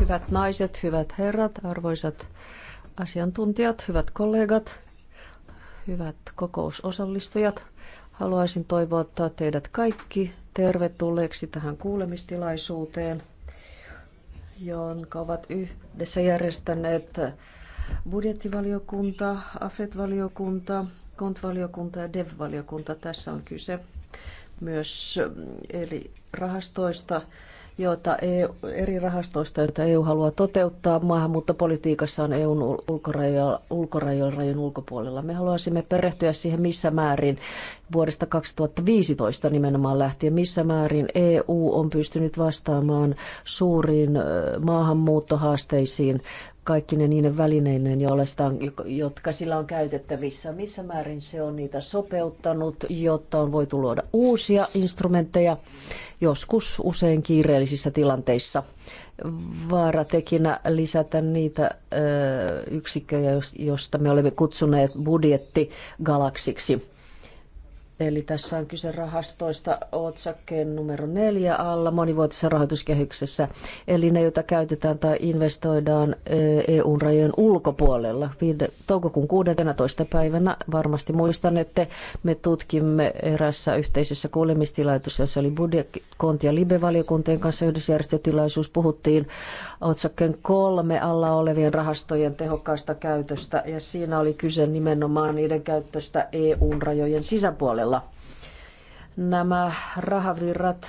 Hyvät naiset, hyvät herrat, arvoisat asiantuntijat, hyvät kollegat, hyvät kokousosallistujat. Haluaisin toivottaa teidät kaikki tervetulleeksi tähän kuulemistilaisuuteen, jonka ovat yhdessä järjestäneet budjettivaliokunta, AFET-valiokunta, KONT-valiokunta ja DEV-valiokunta. Tässä on kyse myös eli rahastoista, joita EU, eri rahastoista, joita EU haluaa toteuttaa maahanmuuttopolitiikassaan EUn ulkorajojen rajojen ulkopuolella. Me haluaisimme perehtyä siihen, missä määrin vuodesta 2015 nimenomaan lähtien, missä määrin EU on pystynyt vastaamaan suuriin maahanmuuttohaasteisiin ne niiden välineineen, joilla sitä jotka sillä on käytettävissä. Missä määrin se on niitä sopeuttanut, jotta on voitu luoda uusia instrumentteja, joskus usein kiireellisissä tilanteissa. Vaaratekinä lisätä niitä ö, yksikköjä, josta me olemme kutsuneet budjettigalaksiksi Eli tässä on kyse rahastoista otsakkeen numero neljä alla monivuotisessa rahoituskehyksessä, eli ne, joita käytetään tai investoidaan eh, EU-rajojen ulkopuolella. Toukokuun 16. päivänä varmasti muistan, että me tutkimme erässä yhteisessä kuulemistilaisuudessa, jossa oli budjetti- ja libevaliokuntien valiokuntien kanssa yhdessä järjestötilaisuus, puhuttiin otsakkeen kolme alla olevien rahastojen tehokkaasta käytöstä, ja siinä oli kyse nimenomaan niiden käytöstä EU-rajojen sisäpuolella alueella. Nämä rahavirrat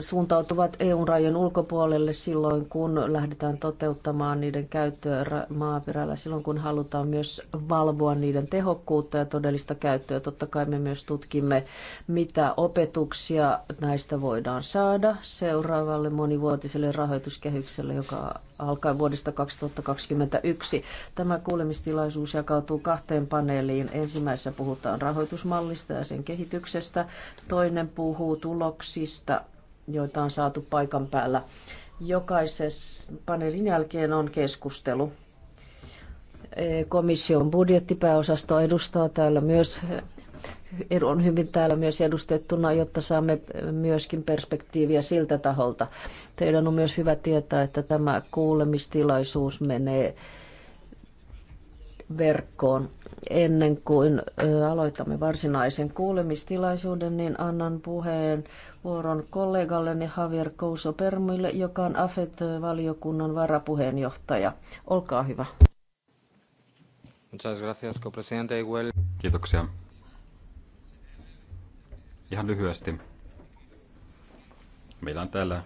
suuntautuvat EU-rajojen ulkopuolelle silloin, kun lähdetään toteuttamaan niiden käyttöä maaperällä, silloin kun halutaan myös valvoa niiden tehokkuutta ja todellista käyttöä. Totta kai me myös tutkimme, mitä opetuksia näistä voidaan saada seuraavalle monivuotiselle rahoituskehykselle, joka alkaa vuodesta 2021. Tämä kuulemistilaisuus jakautuu kahteen paneeliin. Ensimmäisessä puhutaan rahoitusmallista ja sen kehityksestä. Toinen puhuu tuloksista joita on saatu paikan päällä. Jokaisessa paneelin jälkeen on keskustelu. Komission budjettipääosasto edustaa täällä myös on hyvin täällä myös edustettuna, jotta saamme myöskin perspektiiviä siltä taholta. Teidän on myös hyvä tietää, että tämä kuulemistilaisuus menee verkkoon ennen kuin aloitamme varsinaisen kuulemistilaisuuden, niin annan puheen vuoron kollegalleni Javier Couso Permille, joka on AFET-valiokunnan varapuheenjohtaja. Olkaa hyvä. Muchas gracias, copresidente Iguel. Kiitoksia. Ihan lyhyesti. Meillä on täällä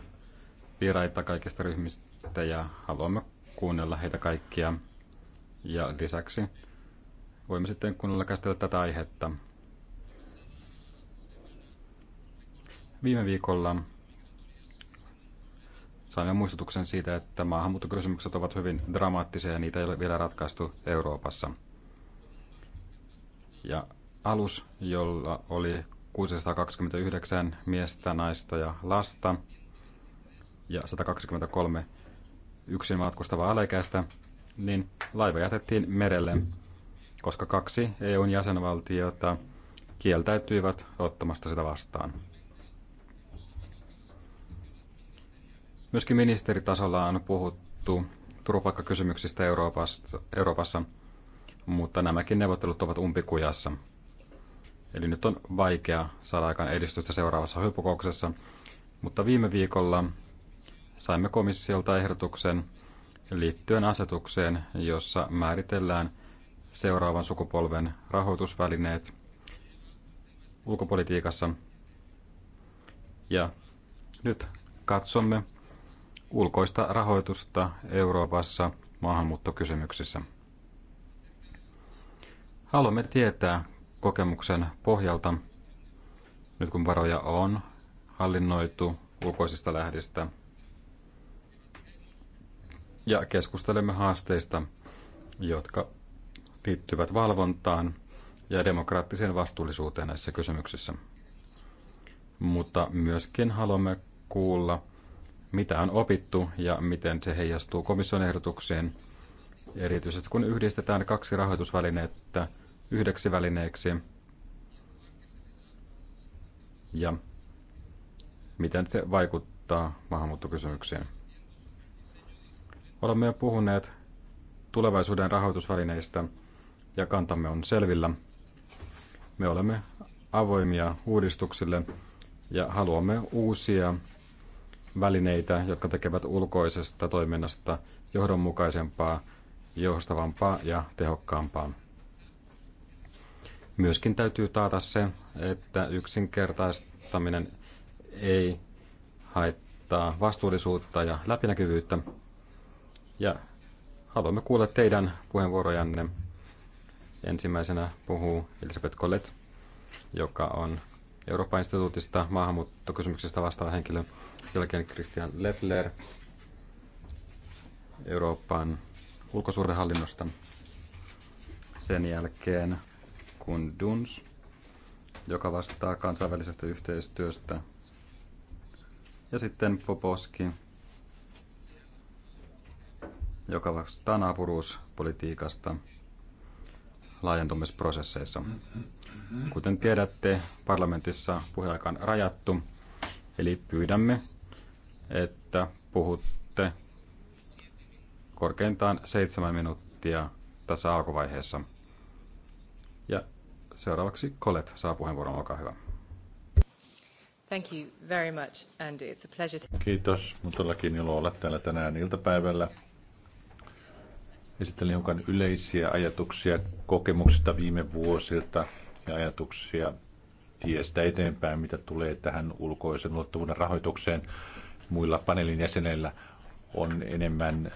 vieraita kaikista ryhmistä ja haluamme kuunnella heitä kaikkia. Ja lisäksi voimme sitten kunnolla käsitellä tätä aihetta. Viime viikolla saimme muistutuksen siitä, että maahanmuuttokysymykset ovat hyvin dramaattisia ja niitä ei ole vielä ratkaistu Euroopassa. Ja alus, jolla oli 629 miestä, naista ja lasta ja 123 yksin matkustavaa alaikäistä, niin laiva jätettiin merelle koska kaksi EUn jäsenvaltiota kieltäytyivät ottamasta sitä vastaan. Myöskin ministeritasolla on puhuttu turvapaikkakysymyksistä Euroopassa, Euroopassa, mutta nämäkin neuvottelut ovat umpikujassa. Eli nyt on vaikea saada aikaan edistystä seuraavassa huippukouksessa, mutta viime viikolla saimme komissiolta ehdotuksen liittyen asetukseen, jossa määritellään – seuraavan sukupolven rahoitusvälineet ulkopolitiikassa. Ja nyt katsomme ulkoista rahoitusta Euroopassa maahanmuuttokysymyksissä. Haluamme tietää kokemuksen pohjalta, nyt kun varoja on hallinnoitu ulkoisista lähdistä, ja keskustelemme haasteista, jotka liittyvät valvontaan ja demokraattiseen vastuullisuuteen näissä kysymyksissä. Mutta myöskin haluamme kuulla, mitä on opittu ja miten se heijastuu komission ehdotukseen, erityisesti kun yhdistetään kaksi rahoitusvälineettä yhdeksi välineeksi ja miten se vaikuttaa maahanmuuttokysymykseen. Olemme jo puhuneet tulevaisuuden rahoitusvälineistä – ja kantamme on selvillä. Me olemme avoimia uudistuksille ja haluamme uusia välineitä, jotka tekevät ulkoisesta toiminnasta johdonmukaisempaa, joustavampaa ja tehokkaampaa. Myöskin täytyy taata se, että yksinkertaistaminen ei haittaa vastuullisuutta ja läpinäkyvyyttä. Ja haluamme kuulla teidän puheenvuorojanne Ensimmäisenä puhuu Elisabeth Collet, joka on Euroopan instituutista maahanmuuttokysymyksestä vastaava henkilö. Sen jälkeen Christian Leffler Euroopan ulkosuhdehallinnosta. Sen jälkeen kun Duns, joka vastaa kansainvälisestä yhteistyöstä. Ja sitten Poposki, joka vastaa naapuruuspolitiikasta – laajentumisprosesseissa. Kuten tiedätte, parlamentissa puheaika on rajattu, eli pyydämme, että puhutte korkeintaan seitsemän minuuttia tässä alkuvaiheessa. Ja seuraavaksi Kolet saa puheenvuoron, olkaa hyvä. Thank you very much, Andy. It's a pleasure to... Kiitos. mutta todellakin ilo olla täällä tänään iltapäivällä Esittelen hiukan yleisiä ajatuksia kokemuksista viime vuosilta ja ajatuksia tiestä eteenpäin, mitä tulee tähän ulkoisen luottavuuden rahoitukseen. Muilla paneelin jäsenillä on enemmän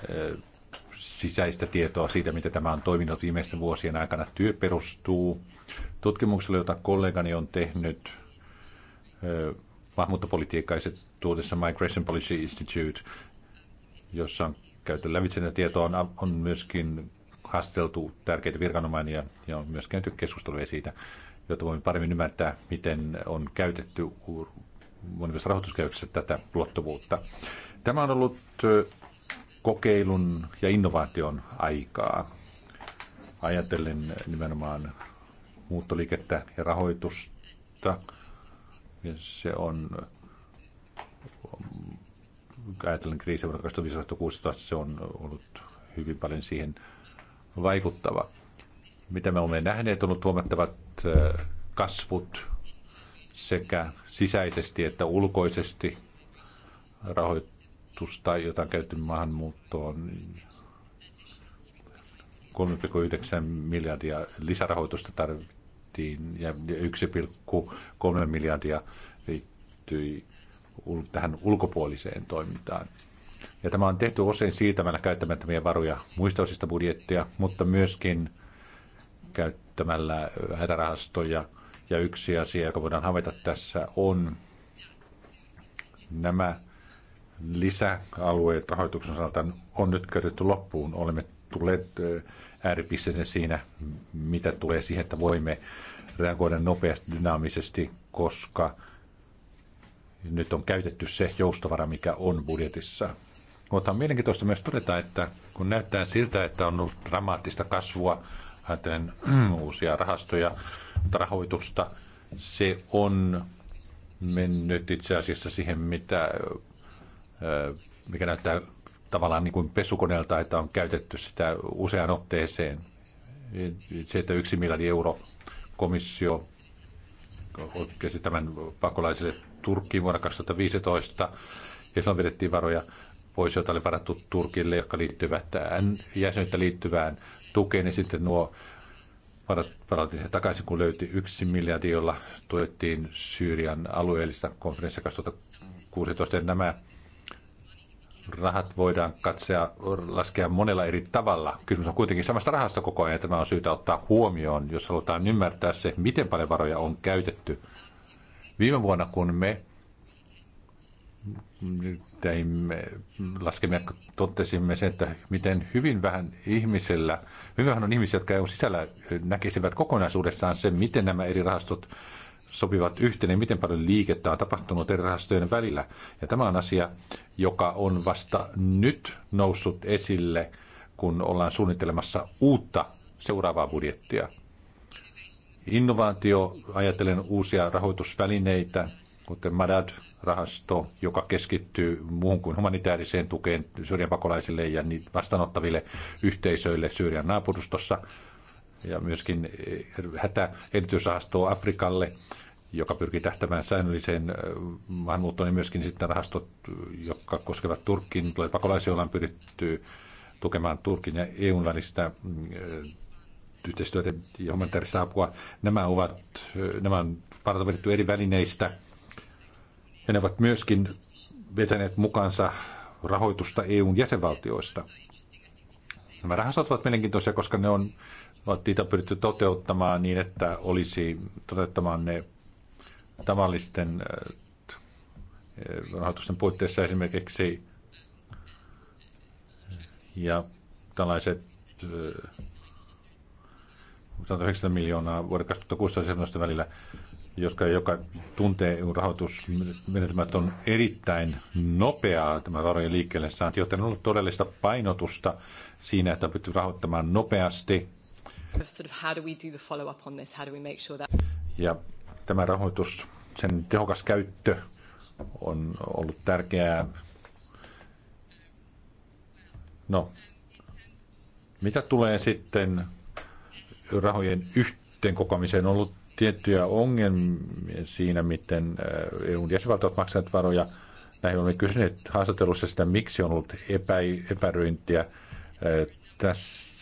sisäistä tietoa siitä, miten tämä on toiminut viimeisten vuosien aikana. Työ perustuu tutkimukselle, jota kollegani on tehnyt maahanmuuttopolitiikkaiset tuotessa Migration Policy Institute, jossa on käyty lävitse tietoa. On myöskin haasteltu tärkeitä viranomaisia ja on myös käyty keskustelua siitä, jotta voimme paremmin ymmärtää, miten on käytetty monivissa rahoituskehyksessä tätä luottavuutta. Tämä on ollut kokeilun ja innovaation aikaa. Ajatellen nimenomaan muuttoliikettä ja rahoitusta. Ja se on ajatellen kriisiä vuonna 2016, se on ollut hyvin paljon siihen vaikuttava. Mitä me olemme nähneet, on ollut huomattavat kasvut sekä sisäisesti että ulkoisesti rahoitusta, jota on käytetty maahanmuuttoon 3,9 miljardia lisärahoitusta tarvittiin ja 1,3 miljardia liittyi tähän ulkopuoliseen toimintaan. Ja tämä on tehty usein siirtämällä käyttämättömiä varoja muista osista budjettia, mutta myöskin käyttämällä hätärahastoja. Ja yksi asia, joka voidaan havaita tässä, on nämä lisäalueet rahoituksen osalta on nyt käytetty loppuun. Olemme tulleet ääripisteeseen siinä, mitä tulee siihen, että voimme reagoida nopeasti, dynaamisesti, koska – nyt on käytetty se joustovara, mikä on budjetissa. Mutta on mielenkiintoista myös todeta, että kun näyttää siltä, että on ollut dramaattista kasvua, ajatellen uusia rahastoja, rahoitusta, se on mennyt itse asiassa siihen, mitä, äh, mikä näyttää tavallaan niin kuin pesukoneelta, että on käytetty sitä useaan otteeseen. Se, että yksi miljardi euro komissio oikeasti tämän pakolaisille Turkkiin vuonna 2015, ja silloin vedettiin varoja pois, joita oli varattu Turkille, jotka liittyvät jäsenyyttä liittyvään tukeen, ja sitten nuo varat palautin sen takaisin, kun löytyi yksi miljardi, jolla tuettiin Syyrian alueellista konferenssia 2016. Ja nämä rahat voidaan katsoa laskea monella eri tavalla. Kysymys on kuitenkin samasta rahasta koko ajan, tämä on syytä ottaa huomioon, jos halutaan ymmärtää se, miten paljon varoja on käytetty. Viime vuonna, kun me teimme, laskemme, totesimme sen, että miten hyvin vähän ihmisellä, hyvin vähän on ihmisiä, jotka EUn sisällä näkisivät kokonaisuudessaan sen, miten nämä eri rahastot sopivat yhteen ja miten paljon liikettä on tapahtunut eri rahastojen välillä. Ja tämä on asia, joka on vasta nyt noussut esille, kun ollaan suunnittelemassa uutta seuraavaa budjettia. Innovaatio, ajatellen uusia rahoitusvälineitä, kuten MADAD-rahasto, joka keskittyy muuhun kuin humanitaariseen tukeen Syyrian pakolaisille ja vastaanottaville yhteisöille Syyrian naapurustossa, ja myöskin eh, hätä erityisrahastoa Afrikalle, joka pyrkii tähtämään säännölliseen eh, maahanmuuttoon, ja myöskin sitten rahastot, jotka koskevat Turkkiin, tulee pakolaisia, joilla on pyritty tukemaan Turkin ja EUn välistä eh, yhteistyötä ja humanitaarista apua. Nämä ovat, nämä on varat eri välineistä ja ne ovat myöskin vetäneet mukaansa rahoitusta EUn jäsenvaltioista. Nämä rahastot ovat mielenkiintoisia, koska ne on, ovat niitä pyritty toteuttamaan niin, että olisi toteuttamaan ne tavallisten rahoitusten puitteissa esimerkiksi ja tällaiset 900 miljoonaa vuoden 2016 välillä, joska joka tuntee rahoitusmenetelmät on erittäin nopeaa tämä varojen liikkeelle saanti, joten on ollut todellista painotusta siinä, että on pystytty rahoittamaan nopeasti. Ja tämä rahoitus, sen tehokas käyttö on ollut tärkeää. No, mitä tulee sitten rahojen yhteenkokoamiseen on ollut tiettyjä ongelmia siinä, miten äh, EUn jäsenvaltiot maksavat varoja. Näihin olemme kysyneet haastattelussa sitä, miksi on ollut epä, epäröintiä äh, tässä.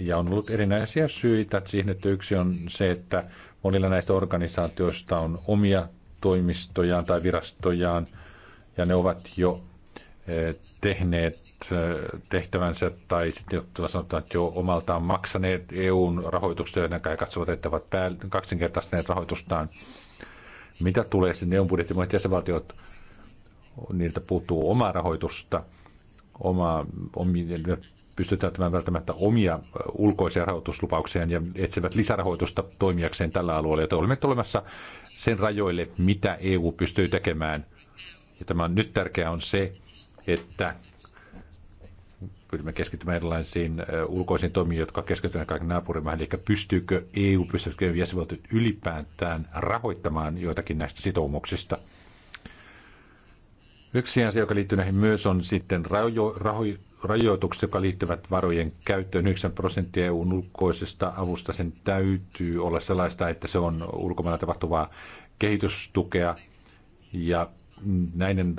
Ja on ollut erinäisiä syitä siihen, että yksi on se, että monilla näistä organisaatioista on omia toimistojaan tai virastojaan, ja ne ovat jo äh, tehneet Äh, tehtävänsä tai sitten jotka sanotaan, että jo omaltaan maksaneet EUn rahoitusta, joiden kai katsovat, että ovat pää, kaksinkertaistaneet rahoitustaan. Mitä tulee sinne EUn budjettiin, monet jäsenvaltiot, niiltä puuttuu omaa rahoitusta, omaa, omi, pystytään tämän välttämättä omia ulkoisia rahoituslupauksia ja etsivät lisärahoitusta toimijakseen tällä alueella, joten olemme tulemassa sen rajoille, mitä EU pystyy tekemään. Ja tämä on nyt tärkeää on se, että pyrimme keskittymään erilaisiin ulkoisiin toimiin, jotka keskitytään kaiken naapurimaan. Eli pystyykö EU, pystyykö jäsenvaltiot ylipäätään rahoittamaan joitakin näistä sitoumuksista? Yksi asia, joka liittyy näihin myös, on sitten rajo, raho, rajoitukset, jotka liittyvät varojen käyttöön. 9 prosenttia EUn ulkoisesta avusta sen täytyy olla sellaista, että se on ulkomailla tapahtuvaa kehitystukea. Ja näiden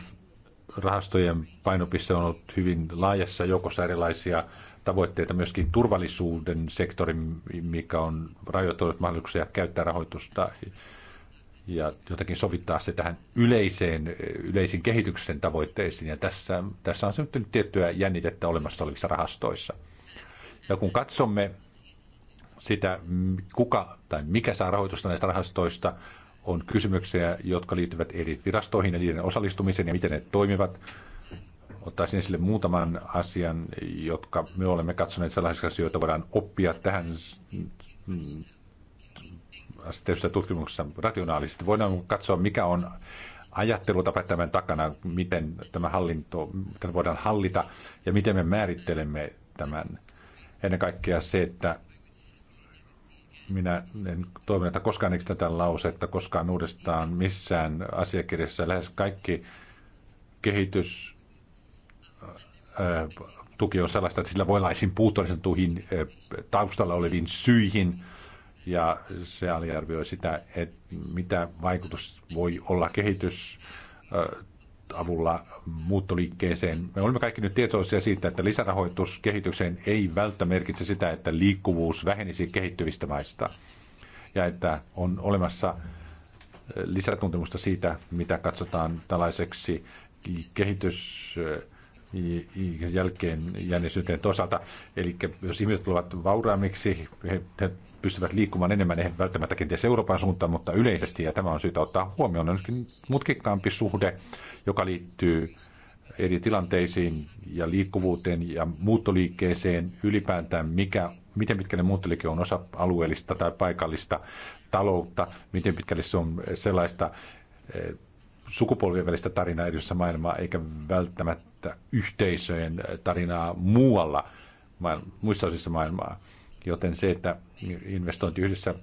rahastojen painopiste on ollut hyvin laajassa joukossa erilaisia tavoitteita myöskin turvallisuuden sektorin, mikä on rajoittanut mahdollisuuksia käyttää rahoitusta ja jotenkin sovittaa se tähän yleiseen, yleisiin kehityksen tavoitteisiin. Ja tässä, tässä on syntynyt tiettyä jännitettä olemassa olevissa rahastoissa. Ja kun katsomme sitä, kuka tai mikä saa rahoitusta näistä rahastoista, on kysymyksiä, jotka liittyvät eri virastoihin ja niiden osallistumiseen ja miten ne toimivat. Ottaisin esille muutaman asian, jotka me olemme katsoneet sellaisia asioita, voidaan oppia tähän asetteellisessa tutkimuksessa rationaalisesti. Voidaan katsoa, mikä on ajattelutapa tämän takana, miten tämä hallinto, miten voidaan hallita ja miten me määrittelemme tämän. Ennen kaikkea se, että minä en toivon, että koskaan eikö tätä lausetta koskaan uudestaan missään asiakirjassa. Lähes kaikki kehitys äh, tuki on sellaista, että sillä voi laisin puuttua äh, taustalla oleviin syihin, ja se aliarvioi sitä, että mitä vaikutus voi olla kehitys äh, avulla muuttoliikkeeseen. Me olemme kaikki nyt tietoisia siitä, että lisärahoitus kehitykseen ei välttämättä merkitse sitä, että liikkuvuus vähenisi kehittyvistä maista ja että on olemassa äh, lisätuntemusta siitä, mitä katsotaan tällaiseksi kehitys äh, jälkeen jännisyyteen toisaalta. Eli jos ihmiset tulevat vauraamiksi, he pystyvät liikkumaan enemmän, ei välttämättä kenties Euroopan suuntaan, mutta yleisesti, ja tämä on syytä ottaa huomioon, on mutkikkaampi suhde, joka liittyy eri tilanteisiin ja liikkuvuuteen ja muuttoliikkeeseen ylipäätään, mikä, miten pitkälle muuttoliike on osa alueellista tai paikallista taloutta, miten pitkälle se on sellaista eh, sukupolvien välistä tarinaa edessä maailmaa, eikä välttämättä yhteisöjen tarinaa muualla, muissa osissa maailmaa. Joten se, että investointi yhdessä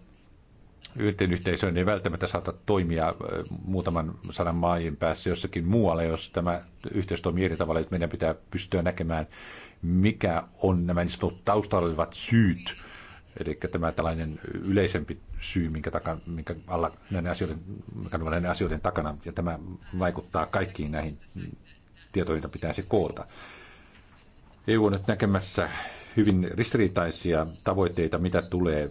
yhteen yhteisöön ei välttämättä saata toimia muutaman sadan maajin päässä jossakin muualla, jos tämä yhteys toimii eri tavalla, että meidän pitää pystyä näkemään, mikä on nämä niin taustalla olevat syyt, Eli tämä tällainen yleisempi syy, minkä, takan minkä alla näiden asioiden, minkä näiden asioiden takana, ja tämä vaikuttaa kaikkiin näihin tietoihin, joita pitäisi koota. EU on nyt näkemässä hyvin ristiriitaisia tavoitteita, mitä tulee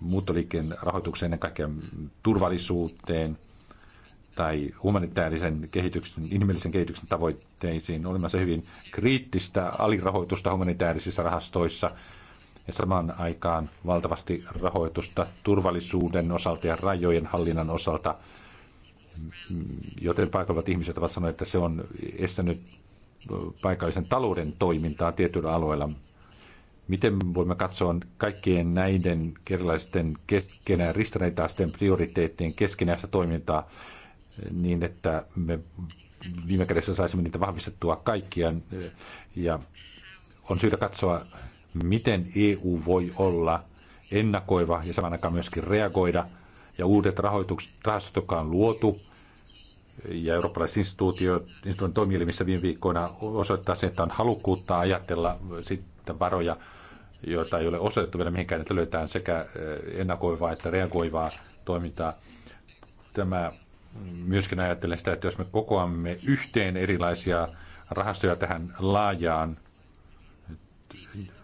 muuttoliikkeen rahoitukseen, ennen kaikkea turvallisuuteen tai humanitaarisen kehityksen, inhimillisen kehityksen tavoitteisiin. Olemassa hyvin kriittistä alirahoitusta humanitaarisissa rahastoissa ja samaan aikaan valtavasti rahoitusta turvallisuuden osalta ja rajojen hallinnan osalta, joten paikalliset ihmiset ovat sanoneet, että se on estänyt paikallisen talouden toimintaa tietyillä alueilla. Miten voimme katsoa kaikkien näiden erilaisten keskenään ristiriitaisten prioriteettien keskinäistä toimintaa niin, että me viime kädessä saisimme niitä vahvistettua kaikkiaan. Ja on syytä katsoa, miten EU voi olla ennakoiva ja saman aikaan myöskin reagoida. Ja uudet rahoitukset, rahastot, jotka on luotu, ja eurooppalaiset instituutiot, instituutiot toimielimissä viime viikkoina osoittaa sen, että on halukkuutta ajatella sitten varoja joita ei ole osoitettu vielä mihinkään, että löytään sekä eh, ennakoivaa että reagoivaa toimintaa. Tämä myöskin ajattelen sitä, että jos me kokoamme yhteen erilaisia rahastoja tähän laajaan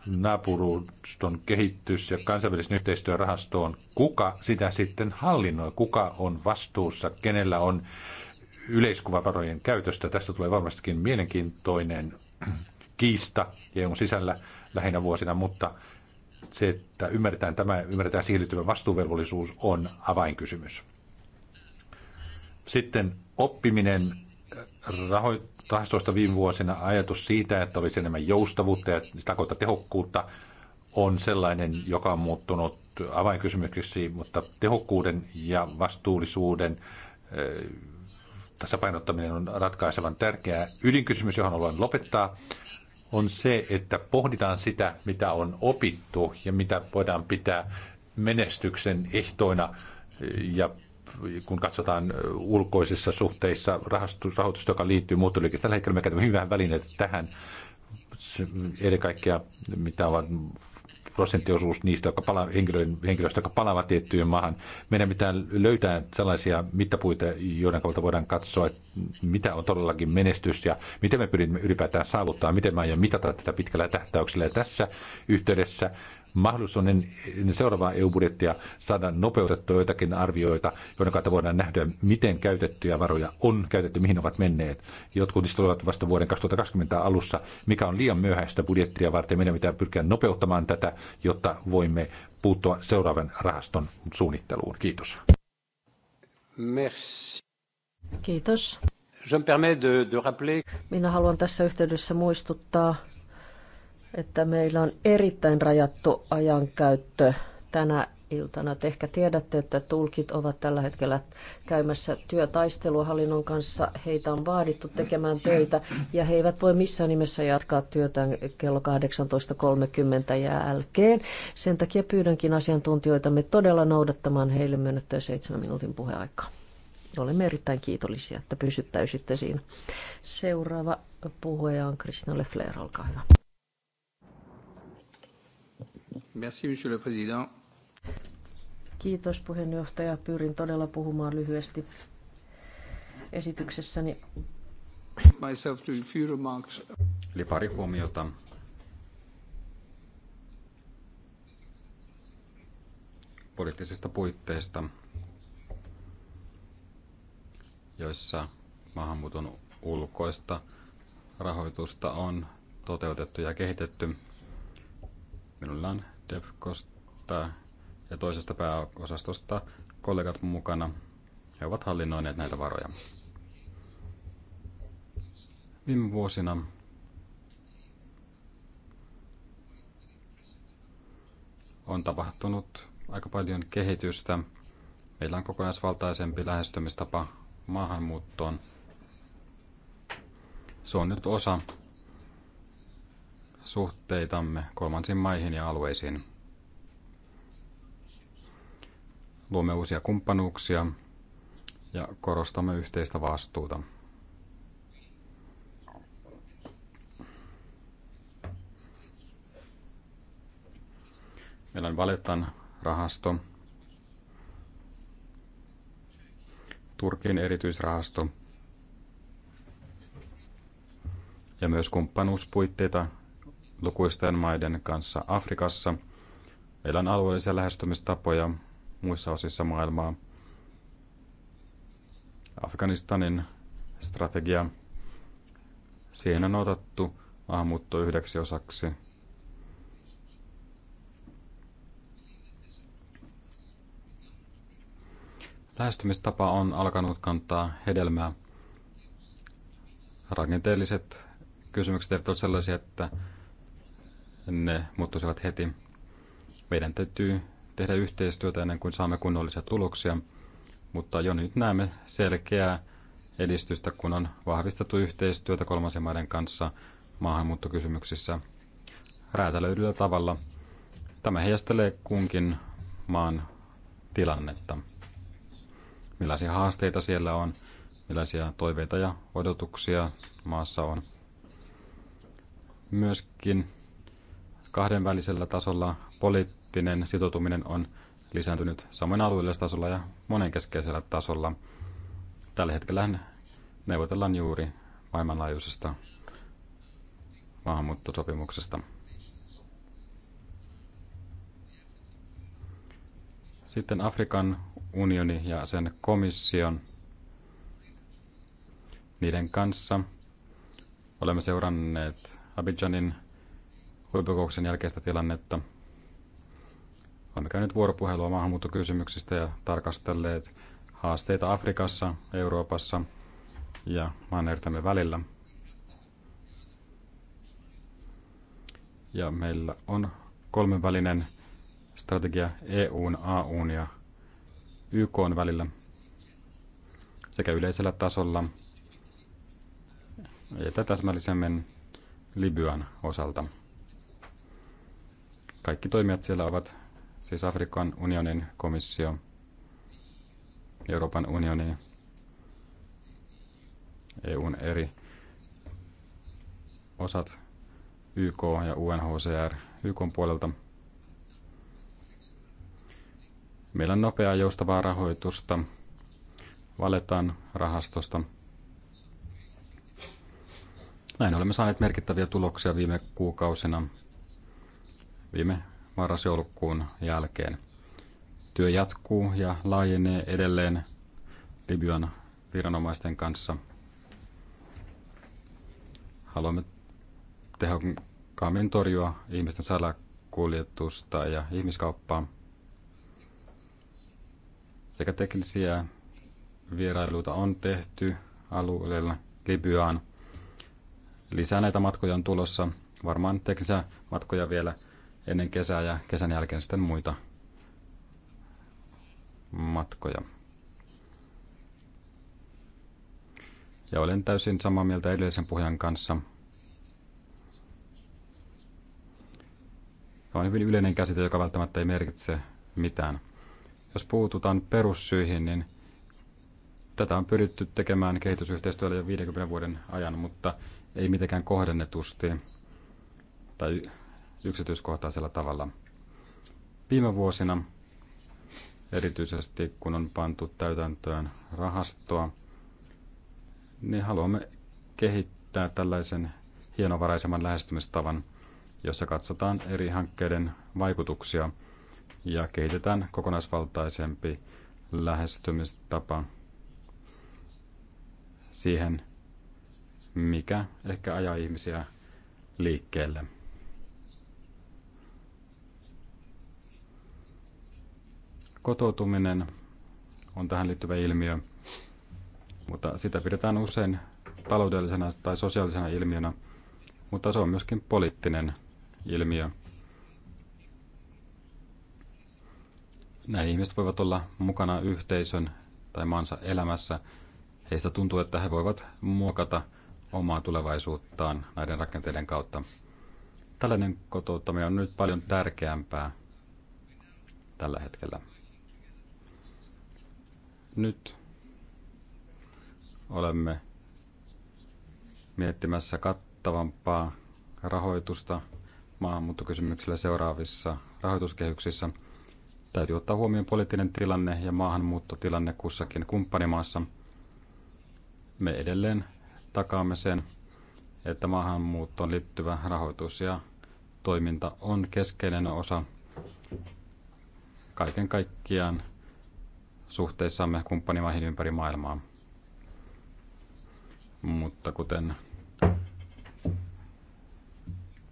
naapuruston kehitys- ja kansainvälisen yhteistyön rahastoon, kuka sitä sitten hallinnoi, kuka on vastuussa, kenellä on yleiskuvavarojen käytöstä. Tästä tulee varmastikin mielenkiintoinen kiista EUn sisällä lähinnä vuosina, mutta se, että ymmärretään tämä, ymmärretään siirtyvä vastuuvelvollisuus on avainkysymys. Sitten oppiminen rahastoista viime vuosina ajatus siitä, että olisi enemmän joustavuutta ja sitä kautta tehokkuutta, on sellainen, joka on muuttunut avainkysymyksiksi, mutta tehokkuuden ja vastuullisuuden eh, tässä painottaminen on ratkaisevan tärkeää. Ydinkysymys, johon haluan lopettaa, on se, että pohditaan sitä, mitä on opittu ja mitä voidaan pitää menestyksen ehtoina ja kun katsotaan ulkoisissa suhteissa rahoitusta, joka liittyy muuttoliikkeeseen. Tällä hetkellä me käytämme hyvän välineitä tähän, ennen kaikkea mitä on prosenttiosuus niistä, jotka pala, henkilöistä, jotka palaavat tiettyyn maahan. Meidän pitää löytää sellaisia mittapuita, joiden kautta voidaan katsoa, että mitä on todellakin menestys ja miten me pyrimme ylipäätään saavuttaa, miten me aion mitata tätä pitkällä tähtäyksellä. Ja tässä yhteydessä mahdollisuus on ennen seuraavaa EU-budjettia saada nopeutettua joitakin arvioita, joiden kautta voidaan nähdä, miten käytettyjä varoja on käytetty, mihin ovat menneet. Jotkut niistä tulevat vasta vuoden 2020 alussa, mikä on liian myöhäistä budjettia varten. Meidän pitää pyrkiä nopeuttamaan tätä, jotta voimme puuttua seuraavan rahaston suunnitteluun. Kiitos. Merci. Kiitos. Minä haluan tässä yhteydessä muistuttaa että meillä on erittäin rajattu ajankäyttö tänä iltana. Te ehkä tiedätte, että tulkit ovat tällä hetkellä käymässä työtaistelua hallinnon kanssa. Heitä on vaadittu tekemään töitä ja he eivät voi missään nimessä jatkaa työtään kello 18.30 jälkeen. Sen takia pyydänkin asiantuntijoitamme todella noudattamaan heille myönnettyä seitsemän minuutin puheaikaa. Olemme erittäin kiitollisia, että pysyttäisitte siinä. Seuraava puhuja on Kristina Lefler, olkaa hyvä. Merci, monsieur le président. Kiitos puheenjohtaja. Pyrin todella puhumaan lyhyesti esityksessäni. Myself few remarks. Eli pari huomiota. poliittisista puitteista, joissa maahanmuuton ulkoista rahoitusta on toteutettu ja kehitetty. Minulla on Devkosta ja toisesta pääosastosta kollegat mukana. He ovat hallinnoineet näitä varoja. Viime vuosina on tapahtunut aika paljon kehitystä. Meillä on kokonaisvaltaisempi lähestymistapa maahanmuuttoon. Se on nyt osa suhteitamme kolmansiin maihin ja alueisiin. Luomme uusia kumppanuuksia ja korostamme yhteistä vastuuta. Meillä on Valettan rahasto, Turkin erityisrahasto ja myös kumppanuuspuitteita lukuisten maiden kanssa Afrikassa. Meillä on alueellisia lähestymistapoja muissa osissa maailmaa. Afganistanin strategia. Siihen on otettu maahanmuutto yhdeksi osaksi. Lähestymistapa on alkanut kantaa hedelmää. Rakenteelliset kysymykset eivät ole sellaisia, että ne muuttuisivat heti. Meidän täytyy tehdä yhteistyötä ennen kuin saamme kunnollisia tuloksia, mutta jo nyt näemme selkeää edistystä, kun on vahvistettu yhteistyötä kolmansien maiden kanssa maahanmuuttokysymyksissä räätälöidyllä tavalla. Tämä heijastelee kunkin maan tilannetta. Millaisia haasteita siellä on, millaisia toiveita ja odotuksia maassa on. Myöskin kahdenvälisellä tasolla poliittinen sitoutuminen on lisääntynyt samoin alueellisella tasolla ja monenkeskeisellä tasolla. Tällä hetkellä neuvotellaan juuri maailmanlaajuisesta maahanmuuttosopimuksesta. Sitten Afrikan unioni ja sen komission niiden kanssa olemme seuranneet Abidjanin huippukokouksen jälkeistä tilannetta. Olemme käyneet vuoropuhelua maahanmuuttokysymyksistä ja tarkastelleet haasteita Afrikassa, Euroopassa ja mannertamme välillä. Ja meillä on kolmenvälinen strategia EUn, AUn ja YKn välillä sekä yleisellä tasolla että täsmällisemmin Libyan osalta. Kaikki toimijat siellä ovat siis Afrikan unionin komissio, Euroopan unioni, EUn eri osat, YK ja UNHCR YKn puolelta. Meillä on nopeaa joustavaa rahoitusta valetaan rahastosta. Näin olemme saaneet merkittäviä tuloksia viime kuukausina viime marrasjoulukuun jälkeen. Työ jatkuu ja laajenee edelleen Libyan viranomaisten kanssa. Haluamme tehokkaammin torjua ihmisten salakuljetusta ja ihmiskauppaa sekä teknisiä vierailuita on tehty alueella Libyaan. Lisää näitä matkoja on tulossa, varmaan teknisiä matkoja vielä – ennen kesää ja kesän jälkeen sitten muita matkoja. Ja olen täysin samaa mieltä edellisen puhujan kanssa. Tämä on hyvin yleinen käsite, joka välttämättä ei merkitse mitään. Jos puututaan perussyihin, niin tätä on pyritty tekemään kehitysyhteistyöllä jo 50 vuoden ajan, mutta ei mitenkään kohdennetusti tai yksityiskohtaisella tavalla. Viime vuosina, erityisesti kun on pantu täytäntöön rahastoa, niin haluamme kehittää tällaisen hienovaraisemman lähestymistavan, jossa katsotaan eri hankkeiden vaikutuksia ja kehitetään kokonaisvaltaisempi lähestymistapa siihen, mikä ehkä ajaa ihmisiä liikkeelle. Kotoutuminen on tähän liittyvä ilmiö, mutta sitä pidetään usein taloudellisena tai sosiaalisena ilmiönä, mutta se on myöskin poliittinen ilmiö. Nämä ihmiset voivat olla mukana yhteisön tai maansa elämässä. Heistä tuntuu, että he voivat muokata omaa tulevaisuuttaan näiden rakenteiden kautta. Tällainen kotouttaminen on nyt paljon tärkeämpää tällä hetkellä. Nyt olemme miettimässä kattavampaa rahoitusta maahanmuuttokysymyksillä seuraavissa rahoituskehyksissä. Täytyy ottaa huomioon poliittinen tilanne ja maahanmuuttotilanne kussakin kumppanimaassa. Me edelleen takaamme sen, että maahanmuuttoon liittyvä rahoitus ja toiminta on keskeinen osa kaiken kaikkiaan suhteissamme kumppanimaihin ympäri maailmaa. Mutta kuten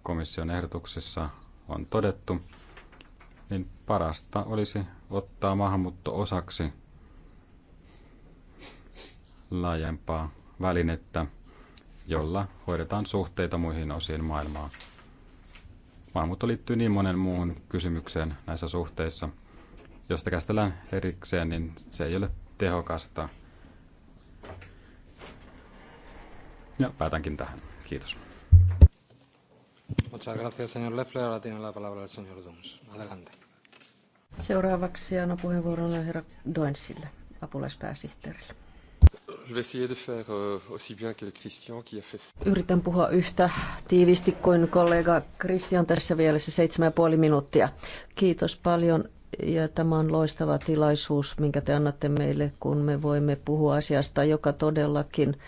komission ehdotuksessa on todettu, niin parasta olisi ottaa maahanmuutto osaksi laajempaa välinettä, jolla hoidetaan suhteita muihin osiin maailmaa. Maahanmuutto liittyy niin monen muuhun kysymykseen näissä suhteissa – jos sitä käsitellään erikseen, niin se ei ole tehokasta. Ja päätänkin tähän. Kiitos. Muchas gracias, señor Leffler. Ahora tiene la palabra el señor Duns. Adelante. Seuraavaksi annan puheenvuoron herra Doensille, apulaispääsihteerille. Euh, Yritän puhua yhtä tiivisti kuin kollega Christian tässä vielä se seitsemän ja puoli minuuttia. Kiitos paljon ja tämä on loistava tilaisuus, minkä te annatte meille, kun me voimme puhua asiasta, joka todellakin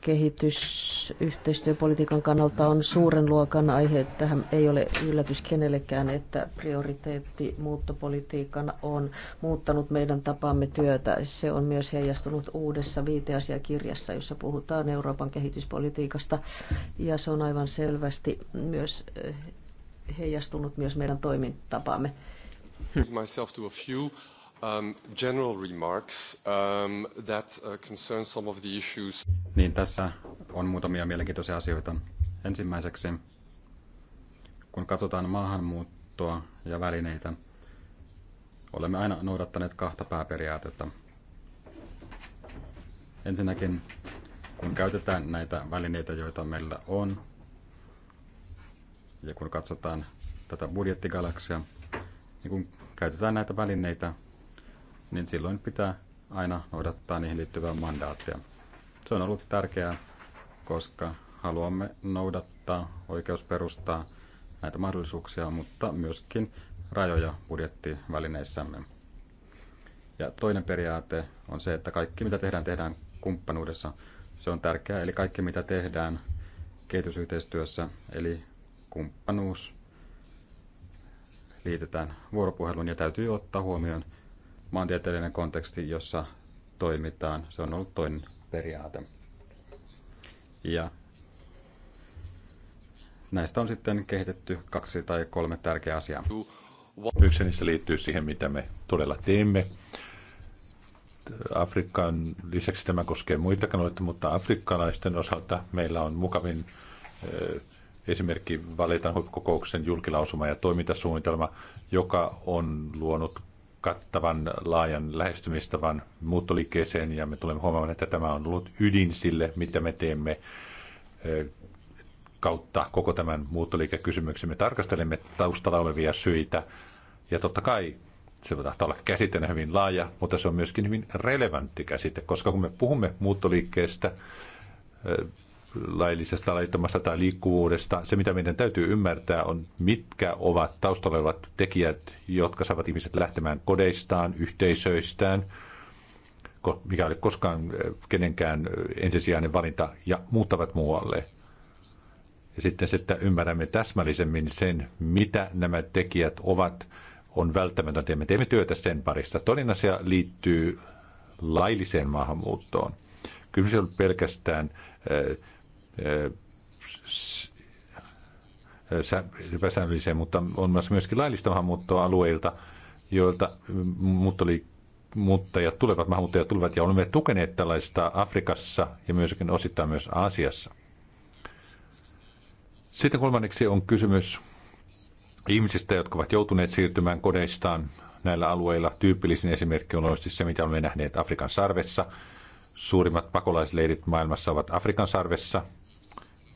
kehitysyhteistyöpolitiikan kannalta on suuren luokan aihe. Tähän ei ole yllätys kenellekään, että prioriteetti muuttopolitiikan on muuttanut meidän tapaamme työtä. Se on myös heijastunut uudessa viiteasiakirjassa, jossa puhutaan Euroopan kehityspolitiikasta. Ja se on aivan selvästi myös eh, heijastunut myös meidän toimintapaamme. Hmm. myself to a few um, general remarks um, that uh, concern some of the issues. Niin tässä on muutamia mielenkiintoisia asioita. Ensimmäiseksi, kun katsotaan maahanmuuttoa ja välineitä, olemme aina noudattaneet kahta pääperiaatetta. Ensinnäkin, kun käytetään näitä välineitä, joita meillä on, ja kun katsotaan tätä budjettigalaksia, niin kun käytetään näitä välineitä, niin silloin pitää aina noudattaa niihin liittyvää mandaattia. Se on ollut tärkeää, koska haluamme noudattaa oikeusperustaa näitä mahdollisuuksia, mutta myöskin rajoja budjettivälineissämme. Ja toinen periaate on se, että kaikki mitä tehdään, tehdään kumppanuudessa. Se on tärkeää, eli kaikki mitä tehdään kehitysyhteistyössä, eli kumppanuus liitetään vuoropuheluun ja täytyy ottaa huomioon maantieteellinen konteksti, jossa toimitaan. Se on ollut toinen periaate. Ja näistä on sitten kehitetty kaksi tai kolme tärkeää asiaa. Yksi niistä liittyy siihen, mitä me todella teemme. Afrikkaan lisäksi tämä koskee muita kanoita, mutta afrikkalaisten osalta meillä on mukavin Esimerkki Valetan kokouksen julkilausuma ja toimintasuunnitelma, joka on luonut kattavan laajan lähestymistavan muuttoliikkeeseen ja me tulemme huomaamaan, että tämä on ollut ydin sille, mitä me teemme kautta koko tämän muuttoliikekysymyksen. Me tarkastelemme taustalla olevia syitä ja totta kai se voi olla käsitteenä hyvin laaja, mutta se on myöskin hyvin relevantti käsite, koska kun me puhumme muuttoliikkeestä, laillisesta, laittomasta tai liikkuvuudesta. Se, mitä meidän täytyy ymmärtää, on mitkä ovat taustalla olevat tekijät, jotka saavat ihmiset lähtemään kodeistaan, yhteisöistään, mikä ei koskaan äh, kenenkään äh, ensisijainen valinta, ja muuttavat muualle. Ja sitten se, että ymmärrämme täsmällisemmin sen, mitä nämä tekijät ovat, on välttämätöntä ja me teemme työtä sen parissa. Toinen asia liittyy lailliseen maahanmuuttoon. Kysymys on pelkästään äh, epäsäännölliseen, mutta on myös myöskin laillista maahanmuuttoa alueilta, joilta muuttoliik- muuttajat tulevat, maahanmuuttajat tulevat, ja olemme tukeneet tällaista Afrikassa ja myöskin osittain myös Aasiassa. Sitten kolmanneksi on kysymys ihmisistä, jotka ovat joutuneet siirtymään kodeistaan näillä alueilla. Tyypillisin esimerkki on luonnollisesti se, mitä olemme nähneet Afrikan sarvessa. Suurimmat pakolaisleirit maailmassa ovat Afrikan sarvessa,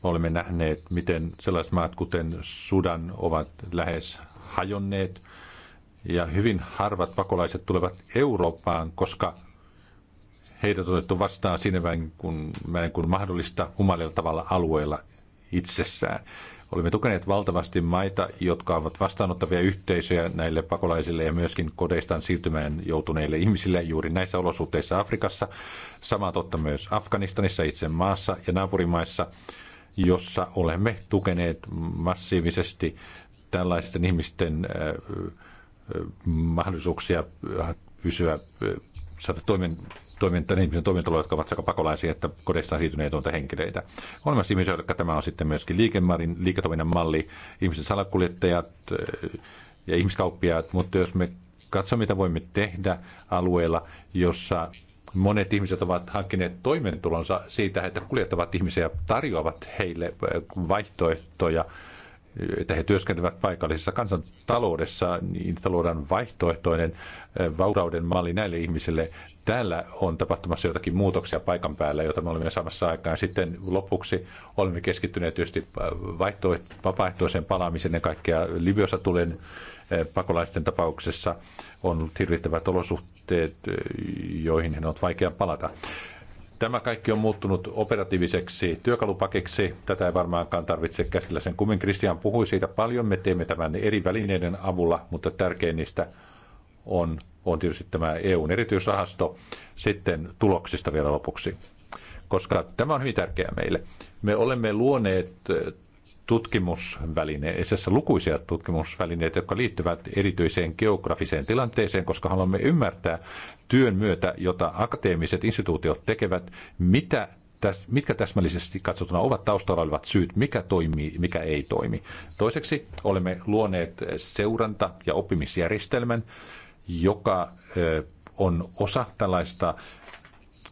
me olemme nähneet, miten sellaiset maat kuten Sudan ovat lähes hajonneet ja hyvin harvat pakolaiset tulevat Eurooppaan, koska heidät on otettu vastaan sinne vain kuin, kuin mahdollista humaleltavalla alueella itsessään. Olemme tukeneet valtavasti maita, jotka ovat vastaanottavia yhteisöjä näille pakolaisille ja myöskin kodeistaan siirtymään joutuneille ihmisille juuri näissä olosuhteissa Afrikassa. Sama totta myös Afganistanissa itse maassa ja naapurimaissa jossa olemme tukeneet massiivisesti tällaisten ihmisten äh, äh, mahdollisuuksia äh, pysyä, saada toimen, toimintaan, ihmisen toimintaloja, jotka ovat sekä pakolaisia että kodeistaan siirtyneitä tuolta henkilöitä. On myös ihmisiä, jotka tämä on sitten myöskin liikemarin, liiketoiminnan malli, ihmisten salakuljettajat ja ihmiskauppiaat, mutta jos me katsomme, mitä voimme tehdä alueella, jossa Monet ihmiset ovat hankkineet toimentulonsa siitä, että kuljettavat ihmisiä tarjoavat heille äh, vaihtoehtoja, että he työskentelevät paikallisessa kansantaloudessa, niin talouden vaihtoehtoinen äh, vaurauden malli näille ihmisille. Täällä on tapahtumassa jotakin muutoksia paikan päällä, joita me olemme samassa aikaan. Sitten lopuksi olemme keskittyneet tietysti äh, vapaaehtoiseen palaamiseen ja kaikkea Libyossa tulen pakolaisten tapauksessa on ollut hirvittävät olosuhteet, joihin he on vaikea palata. Tämä kaikki on muuttunut operatiiviseksi työkalupakiksi. Tätä ei varmaankaan tarvitse käsitellä sen kummin. Kristian puhui siitä paljon. Me teemme tämän eri välineiden avulla, mutta tärkein niistä on, on tietysti tämä EUn erityisrahasto. Sitten tuloksista vielä lopuksi, koska tämä on hyvin tärkeää meille. Me olemme luoneet tutkimusvälineessä lukuisia tutkimusvälineitä, jotka liittyvät erityiseen geografiseen tilanteeseen, koska haluamme ymmärtää työn myötä, jota akateemiset instituutiot tekevät, mitä täs, mitkä täsmällisesti katsottuna ovat taustalla olevat syyt, mikä toimii, mikä ei toimi. Toiseksi olemme luoneet seuranta- ja oppimisjärjestelmän, joka on osa tällaista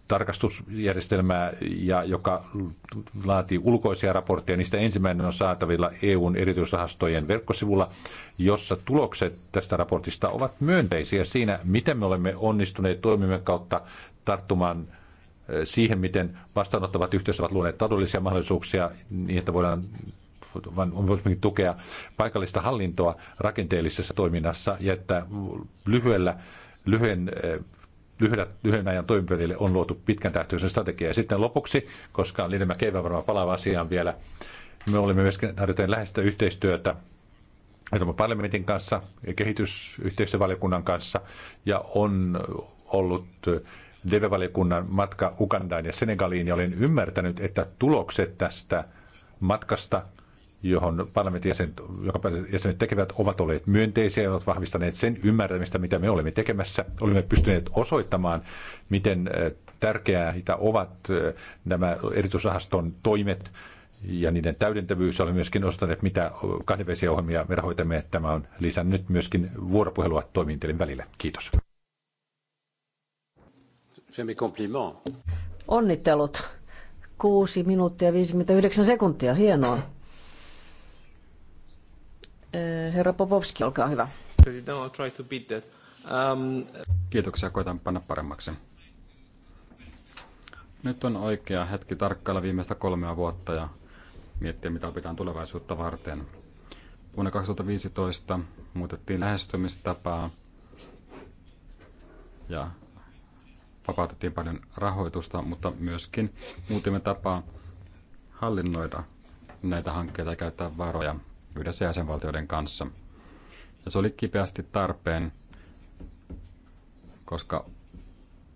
tarkastusjärjestelmää, ja joka laatii ulkoisia raportteja. Niistä ensimmäinen on saatavilla EUn erityisrahastojen verkkosivulla, jossa tulokset tästä raportista ovat myönteisiä siinä, miten me olemme onnistuneet toimimme kautta tarttumaan eh, siihen, miten vastaanottavat yhteisöt ovat luoneet taloudellisia mahdollisuuksia niin, että voidaan vaan voisimme tukea paikallista hallintoa rakenteellisessa toiminnassa ja että lyhyellä lyhyen eh, lyhyen, lyhyen ajan toimenpiteille on luotu pitkän tähtäyksen strategia. Ja sitten lopuksi, koska Lidemä Keivä varmaan palaa asiaan vielä, me olemme myöskin harjoittaneet lähestyä yhteistyötä Euroopan parlamentin kanssa ja kehitysyhteistyövaliokunnan kanssa ja on ollut DEVE-valiokunnan matka Ugandaan ja Senegaliin ja olen ymmärtänyt, että tulokset tästä matkasta johon parlamentin jäsenet, joka jäsenet tekevät, ovat olleet myönteisiä ja ovat vahvistaneet sen ymmärtämistä, mitä me olemme tekemässä. Olemme pystyneet osoittamaan, miten eh, tärkeää ovat eh, nämä erityisrahaston toimet ja niiden täydentävyys. Olemme myöskin osoittaneet, mitä kahdenvälisiä ohjelmia me rahoitamme. Tämä on lisännyt myöskin vuoropuhelua toimintelin välillä. Kiitos. Onnittelut. Kuusi minuuttia 59 sekuntia. Hienoa. Eh, herra Popovski, olkaa hyvä. Kiitoksia, koitan panna paremmaksi. Nyt on oikea hetki tarkkailla viimeistä kolmea vuotta ja miettiä, mitä opitaan tulevaisuutta varten. Vuonna 2015 muutettiin lähestymistapaa ja vapautettiin paljon rahoitusta, mutta myöskin muutimme tapaa hallinnoida näitä hankkeita ja käyttää varoja yhdessä jäsenvaltioiden kanssa. Ja se oli kipeästi tarpeen, koska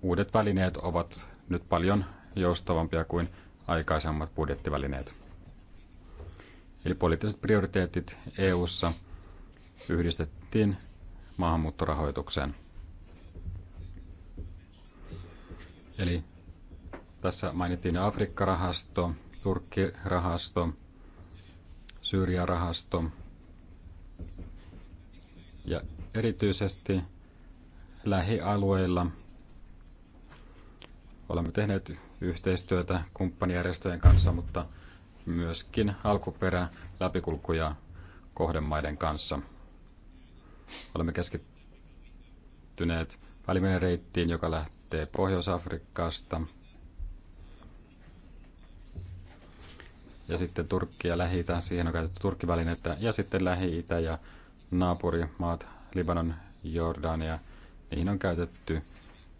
uudet välineet ovat nyt paljon joustavampia kuin aikaisemmat budjettivälineet. Eli poliittiset prioriteetit EU:ssa yhdistettiin maahanmuuttorahoitukseen. Eli tässä mainittiin Afrikka-rahasto, Turkki-rahasto, Syyriarahasto. Ja erityisesti lähialueilla olemme tehneet yhteistyötä kumppanijärjestöjen kanssa, mutta myöskin alkuperä, läpikulku ja kohdemaiden kanssa. Olemme keskittyneet Välimeren reittiin, joka lähtee Pohjois-Afrikasta – ja sitten Turkki ja Lähi-Itä, siihen on käytetty Turkki-välinettä, ja sitten Lähi-Itä ja naapurimaat, Libanon, Jordania, niihin on käytetty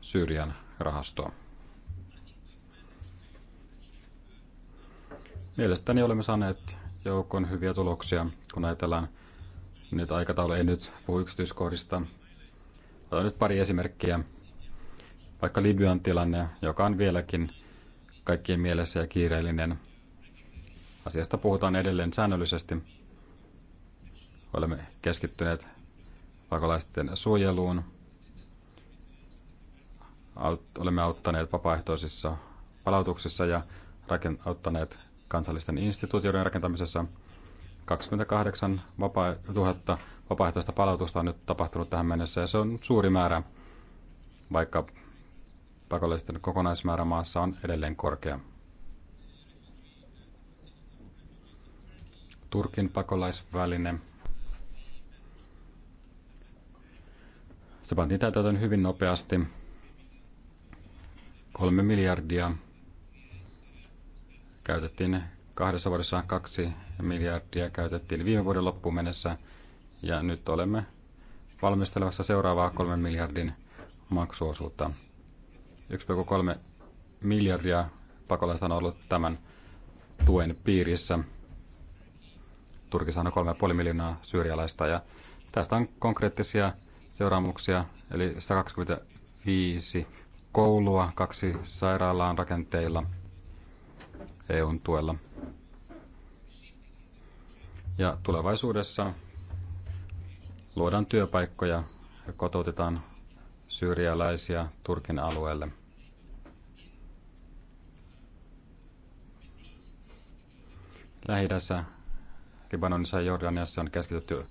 Syyrian rahastoa. Mielestäni olemme saaneet joukon hyviä tuloksia, kun ajatellaan nyt aikataulu, ei nyt puhu yksityiskohdista. Otan nyt pari esimerkkiä. Vaikka Libyan tilanne, joka on vieläkin kaikkien mielessä ja kiireellinen – Asiasta puhutaan edelleen säännöllisesti. Olemme keskittyneet pakolaisten suojeluun. Olemme auttaneet vapaaehtoisissa palautuksissa ja auttaneet kansallisten instituutioiden rakentamisessa. 28 000 vapaaehtoista palautusta on nyt tapahtunut tähän mennessä ja se on suuri määrä, vaikka pakolaisten kokonaismäärä maassa on edelleen korkea. Turkin pakolaisväline. Se pantiin täytäntöön hyvin nopeasti. Kolme miljardia käytettiin kahdessa vuodessa kaksi miljardia käytettiin viime vuoden loppuun mennessä ja nyt olemme valmistelevassa seuraavaa kolmen miljardin maksuosuutta. 1,3 miljardia pakolaista on ollut tämän tuen piirissä Turkissa on 3,5 miljoonaa syyrialaista ja tästä on konkreettisia seuraamuksia, eli 125 koulua, kaksi sairaalaa rakenteilla EUn tuella. Ja tulevaisuudessa luodaan työpaikkoja ja kotoutetaan syyrialaisia Turkin alueelle. Lähidässä Libanonissa ja Jordaniassa on keskitytty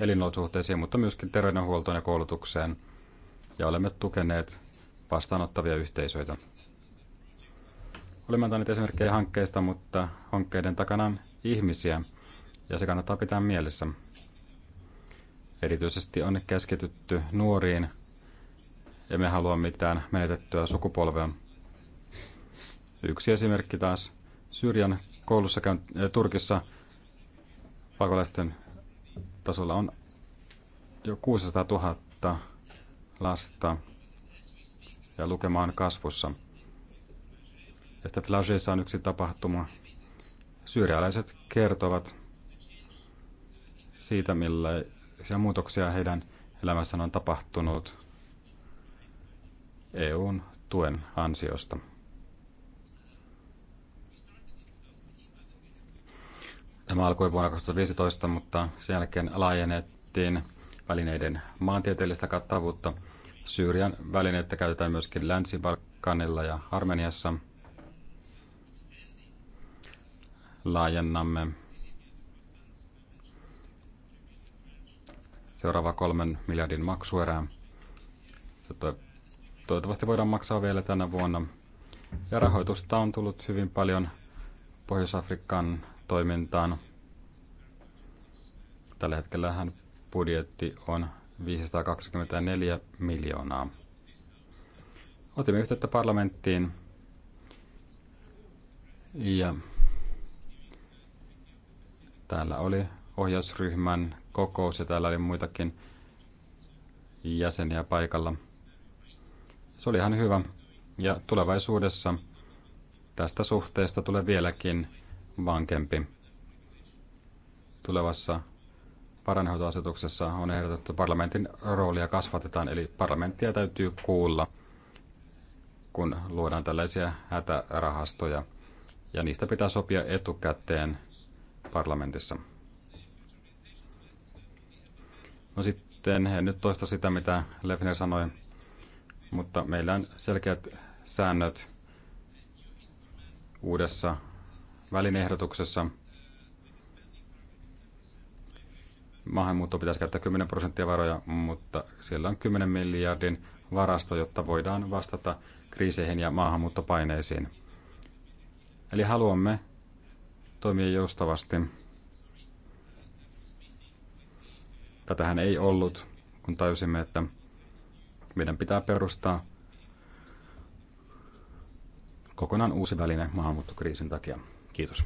elinolosuhteisiin, mutta myöskin terveydenhuoltoon ja koulutukseen. Ja olemme tukeneet vastaanottavia yhteisöitä. Olemme antaneet esimerkkejä hankkeista, mutta hankkeiden takana on ihmisiä, ja se kannattaa pitää mielessä. Erityisesti on keskitytty nuoriin. Emme halua mitään menetettyä sukupolvea. Yksi esimerkki taas. Syyrian koulussa käyn, Turkissa pakolaisten tasolla on jo 600 000 lasta ja lukemaan kasvussa. Ja sitten Flageissa on yksi tapahtuma. Syyrialaiset kertovat siitä, millaisia muutoksia heidän elämässään on tapahtunut EUn tuen ansiosta. Tämä alkoi vuonna 2015, mutta sen jälkeen laajennettiin välineiden maantieteellistä kattavuutta. Syyrian välineitä käytetään myöskin Länsi-Balkanilla ja Armeniassa. Laajennamme seuraava kolmen miljardin maksuerää. Se to- toivottavasti voidaan maksaa vielä tänä vuonna. Ja rahoitusta on tullut hyvin paljon Pohjois-Afrikan toimintaan. Tällä hetkellähän budjetti on 524 miljoonaa. Otimme yhteyttä parlamenttiin ja täällä oli ohjausryhmän kokous ja täällä oli muitakin jäseniä paikalla. Se oli ihan hyvä ja tulevaisuudessa tästä suhteesta tulee vieläkin vankempi. Tulevassa paranhoitoasetuksessa on ehdotettu, että parlamentin roolia kasvatetaan, eli parlamenttia täytyy kuulla, kun luodaan tällaisia hätärahastoja, ja niistä pitää sopia etukäteen parlamentissa. No sitten, en nyt toista sitä, mitä Lefner sanoi, mutta meillä on selkeät säännöt uudessa välinehdotuksessa maahanmuutto pitäisi käyttää 10 prosenttia varoja, mutta siellä on 10 miljardin varasto, jotta voidaan vastata kriiseihin ja maahanmuuttopaineisiin. Eli haluamme toimia joustavasti. Tätähän ei ollut, kun tajusimme, että meidän pitää perustaa kokonaan uusi väline maahanmuuttokriisin takia. Kiitos.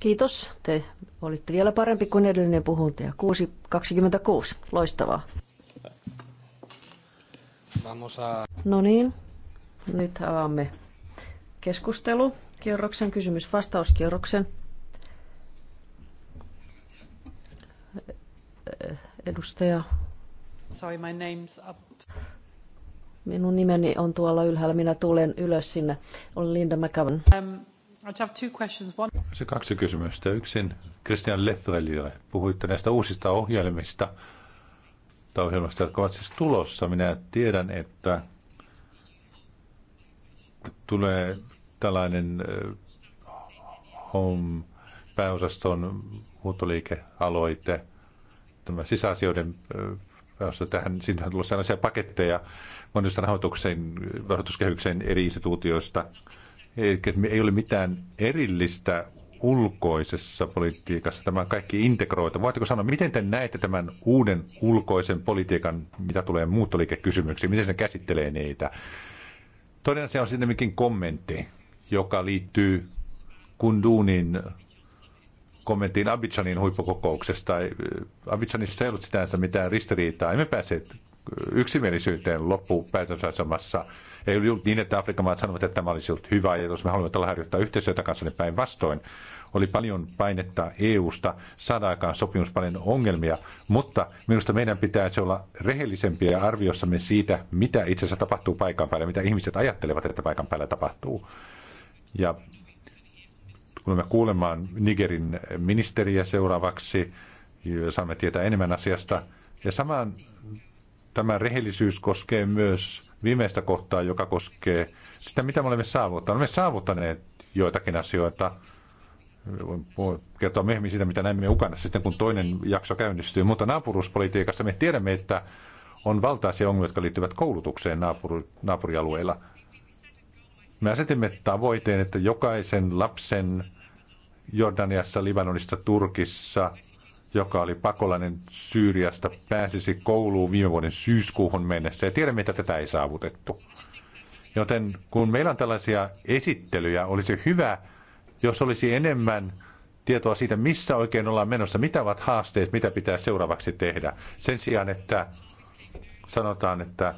Kiitos. Te olitte vielä parempi kuin edellinen puhuntaja. 6.26. Loistavaa. No niin, nyt avaamme keskustelu, kierroksen, kysymys, vastauskierroksen. Edustaja. Sorry, my name's up Minun nimeni on tuolla ylhäällä, minä tulen ylös sinne. Olen Linda McCavan. Um, One... Se kaksi kysymystä. Yksin Christian Leffrelille. Puhuitte näistä uusista ohjelmista tai ohjelmista, jotka ovat siis tulossa. Minä tiedän, että tulee tällainen Home pääosaston muuttoliikealoite, tämä sisäasioiden jossa tähän, sinne on tullut sellaisia paketteja monista rahoituksen, rahoituskehyksen eri instituutioista. Eli ei ole mitään erillistä ulkoisessa politiikassa, tämä kaikki integroita. Voitteko sanoa, miten te näette tämän uuden ulkoisen politiikan, mitä tulee muuttoliikekysymyksiin, miten se käsittelee niitä? Toinen asia on sinne kommentti, joka liittyy Kunduunin kommenttiin Abidjanin huippukokouksesta. Abidjanissa ei ollut sitänsä mitään ristiriitaa. Emme päässeet yksimielisyyteen loppupäätösasemassa. Ei ollut niin, että Afrikan maat sanovat, että tämä olisi ollut hyvä, ja jos me haluamme tällä harjoittaa yhteistyötä kanssa, niin päinvastoin oli paljon painetta EUsta saada aikaan sopimus paljon ongelmia, mutta minusta meidän pitäisi olla rehellisempiä arviossamme siitä, mitä itse asiassa tapahtuu paikan päällä, mitä ihmiset ajattelevat, että paikan päällä tapahtuu. Ja Tulemme kuulemaan Nigerin ministeriä seuraavaksi, saamme tietää enemmän asiasta. Ja samaan tämä rehellisyys koskee myös viimeistä kohtaa, joka koskee sitä, mitä me olemme saavuttaneet. Olemme saavuttaneet joitakin asioita. Voin kertoa myöhemmin siitä, mitä näemme Ukanassa sitten, kun toinen jakso käynnistyy. Mutta naapuruuspolitiikassa me tiedämme, että on valtaisia ongelmia, jotka liittyvät koulutukseen naapuri, naapurialueilla – me asetimme tavoitteen, että jokaisen lapsen Jordaniassa, Libanonista, Turkissa, joka oli pakolainen Syyriasta, pääsisi kouluun viime vuoden syyskuuhun mennessä. Ja tiedämme, että tätä ei saavutettu. Joten kun meillä on tällaisia esittelyjä, olisi hyvä, jos olisi enemmän tietoa siitä, missä oikein ollaan menossa, mitä ovat haasteet, mitä pitää seuraavaksi tehdä. Sen sijaan, että sanotaan, että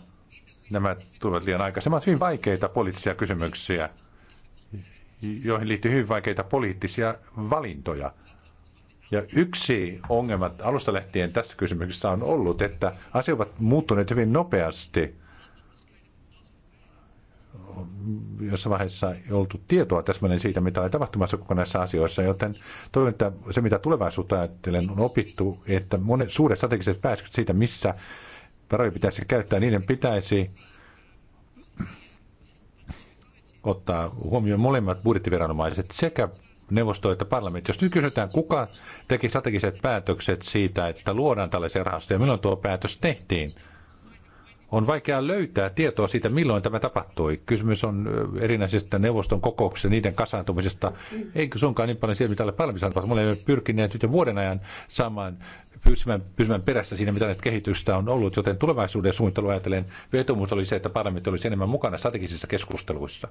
nämä tulevat liian aikaisin. Nämä ovat hyvin vaikeita poliittisia kysymyksiä, joihin liittyy hyvin vaikeita poliittisia valintoja. Ja yksi ongelma alusta lähtien tässä kysymyksessä on ollut, että asiat ovat muuttuneet hyvin nopeasti. Jossain vaiheessa ei oltu tietoa täsmälleen siitä, mitä oli tapahtumassa koko näissä asioissa, joten toivon, että se mitä tulevaisuutta ajattelen on opittu, että monet suuret strategiset päätökset siitä, missä varoja pitäisi käyttää, niiden pitäisi ottaa huomioon molemmat budjettiviranomaiset, sekä neuvosto että parlamentti. Jos nyt kysytään, kuka teki strategiset päätökset siitä, että luodaan tällaisia rahastoja, milloin tuo päätös tehtiin, on vaikea löytää tietoa siitä, milloin tämä tapahtui. Kysymys on erinäisistä neuvoston kokouksista, niiden kasaantumisesta. Eikö sunkaan niin paljon siellä, mitä olet valmis antavat. Me olemme pyrkineet nyt jo vuoden ajan saamaan pysymään, pysymään perässä siinä, mitä näitä kehitystä on ollut, joten tulevaisuuden suunnittelu ajatellen vetomuus oli se, että parlamentti olisi enemmän mukana strategisissa keskusteluissa.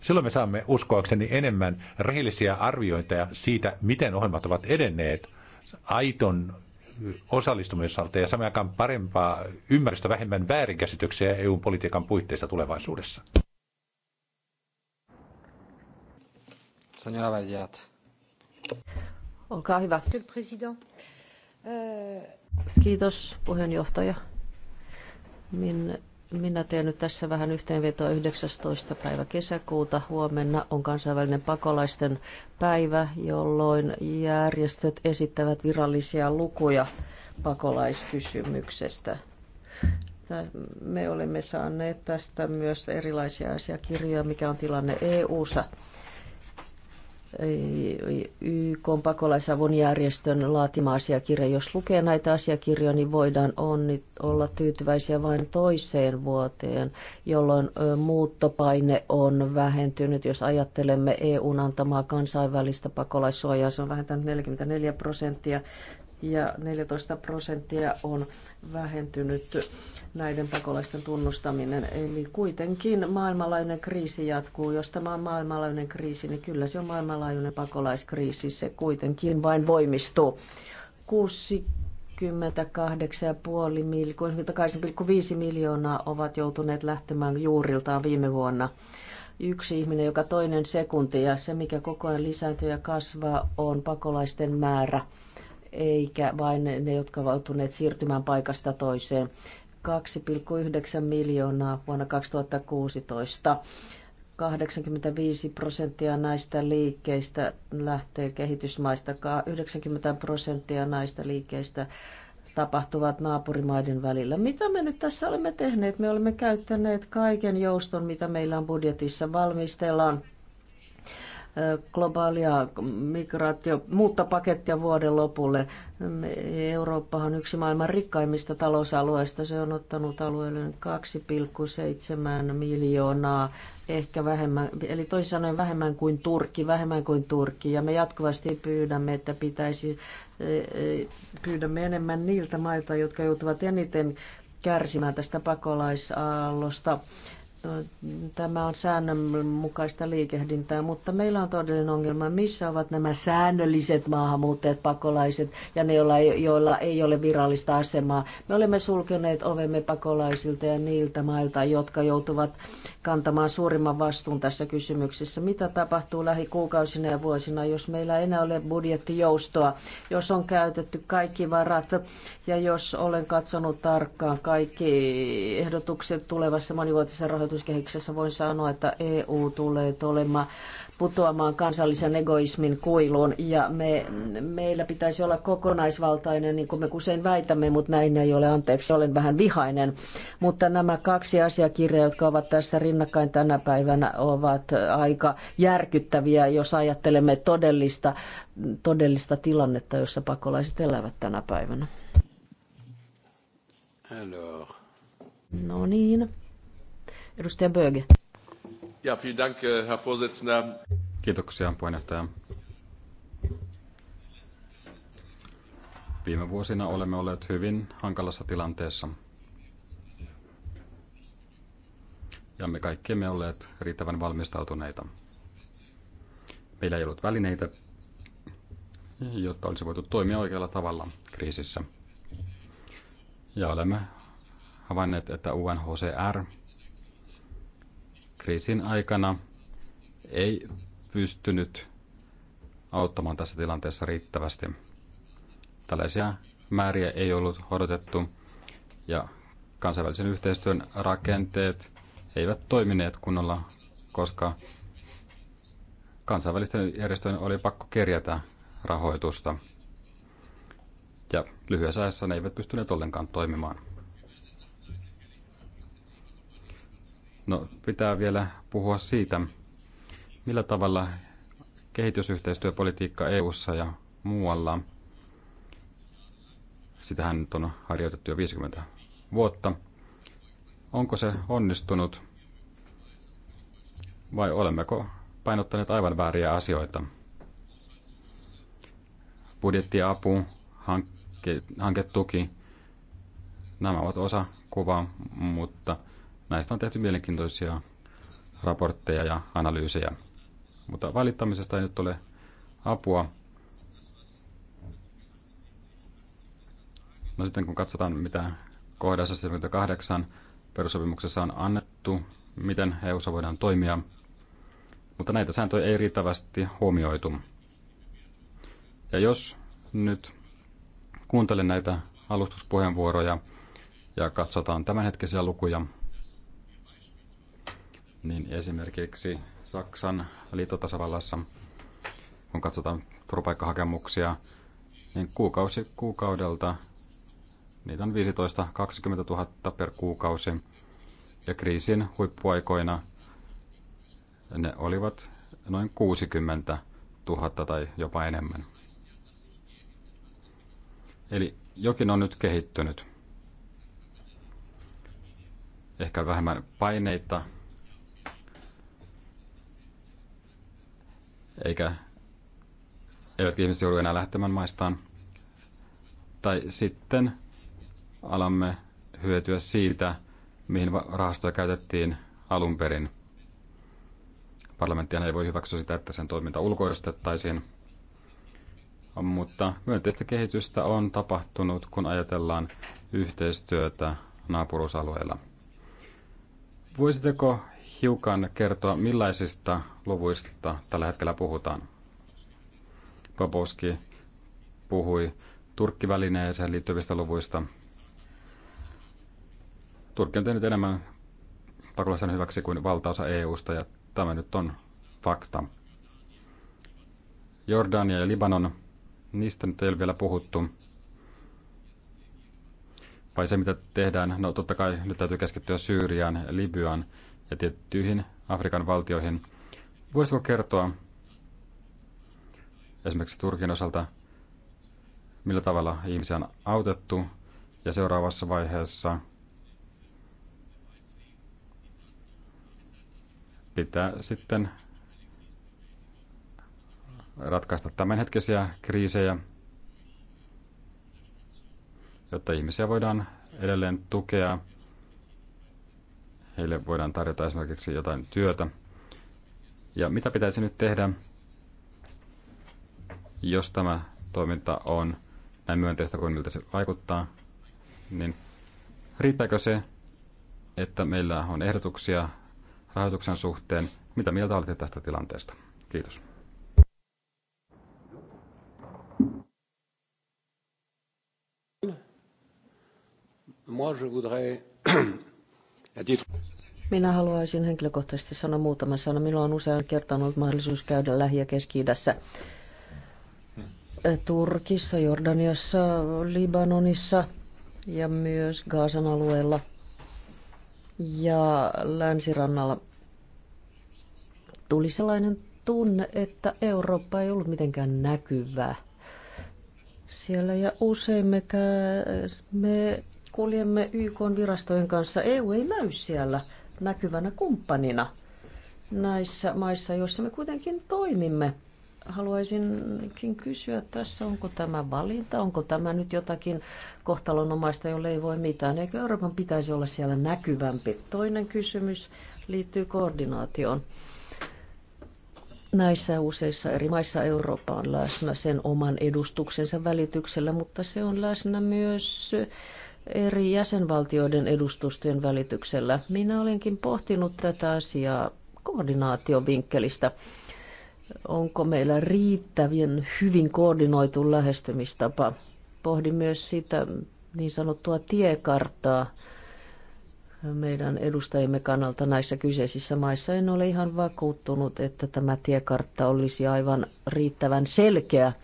Silloin me saamme uskoakseni enemmän rehellisiä arviointeja siitä, miten ohjelmat ovat edenneet aiton osallistumisalta ja samaan aikaan parempaa ymmärrystä vähemmän väärinkäsityksiä EU-politiikan puitteissa tulevaisuudessa. Olkaa hyvä. Monsieur le Président, Kiitos puheenjohtaja. Minä, minä teen nyt tässä vähän yhteenvetoa 19. päivä kesäkuuta. Huomenna on kansainvälinen pakolaisten päivä, jolloin järjestöt esittävät virallisia lukuja pakolaiskysymyksestä. Me olemme saaneet tästä myös erilaisia asiakirjoja, mikä on tilanne EU-ssa. YK pakolaisavun järjestön laatima asiakirja. Jos lukee näitä asiakirjoja, niin voidaan onnit olla tyytyväisiä vain toiseen vuoteen, jolloin muuttopaine on vähentynyt. Jos ajattelemme EUn antamaa kansainvälistä pakolaissuojaa, se on vähentänyt 44 prosenttia ja 14 prosenttia on vähentynyt näiden pakolaisten tunnustaminen. Eli kuitenkin maailmanlaajuinen kriisi jatkuu. Jos tämä on maailmanlaajuinen kriisi, niin kyllä se on maailmanlaajuinen pakolaiskriisi. Se kuitenkin vain voimistuu. 68,5 miljoonaa ovat joutuneet lähtemään juuriltaan viime vuonna. Yksi ihminen joka toinen sekunti ja se mikä koko ajan lisääntyy ja kasvaa on pakolaisten määrä eikä vain ne, jotka ovat joutuneet siirtymään paikasta toiseen. 2,9 miljoonaa vuonna 2016. 85 prosenttia näistä liikkeistä lähtee kehitysmaista, 90 prosenttia näistä liikkeistä tapahtuvat naapurimaiden välillä. Mitä me nyt tässä olemme tehneet? Me olemme käyttäneet kaiken jouston, mitä meillä on budjetissa. Valmistellaan globaalia migraatio, muuttopakettia vuoden lopulle. Eurooppa on yksi maailman rikkaimmista talousalueista. Se on ottanut alueelle 2,7 miljoonaa, ehkä vähemmän, eli toisin sanoen vähemmän kuin Turkki, vähemmän kuin Turkki. Ja me jatkuvasti pyydämme, että pitäisi e, e, pyydämme enemmän niiltä mailta, jotka joutuvat eniten kärsimään tästä pakolaisaallosta. Tämä on säännönmukaista liikehdintää, mutta meillä on todellinen ongelma, missä ovat nämä säännölliset maahanmuuttajat, pakolaiset ja ne, joilla ei, joilla ei ole virallista asemaa. Me olemme sulkeneet ovemme pakolaisilta ja niiltä mailta, jotka joutuvat kantamaan suurimman vastuun tässä kysymyksessä. Mitä tapahtuu lähikuukausina ja vuosina, jos meillä ei enää ole budjettijoustoa, jos on käytetty kaikki varat ja jos olen katsonut tarkkaan kaikki ehdotukset tulevassa monivuotisessa rahoituksessa, rahoituskehyksessä voin sanoa, että EU tulee olemaan putoamaan kansallisen egoismin kuiluun ja me, meillä pitäisi olla kokonaisvaltainen, niin kuin me usein väitämme, mutta näin ei ole, anteeksi, olen vähän vihainen. Mutta nämä kaksi asiakirjaa, jotka ovat tässä rinnakkain tänä päivänä, ovat aika järkyttäviä, jos ajattelemme todellista, todellista tilannetta, jossa pakolaiset elävät tänä päivänä. Hello. No niin. Edustaja Böge. Ja, vielen Dank, äh, Herr Vorsitzender. Kiitoksia, puheenjohtaja. Viime vuosina olemme olleet hyvin hankalassa tilanteessa. Ja me kaikki emme olleet riittävän valmistautuneita. Meillä ei ollut välineitä, jotta olisi voitu toimia oikealla tavalla kriisissä. Ja olemme havainneet, että UNHCR kriisin aikana ei pystynyt auttamaan tässä tilanteessa riittävästi. Tällaisia määriä ei ollut odotettu ja kansainvälisen yhteistyön rakenteet eivät toimineet kunnolla, koska kansainvälisten järjestöjen oli pakko kerjätä rahoitusta. Ja lyhyessä ajassa ne eivät pystyneet ollenkaan toimimaan. No, pitää vielä puhua siitä, millä tavalla kehitysyhteistyöpolitiikka EU:ssa ja muualla, sitähän nyt on harjoitettu jo 50 vuotta, onko se onnistunut vai olemmeko painottaneet aivan vääriä asioita? Budjettiapu, hanke, hanketuki, nämä ovat osa kuvaa, mutta – Näistä on tehty mielenkiintoisia raportteja ja analyysejä. Mutta valittamisesta ei nyt ole apua. No sitten kun katsotaan, mitä kohdassa 78 perussopimuksessa on annettu, miten eu voidaan toimia, mutta näitä sääntöjä ei riittävästi huomioitu. Ja jos nyt kuuntelen näitä alustuspuheenvuoroja ja katsotaan tämänhetkisiä lukuja, niin esimerkiksi Saksan liittotasavallassa, kun katsotaan turvapaikkahakemuksia, niin kuukausi kuukaudelta niitä on 15-20 000 per kuukausi. Ja kriisin huippuaikoina ne olivat noin 60 000 tai jopa enemmän. Eli jokin on nyt kehittynyt. Ehkä vähemmän paineita eikä eivätkä ihmiset joudu enää lähtemään maistaan. Tai sitten alamme hyötyä siitä, mihin rahastoja käytettiin alun perin. Parlamenttihan ei voi hyväksyä sitä, että sen toiminta ulkoistettaisiin. Mutta myönteistä kehitystä on tapahtunut, kun ajatellaan yhteistyötä naapurusalueilla. Voisitteko hiukan kertoa, millaisista luvuista tällä hetkellä puhutaan? Popowski puhui turkkivälineeseen liittyvistä luvuista. Turkki on tehnyt enemmän pakolaisen hyväksi kuin valtaosa EUsta ja tämä nyt on fakta. Jordania ja Libanon, niistä nyt ei ole vielä puhuttu. Vai se, mitä tehdään, no totta kai nyt täytyy keskittyä Syyriaan ja Libyaan, ja tiettyihin Afrikan valtioihin. Voisiko kertoa esimerkiksi Turkin osalta, millä tavalla ihmisiä on autettu ja seuraavassa vaiheessa pitää sitten ratkaista tämänhetkisiä kriisejä, jotta ihmisiä voidaan edelleen tukea Heille voidaan tarjota esimerkiksi jotain työtä. Ja mitä pitäisi nyt tehdä, jos tämä toiminta on näin myönteistä kuin miltä se vaikuttaa, niin riittääkö se, että meillä on ehdotuksia rahoituksen suhteen? Mitä mieltä olette tästä tilanteesta? Kiitos. Moi, je voudrais minä haluaisin henkilökohtaisesti sanoa muutaman sanan. Minulla on usean kertaan ollut mahdollisuus käydä Lähi- ja keski Turkissa, Jordaniassa, Libanonissa ja myös Gaasan alueella ja länsirannalla. Tuli sellainen tunne, että Eurooppa ei ollut mitenkään näkyvää siellä ja usein me, me kuljemme YK-virastojen kanssa. EU ei näy siellä näkyvänä kumppanina näissä maissa, joissa me kuitenkin toimimme. Haluaisinkin kysyä tässä, onko tämä valinta, onko tämä nyt jotakin kohtalonomaista, jolle ei voi mitään. Eikö Euroopan pitäisi olla siellä näkyvämpi? Toinen kysymys liittyy koordinaatioon näissä useissa eri maissa Eurooppa on läsnä sen oman edustuksensa välityksellä, mutta se on läsnä myös eri jäsenvaltioiden edustustojen välityksellä. Minä olenkin pohtinut tätä asiaa koordinaatiovinkkelistä. Onko meillä riittävien hyvin koordinoitu lähestymistapa? Pohdin myös sitä niin sanottua tiekarttaa meidän edustajimme kannalta näissä kyseisissä maissa. En ole ihan vakuuttunut, että tämä tiekartta olisi aivan riittävän selkeä –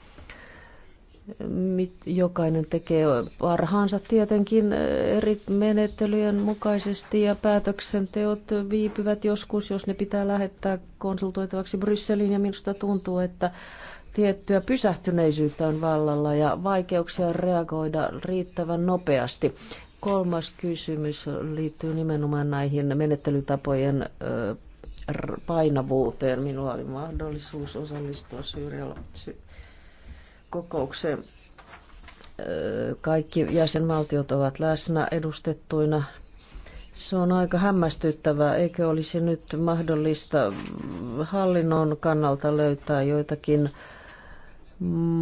Jokainen tekee parhaansa tietenkin eri menettelyjen mukaisesti ja päätöksenteot viipyvät joskus, jos ne pitää lähettää konsultoitavaksi Brysseliin ja minusta tuntuu, että tiettyä pysähtyneisyyttä on vallalla ja vaikeuksia reagoida riittävän nopeasti. Kolmas kysymys liittyy nimenomaan näihin menettelytapojen painavuuteen. Minulla oli mahdollisuus osallistua Syyrialla Kokouksen Kaikki jäsenvaltiot ovat läsnä edustettuina. Se on aika hämmästyttävää. Eikö olisi nyt mahdollista hallinnon kannalta löytää joitakin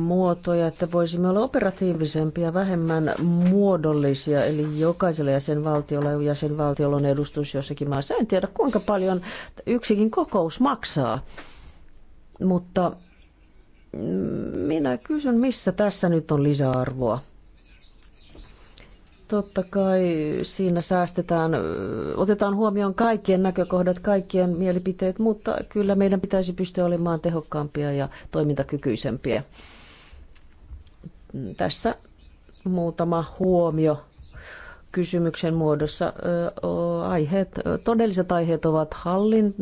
muotoja, että voisimme olla operatiivisempia, vähemmän muodollisia, eli jokaisella jäsenvaltiolla ja jäsenvaltiolla on edustus jossakin maassa. En tiedä, kuinka paljon yksikin kokous maksaa, mutta minä kysyn, missä tässä nyt on lisäarvoa? Totta kai siinä säästetään, otetaan huomioon kaikkien näkökohdat, kaikkien mielipiteet, mutta kyllä meidän pitäisi pystyä olemaan tehokkaampia ja toimintakykyisempiä. Tässä muutama huomio kysymyksen muodossa. Aiheet, todelliset aiheet ovat hallin,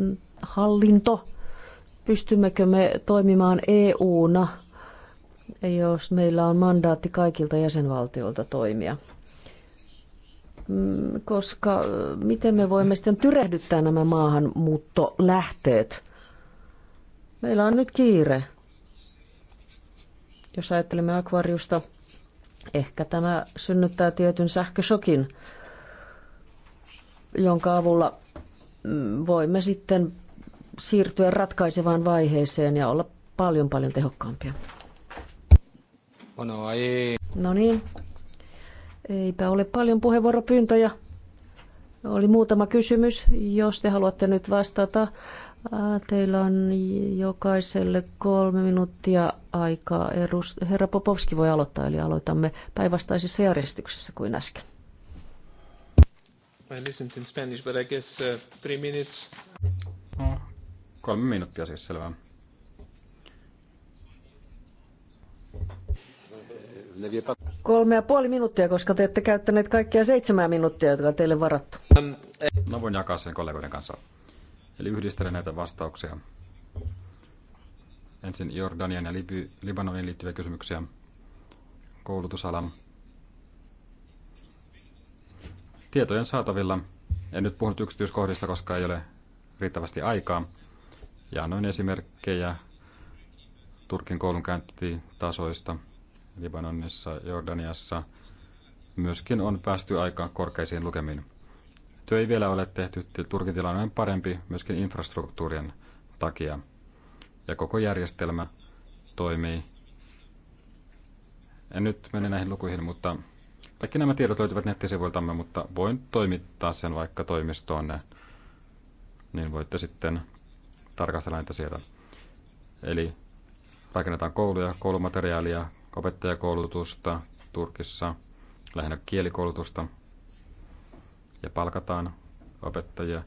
hallinto, Pystymmekö me toimimaan EU-na, jos meillä on mandaatti kaikilta jäsenvaltioilta toimia? Mm, koska äh, miten me voimme sitten tyrehdyttää nämä maahanmuuttolähteet? Meillä on nyt kiire. Jos ajattelemme akvariusta, ehkä tämä synnyttää tietyn sähkösokin, jonka avulla mm, voimme sitten siirtyä ratkaisevaan vaiheeseen ja olla paljon paljon tehokkaampia. No, niin, eipä ole paljon puheenvuoropyyntöjä. Oli muutama kysymys, jos te haluatte nyt vastata. Teillä on jokaiselle kolme minuuttia aikaa. Herra Popovski voi aloittaa, eli aloitamme päinvastaisessa järjestyksessä kuin äsken. I listened in Spanish, but I guess uh, three minutes. Mm. Kolme minuuttia siis selvää. Kolme ja puoli minuuttia, koska te ette käyttäneet kaikkia seitsemää minuuttia, jotka on teille varattu. No voin jakaa sen kollegoiden kanssa. Eli yhdistelen näitä vastauksia. Ensin Jordanian ja Lib- Libanonin liittyviä kysymyksiä. Koulutusalan. Tietojen saatavilla. En nyt puhunut yksityiskohdista, koska ei ole riittävästi aikaa ja annoin esimerkkejä Turkin koulunkäyntitasoista Libanonissa, Jordaniassa. Myöskin on päästy aika korkeisiin lukemiin. Työ ei vielä ole tehty, Turkin tilanne on parempi myöskin infrastruktuurien takia. Ja koko järjestelmä toimii. En nyt mene näihin lukuihin, mutta kaikki nämä tiedot löytyvät nettisivuiltamme, mutta voin toimittaa sen vaikka toimistoonne. Niin voitte sitten tarkastellaan niitä sieltä. Eli rakennetaan kouluja, koulumateriaalia, opettajakoulutusta Turkissa, lähinnä kielikoulutusta ja palkataan opettajia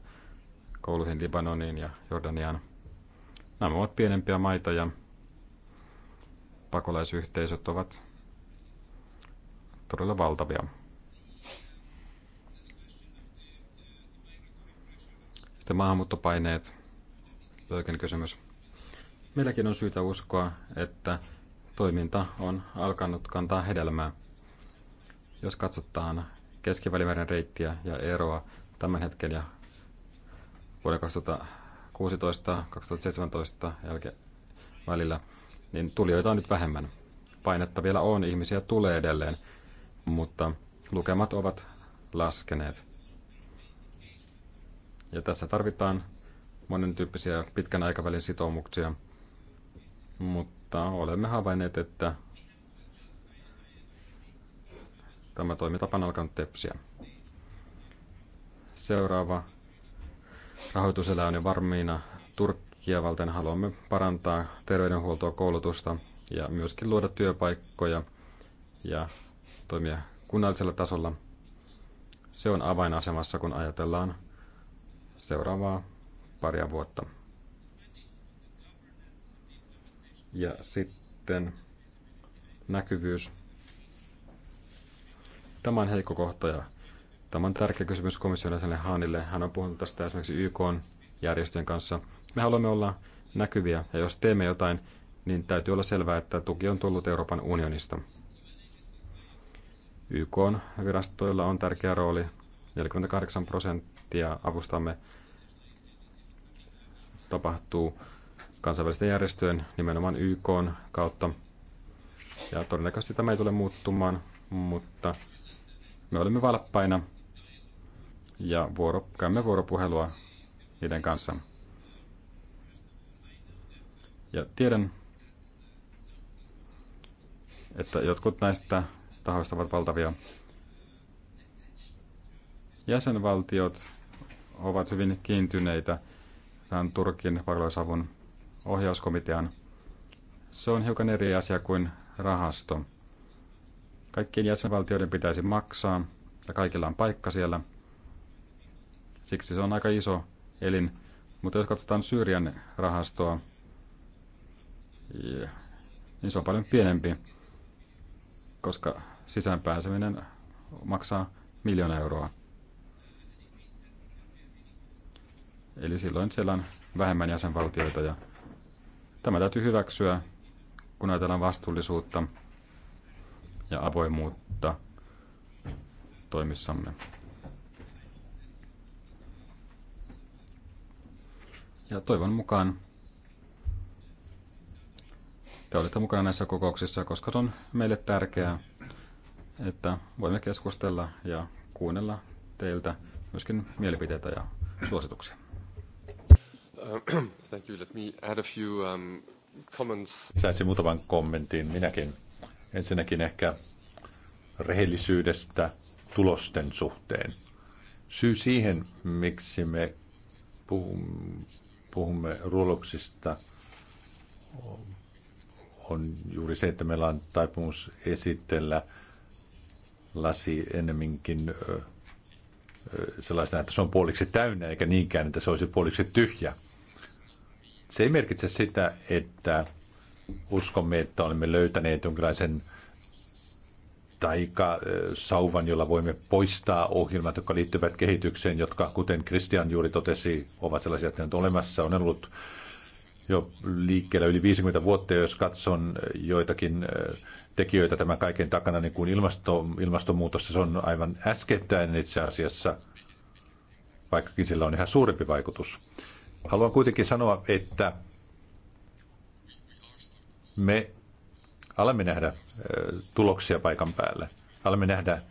kouluihin Libanoniin ja Jordaniaan. Nämä ovat pienempiä maita ja pakolaisyhteisöt ovat todella valtavia. Sitten maahanmuuttopaineet. Böken kysymys. Meilläkin on syytä uskoa, että toiminta on alkanut kantaa hedelmää. Jos katsotaan keskivälimeren reittiä ja eroa tämän hetken ja vuoden 2016-2017 jälkeen välillä, niin tulijoita on nyt vähemmän. Painetta vielä on, ihmisiä tulee edelleen, mutta lukemat ovat laskeneet. Ja tässä tarvitaan monen tyyppisiä pitkän aikavälin sitoumuksia, mutta olemme havainneet, että tämä toimintapa on alkanut tepsiä. Seuraava rahoituselä on jo varmiina Turkkia valten haluamme parantaa terveydenhuoltoa, koulutusta ja myöskin luoda työpaikkoja ja toimia kunnallisella tasolla. Se on avainasemassa, kun ajatellaan seuraavaa paria vuotta. Ja sitten näkyvyys. Tämä on heikko kohta ja tämä on tärkeä kysymys komission jäsenelle Haanille. Hän on puhunut tästä esimerkiksi YK järjestöjen kanssa. Me haluamme olla näkyviä ja jos teemme jotain, niin täytyy olla selvää, että tuki on tullut Euroopan unionista. YK virastoilla on tärkeä rooli. 48 prosenttia avustamme tapahtuu kansainvälisten järjestöjen, nimenomaan YK kautta. Ja todennäköisesti tämä ei tule muuttumaan, mutta me olemme valppaina ja vuoro, käymme vuoropuhelua niiden kanssa. Ja tiedän, että jotkut näistä tahoista ovat valtavia. Jäsenvaltiot ovat hyvin kiintyneitä – tämän Turkin varoisavun ohjauskomitean. Se on hiukan eri asia kuin rahasto. Kaikkien jäsenvaltioiden pitäisi maksaa ja kaikilla on paikka siellä. Siksi se on aika iso elin. Mutta jos katsotaan Syyrian rahastoa, niin se on paljon pienempi, koska sisäänpääseminen maksaa miljoona euroa. Eli silloin siellä on vähemmän jäsenvaltioita ja tämä täytyy hyväksyä, kun ajatellaan vastuullisuutta ja avoimuutta toimissamme. Ja toivon mukaan te olette mukana näissä kokouksissa, koska se on meille tärkeää, että voimme keskustella ja kuunnella teiltä myöskin mielipiteitä ja suosituksia. Uh, um, Lisäisin muutaman kommentin minäkin. Ensinnäkin ehkä rehellisyydestä tulosten suhteen. Syy siihen, miksi me puhumme ruoloksista, on juuri se, että meillä on taipumus esitellä lasi ennemminkin sellaisena, että se on puoliksi täynnä, eikä niinkään, että se olisi puoliksi tyhjä. Se ei merkitse sitä, että uskomme, että olemme löytäneet jonkinlaisen taika sauvan, jolla voimme poistaa ohjelmat, jotka liittyvät kehitykseen, jotka, kuten Christian juuri totesi, ovat sellaisia, että ne on olemassa. On ollut jo liikkeellä yli 50 vuotta, jos katson joitakin tekijöitä tämän kaiken takana, niin kuin ilmasto, ilmastonmuutos, se on aivan äskettäin itse asiassa, vaikkakin sillä on ihan suurempi vaikutus. Haluan kuitenkin sanoa, että me alamme nähdä tuloksia paikan päällä. Alamme nähdä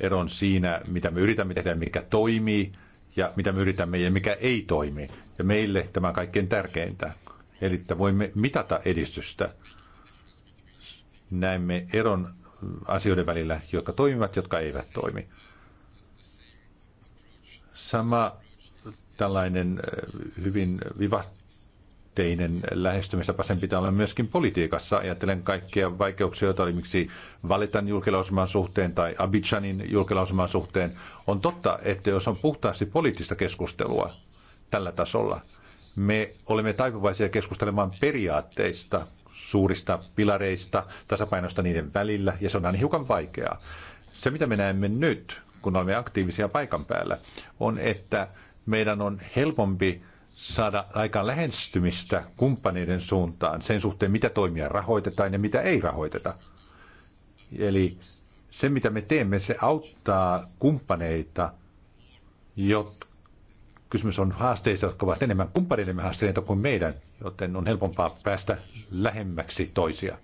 eron siinä, mitä me yritämme tehdä, mikä toimii ja mitä me yritämme ja mikä ei toimi. Ja meille tämä on kaikkein tärkeintä. Eli että voimme mitata edistystä. Näemme eron asioiden välillä, jotka toimivat, jotka eivät toimi. Sama tällainen äh, hyvin vivahteinen lähestymistapa, sen pitää olla myöskin politiikassa. Ajattelen kaikkia vaikeuksia, joita oli miksi valitan julkilausumaan suhteen tai Abidjanin julkilausumaan suhteen. On totta, että jos on puhtaasti poliittista keskustelua tällä tasolla, me olemme taipuvaisia keskustelemaan periaatteista, suurista pilareista, tasapainosta niiden välillä, ja se on aina hiukan vaikeaa. Se, mitä me näemme nyt, kun olemme aktiivisia paikan päällä, on, että meidän on helpompi saada aikaan lähestymistä kumppaneiden suuntaan sen suhteen, mitä toimia rahoitetaan ja mitä ei rahoiteta. Eli se, mitä me teemme, se auttaa kumppaneita, jotka kysymys on haasteista, jotka ovat enemmän kumppaneidemme haasteita kuin meidän, joten on helpompaa päästä lähemmäksi toisia.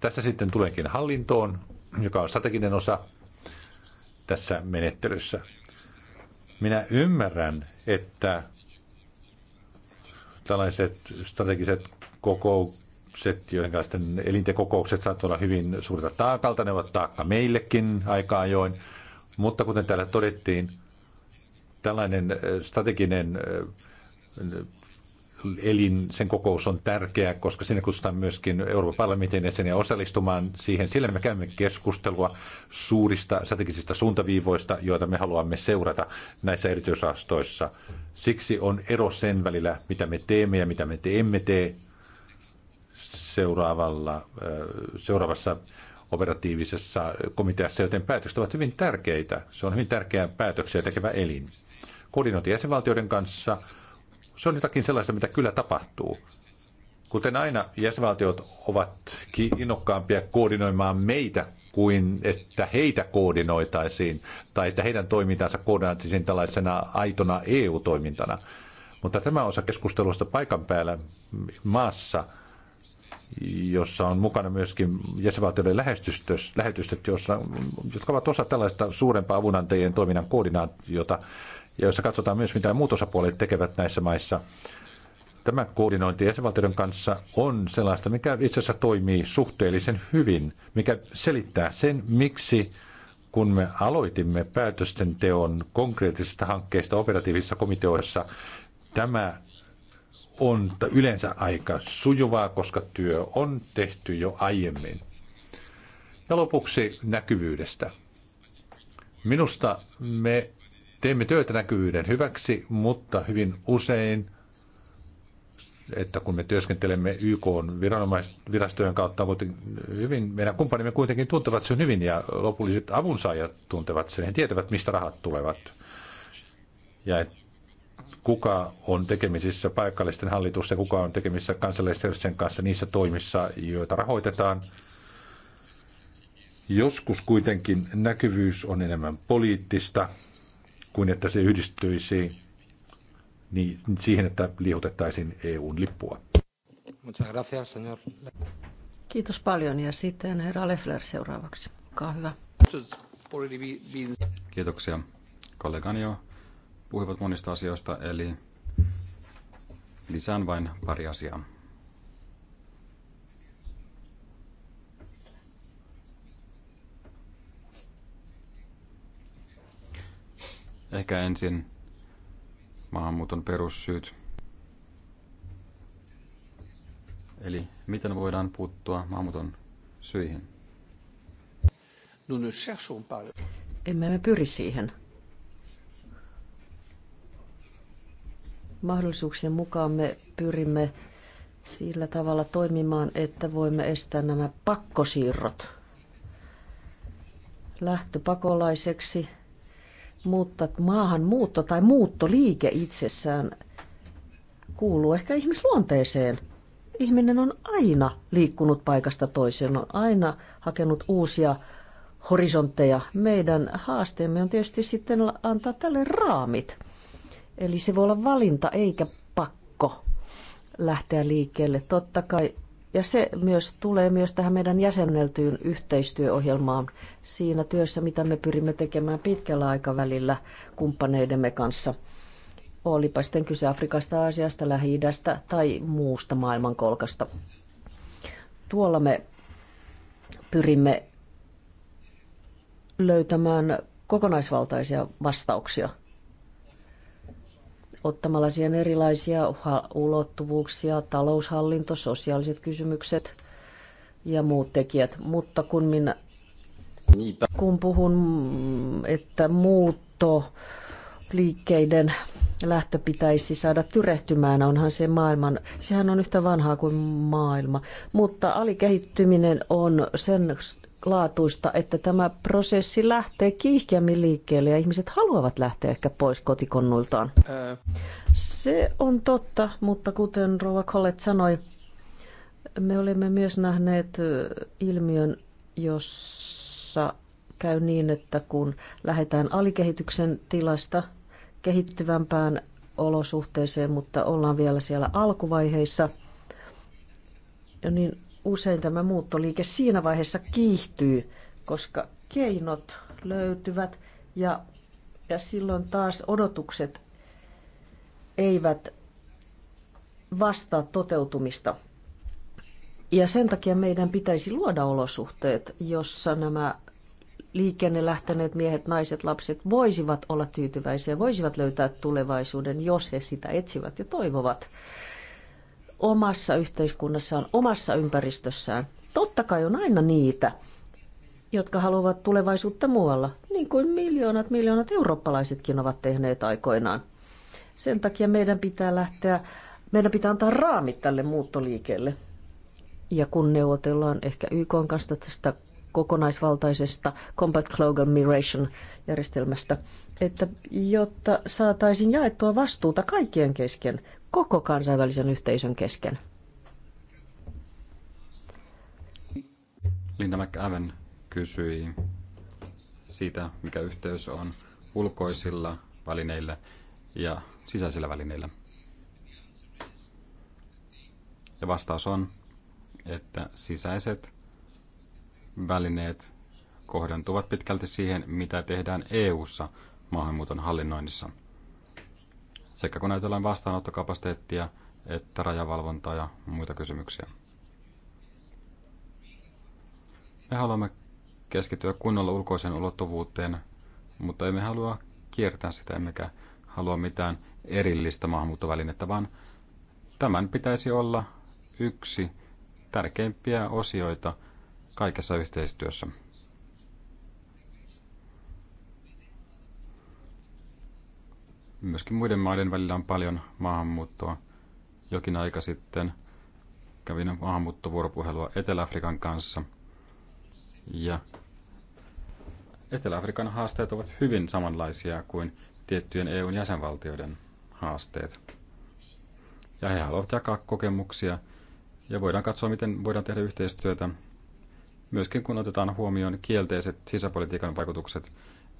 Tässä sitten tuleekin hallintoon, joka on strateginen osa tässä menettelyssä. Minä ymmärrän, että tällaiset strategiset kokoukset, joiden kanssa elintekokoukset saattavat olla hyvin suurta taakalta, ne ovat taakka meillekin aika ajoin. Mutta kuten täällä todettiin, tällainen äh, strateginen äh, elin, sen kokous on tärkeä, koska sinne kutsutaan myöskin Euroopan parlamentin jäseniä osallistumaan siihen. Siellä me käymme keskustelua suurista strategisista suuntaviivoista, joita me haluamme seurata näissä erityisastoissa. Siksi on ero sen välillä, mitä me teemme ja mitä me emme tee seuraavalla, äh, seuraavassa operatiivisessa komiteassa, joten päätökset ovat hyvin tärkeitä. Se on hyvin tärkeä päätöksiä tekevä elin. Koordinointi jäsenvaltioiden kanssa – se on jotakin sellaista, mitä kyllä tapahtuu. Kuten aina, jäsenvaltiot ovat innokkaampia koordinoimaan meitä kuin että heitä koordinoitaisiin tai että heidän toimintansa koordinoitaisiin tällaisena aitona EU-toimintana. Mutta tämä osa keskustelusta paikan päällä maassa, jossa on mukana myöskin jäsenvaltioiden lähetystöt, jossa, jotka ovat osa tällaista suurempaa avunantajien toiminnan koordinaatiota, ja jossa katsotaan myös, mitä muut osapuolet tekevät näissä maissa. Tämä koordinointi jäsenvaltioiden kanssa on sellaista, mikä itse asiassa toimii suhteellisen hyvin, mikä selittää sen, miksi kun me aloitimme päätösten teon konkreettisista hankkeista operatiivisissa komiteoissa, tämä on yleensä aika sujuvaa, koska työ on tehty jo aiemmin. Ja lopuksi näkyvyydestä. Minusta me teemme työtä näkyvyyden hyväksi, mutta hyvin usein, että kun me työskentelemme YK viranomaisvirastojen kautta, hyvin, meidän kumppanimme kuitenkin tuntevat sen hyvin ja lopulliset avunsaajat tuntevat sen. He tietävät, mistä rahat tulevat. Ja kuka on tekemisissä paikallisten hallitusten, kuka on tekemisissä kansallisten kanssa niissä toimissa, joita rahoitetaan. Joskus kuitenkin näkyvyys on enemmän poliittista kuin että se yhdistyisi niin siihen, että liihutettaisiin EUn lippua. Kiitos paljon ja sitten herra Leffler seuraavaksi. Olkaa hyvä. Kiitoksia. Kollegani jo puhuivat monista asioista, eli lisään vain pari asiaa. Ehkä ensin maahanmuuton perussyyt. Eli miten voidaan puuttua maahanmuuton syihin? Emme me pyri siihen. Mahdollisuuksien mukaan me pyrimme sillä tavalla toimimaan, että voimme estää nämä pakkosiirrot. Lähtöpakolaiseksi mutta maahanmuutto tai muuttoliike itsessään kuuluu ehkä ihmisluonteeseen. Ihminen on aina liikkunut paikasta toiseen, on aina hakenut uusia horisontteja. Meidän haasteemme on tietysti sitten antaa tälle raamit. Eli se voi olla valinta eikä pakko lähteä liikkeelle. Totta kai ja se myös tulee myös tähän meidän jäsenneltyyn yhteistyöohjelmaan siinä työssä, mitä me pyrimme tekemään pitkällä aikavälillä kumppaneidemme kanssa. Olipa sitten kyse Afrikasta, Aasiasta, lähi tai muusta maailmankolkasta. Tuolla me pyrimme löytämään kokonaisvaltaisia vastauksia – ottamalla siihen erilaisia ulottuvuuksia, taloushallinto, sosiaaliset kysymykset ja muut tekijät. Mutta kun minä kun puhun, että muutto liikkeiden lähtö pitäisi saada tyrehtymään, onhan se maailman, sehän on yhtä vanhaa kuin maailma. Mutta alikehittyminen on sen laatuista, että tämä prosessi lähtee kiihkeämmin liikkeelle ja ihmiset haluavat lähteä ehkä pois kotikonnuiltaan. Se on totta, mutta kuten Rova Collet sanoi, me olemme myös nähneet ilmiön, jossa käy niin, että kun lähdetään alikehityksen tilasta kehittyvämpään olosuhteeseen, mutta ollaan vielä siellä alkuvaiheissa, niin usein tämä muuttoliike siinä vaiheessa kiihtyy, koska keinot löytyvät ja, ja silloin taas odotukset eivät vastaa toteutumista. Ja sen takia meidän pitäisi luoda olosuhteet, jossa nämä liikenne lähteneet miehet, naiset, lapset voisivat olla tyytyväisiä, voisivat löytää tulevaisuuden, jos he sitä etsivät ja toivovat omassa yhteiskunnassaan, omassa ympäristössään. Totta kai on aina niitä, jotka haluavat tulevaisuutta muualla, niin kuin miljoonat, miljoonat eurooppalaisetkin ovat tehneet aikoinaan. Sen takia meidän pitää lähteä, meidän pitää antaa raamit tälle muuttoliikeelle. Ja kun neuvotellaan ehkä YK kanssa tästä kokonaisvaltaisesta Combat Global Migration järjestelmästä, että jotta saataisiin jaettua vastuuta kaikkien kesken, koko kansainvälisen yhteisön kesken. Linda McAven kysyi siitä, mikä yhteys on ulkoisilla välineillä ja sisäisillä välineillä. Ja vastaus on, että sisäiset välineet kohdentuvat pitkälti siihen, mitä tehdään EU:ssa maahanmuuton hallinnoinnissa – sekä kun ajatellaan vastaanottokapasiteettia että rajavalvontaa ja muita kysymyksiä. Me haluamme keskittyä kunnolla ulkoiseen ulottuvuuteen, mutta emme halua kiertää sitä, emmekä halua mitään erillistä maahanmuuttovälinettä, vaan tämän pitäisi olla yksi tärkeimpiä osioita kaikessa yhteistyössä. myöskin muiden maiden välillä on paljon maahanmuuttoa. Jokin aika sitten kävin maahanmuuttovuoropuhelua Etelä-Afrikan kanssa. Ja Etelä-Afrikan haasteet ovat hyvin samanlaisia kuin tiettyjen EUn jäsenvaltioiden haasteet. Ja he haluavat jakaa kokemuksia ja voidaan katsoa, miten voidaan tehdä yhteistyötä, myöskin kun otetaan huomioon kielteiset sisäpolitiikan vaikutukset,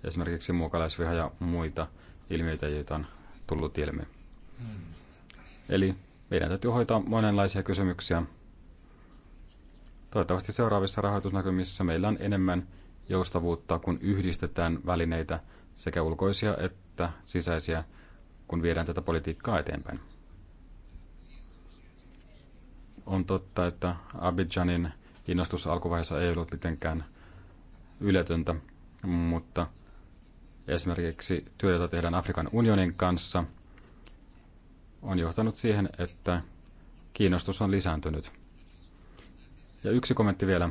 esimerkiksi muukalaisviha ja muita ilmiöitä, joita on tullut ilmi. Hmm. Eli meidän täytyy hoitaa monenlaisia kysymyksiä. Toivottavasti seuraavissa rahoitusnäkymissä meillä on enemmän joustavuutta, kun yhdistetään välineitä sekä ulkoisia että sisäisiä, kun viedään tätä politiikkaa eteenpäin. On totta, että Abidjanin innostus alkuvaiheessa ei ollut mitenkään yletöntä, mutta – esimerkiksi työ, jota tehdään Afrikan unionin kanssa, on johtanut siihen, että kiinnostus on lisääntynyt. Ja yksi kommentti vielä,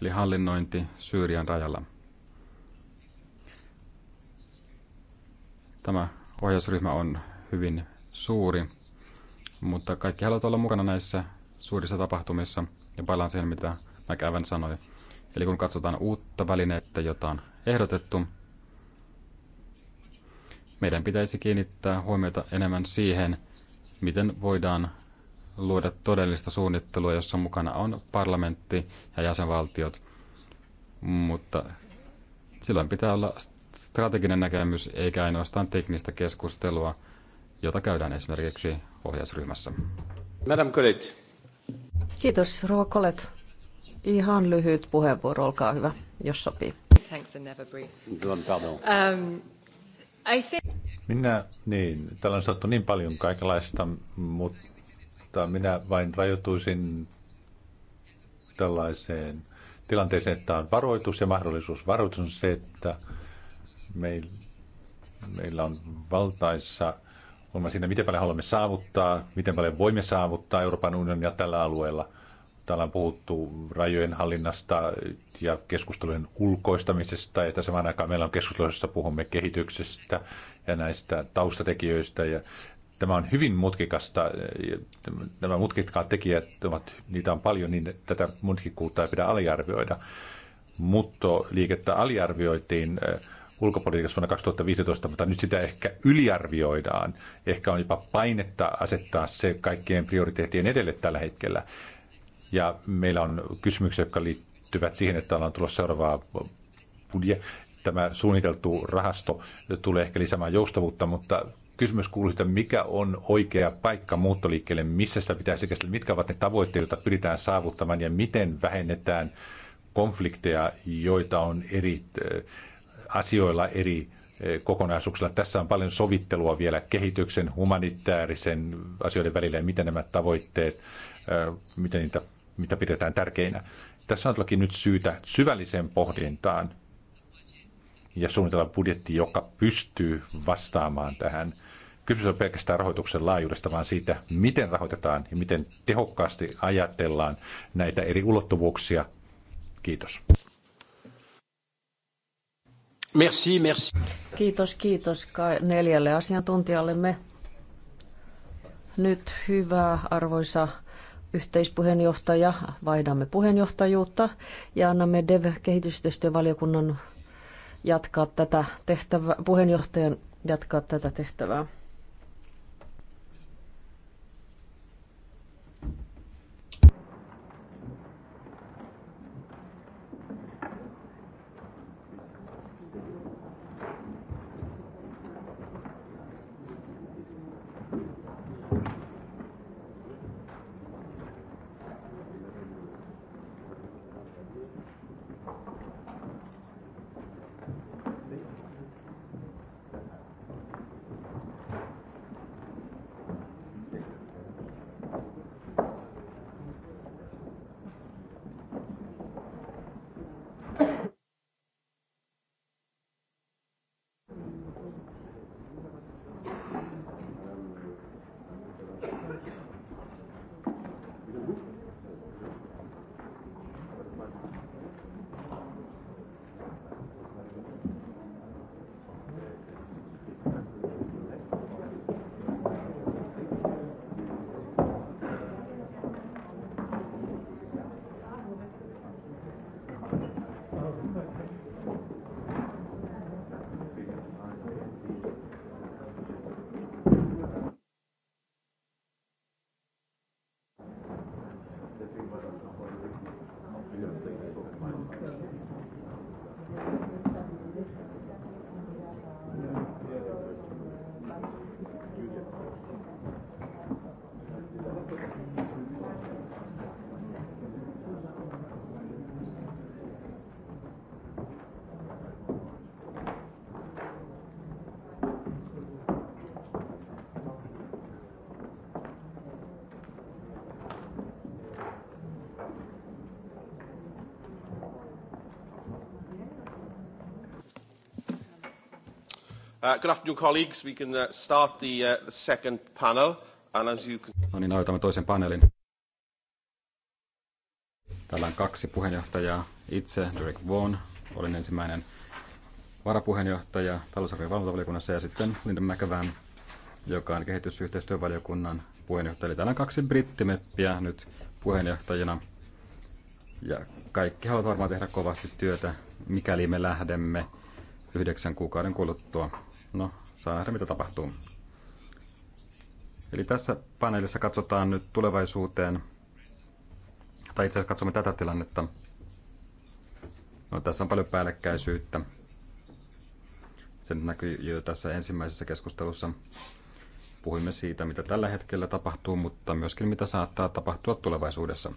eli hallinnointi Syyrian rajalla. Tämä ohjausryhmä on hyvin suuri, mutta kaikki haluavat olla mukana näissä suurissa tapahtumissa, ja palaan siihen, mitä McAvan sanoi. Eli kun katsotaan uutta välinettä, jota on ehdotettu, meidän pitäisi kiinnittää huomiota enemmän siihen, miten voidaan luoda todellista suunnittelua, jossa mukana on parlamentti ja jäsenvaltiot. Mutta silloin pitää olla strateginen näkemys eikä ainoastaan teknistä keskustelua, jota käydään esimerkiksi ohjausryhmässä. Madam Kolet. Kiitos, Rova Kolet. Ihan lyhyt puheenvuoro, olkaa hyvä, jos sopii. Thanks never brief. Um, minä, niin, täällä on sanottu niin paljon kaikenlaista, mutta minä vain rajoituisin tällaiseen tilanteeseen, että on varoitus ja mahdollisuus. Varoitus on se, että meil, meillä on valtaissa olemme siinä, miten paljon haluamme saavuttaa, miten paljon voimme saavuttaa Euroopan unionia tällä alueella – Täällä on puhuttu rajojen hallinnasta ja keskustelujen ulkoistamisesta, ja tässä vaan aikaan meillä on keskustelussa puhumme kehityksestä ja näistä taustatekijöistä. Ja tämä on hyvin mutkikasta. Nämä mutkikkaat tekijät, ovat, niitä on paljon, niin tätä mutkikkuutta ei pidä aliarvioida. Mutta liikettä aliarvioitiin eh, ulkopolitiikassa vuonna 2015, mutta nyt sitä ehkä yliarvioidaan. Ehkä on jopa painetta asettaa se kaikkien prioriteettien edelle tällä hetkellä ja meillä on kysymyksiä, jotka liittyvät siihen, että ollaan tulossa seuraavaa budje. Tämä suunniteltu rahasto tulee ehkä lisäämään joustavuutta, mutta kysymys kuuluu, että mikä on oikea paikka muuttoliikkeelle, missä sitä pitäisi käsitellä, mitkä ovat ne tavoitteet, joita pyritään saavuttamaan ja miten vähennetään konflikteja, joita on eri äh, asioilla eri äh, kokonaisuuksilla. Tässä on paljon sovittelua vielä kehityksen, humanitaarisen asioiden välillä ja miten nämä tavoitteet, äh, miten niitä mitä pidetään tärkeinä. Tässä on toki nyt syytä syvälliseen pohdintaan ja suunnitella budjetti, joka pystyy vastaamaan tähän. Kysymys on pelkästään rahoituksen laajuudesta, vaan siitä, miten rahoitetaan ja miten tehokkaasti ajatellaan näitä eri ulottuvuuksia. Kiitos. Merci, merci. Kiitos, kiitos neljälle asiantuntijallemme. Nyt hyvää arvoisa yhteispuheenjohtaja, vaihdamme puheenjohtajuutta ja annamme DEV-kehitysyhteistyövaliokunnan jatkaa tätä tehtävää, puheenjohtajan jatkaa tätä tehtävää. Uh, good afternoon, colleagues. We can uh, start uh, the, second panel. as you can... No niin, aloitamme toisen paneelin. Täällä on kaksi puheenjohtajaa. Itse, Derek Vaughan, olin ensimmäinen varapuheenjohtaja talousarvion valvontavaliokunnassa ja sitten Linda McAvan, joka on kehitysyhteistyövaliokunnan puheenjohtaja. Eli täällä on kaksi brittimeppiä nyt puheenjohtajina. Ja kaikki haluavat varmaan tehdä kovasti työtä, mikäli me lähdemme yhdeksän kuukauden kuluttua No, saa nähdä mitä tapahtuu. Eli tässä paneelissa katsotaan nyt tulevaisuuteen, tai itse asiassa katsomme tätä tilannetta. No, tässä on paljon päällekkäisyyttä. Se nyt näkyy jo tässä ensimmäisessä keskustelussa. Puhuimme siitä, mitä tällä hetkellä tapahtuu, mutta myöskin mitä saattaa tapahtua tulevaisuudessa.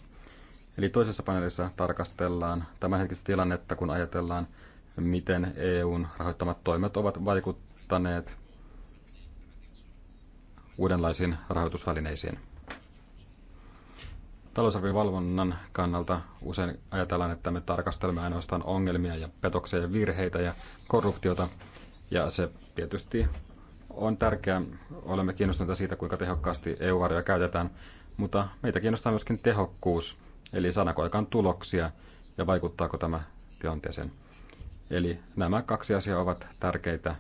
Eli toisessa paneelissa tarkastellaan tämänhetkistä tilannetta, kun ajatellaan, miten EUn rahoittamat toimet ovat vaikuttaneet vaikuttaneet uudenlaisiin rahoitusvälineisiin. Talousarvivalvonnan kannalta usein ajatellaan, että me tarkastelemme ainoastaan ongelmia ja petoksia ja virheitä ja korruptiota. Ja se tietysti on tärkeää. Olemme kiinnostuneita siitä, kuinka tehokkaasti EU-varoja käytetään, mutta meitä kiinnostaa myöskin tehokkuus, eli saadaanko aikaan tuloksia ja vaikuttaako tämä tilanteeseen. Eli nämä kaksi asiaa ovat tärkeitä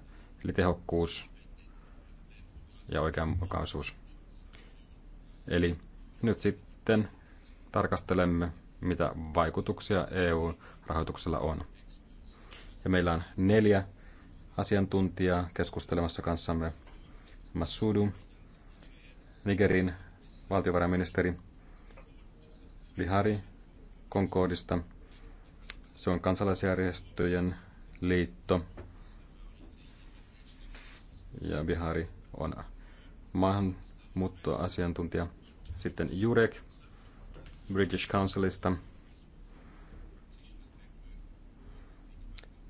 eli tehokkuus ja oikeanmukaisuus. Eli nyt sitten tarkastelemme, mitä vaikutuksia EU-rahoituksella on. Ja meillä on neljä asiantuntijaa keskustelemassa kanssamme. Massudu, Nigerin valtiovarainministeri, Vihari Concordista, se on kansalaisjärjestöjen liitto – ja Bihari on maahanmuuttoasiantuntija. Sitten Jurek British Councilista.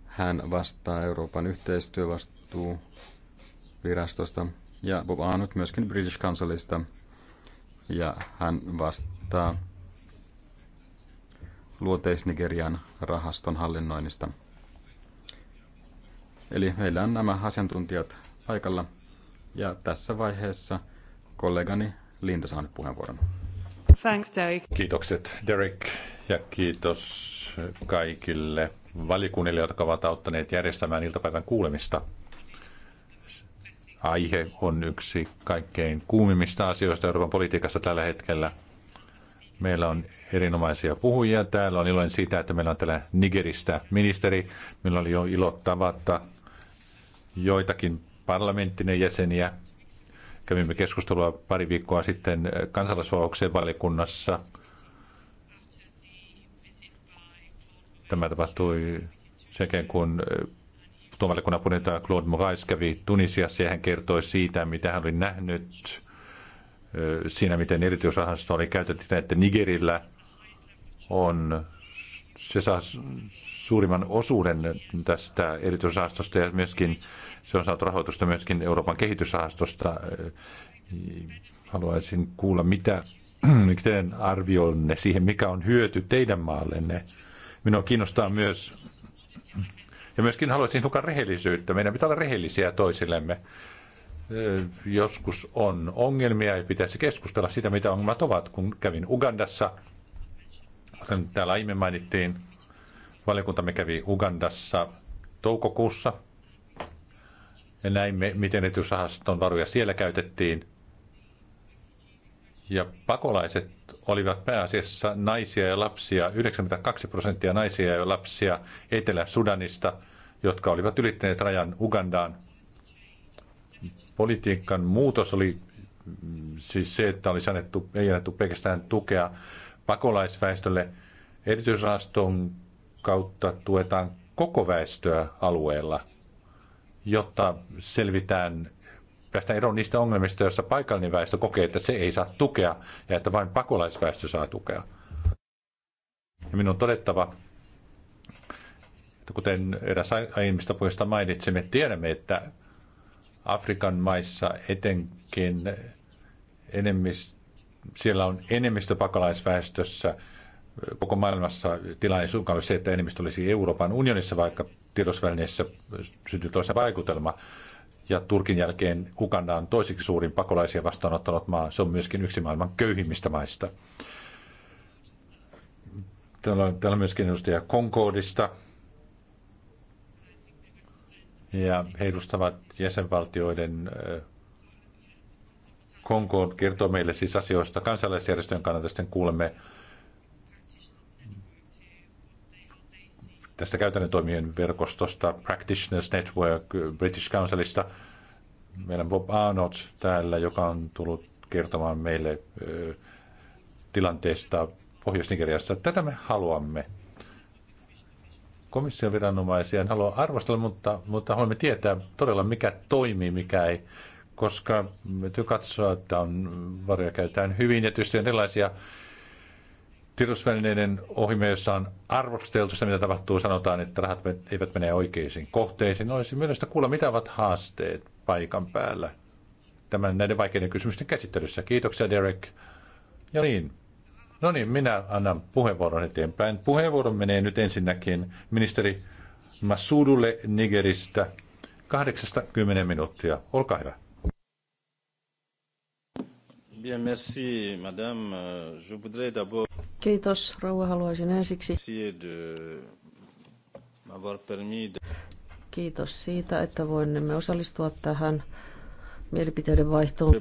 Hän vastaa Euroopan yhteistyövastuu-virastosta ja Bob Aanut myöskin British Councilista. Ja hän vastaa Luoteis-Nigerian rahaston hallinnoinnista. Eli meillä on nämä asiantuntijat paikalla. Ja tässä vaiheessa kollegani Linda saa nyt puheenvuoron. Thanks, Derek. Kiitokset Derek ja kiitos kaikille valikunnille, jotka ovat auttaneet järjestämään iltapäivän kuulemista. Aihe on yksi kaikkein kuumimmista asioista Euroopan politiikassa tällä hetkellä. Meillä on erinomaisia puhujia täällä. On iloinen siitä, että meillä on täällä Nigeristä ministeri. Meillä oli jo ilo tavata joitakin parlamenttinen jäseniä. Kävimme keskustelua pari viikkoa sitten kansalaisvapauksien valikunnassa. Tämä tapahtui sen kun tuomarikunnan puheenjohtaja Claude Moraes kävi Tunisiassa ja hän kertoi siitä, mitä hän oli nähnyt siinä, miten erityisrahasto oli käytetty, että Nigerillä on se saa suurimman osuuden tästä erityisrahastosta ja myöskin se on saatu rahoitusta myöskin Euroopan kehitysrahastosta. Haluaisin kuulla, mitä, miten arvioinne siihen, mikä on hyöty teidän maallenne. Minua kiinnostaa myös, ja myöskin haluaisin hukaa rehellisyyttä. Meidän pitää olla rehellisiä toisillemme. Joskus on ongelmia ja pitäisi keskustella sitä, mitä ongelmat ovat. Kun kävin Ugandassa, Kuten täällä aiemmin mainittiin, valiokuntamme kävi Ugandassa toukokuussa ja näimme, miten erityisrahaston varoja siellä käytettiin. Ja pakolaiset olivat pääasiassa naisia ja lapsia, 92 prosenttia naisia ja lapsia Etelä-Sudanista, jotka olivat ylittäneet rajan Ugandaan. Politiikan muutos oli mm, siis se, että oli sanettu, ei annettu pelkästään tukea pakolaisväestölle. Erityisrahaston kautta tuetaan koko väestöä alueella, jotta selvitään päästään eroon niistä ongelmista, joissa paikallinen väestö kokee, että se ei saa tukea ja että vain pakolaisväestö saa tukea. Ja minun on todettava, että kuten eräs aiemmista puheista mainitsimme, tiedämme, että Afrikan maissa etenkin enemmistö siellä on enemmistö pakolaisväestössä koko maailmassa tilanne ei ole se, että enemmistö olisi Euroopan unionissa, vaikka tiedosvälineissä syntyy toisen vaikutelma. Ja Turkin jälkeen Uganda on toiseksi suurin pakolaisia vastaanottanut maa. Se on myöskin yksi maailman köyhimmistä maista. Täällä on, täällä on myöskin edustaja Concordista. Ja he edustavat jäsenvaltioiden Kongoon kertoo meille siis asioista kansalaisjärjestöjen kannalta. Sitten kuulemme tästä käytännön toimien verkostosta, Practitioners Network, British Councilista. Meillä on Bob Arnott täällä, joka on tullut kertomaan meille tilanteesta Pohjois-Nigeriassa. Tätä me haluamme. Komission viranomaisia en halua arvostella, mutta, mutta haluamme tietää todella, mikä toimii, mikä ei koska täytyy katsoa, että on, varoja käytetään hyvin ja tietysti on erilaisia tiedotusvälineiden ohjelmia, joissa on arvosteltu sitä, mitä tapahtuu, sanotaan, että rahat eivät mene oikeisiin kohteisiin. Olisi mielestäni kuulla, mitä ovat haasteet paikan päällä tämän näiden vaikeiden kysymysten käsittelyssä. Kiitoksia Derek. Ja niin, no niin, minä annan puheenvuoron eteenpäin. Puheenvuoron menee nyt ensinnäkin ministeri Masudulle Nigeristä 80 minuuttia. Olkaa hyvä. Bien, merci, madame. Euh, je voudrais d'abord... Kiitos, rouva. Haluaisin ensiksi... Kiitos siitä, että voimme osallistua tähän mielipiteiden vaihtoon.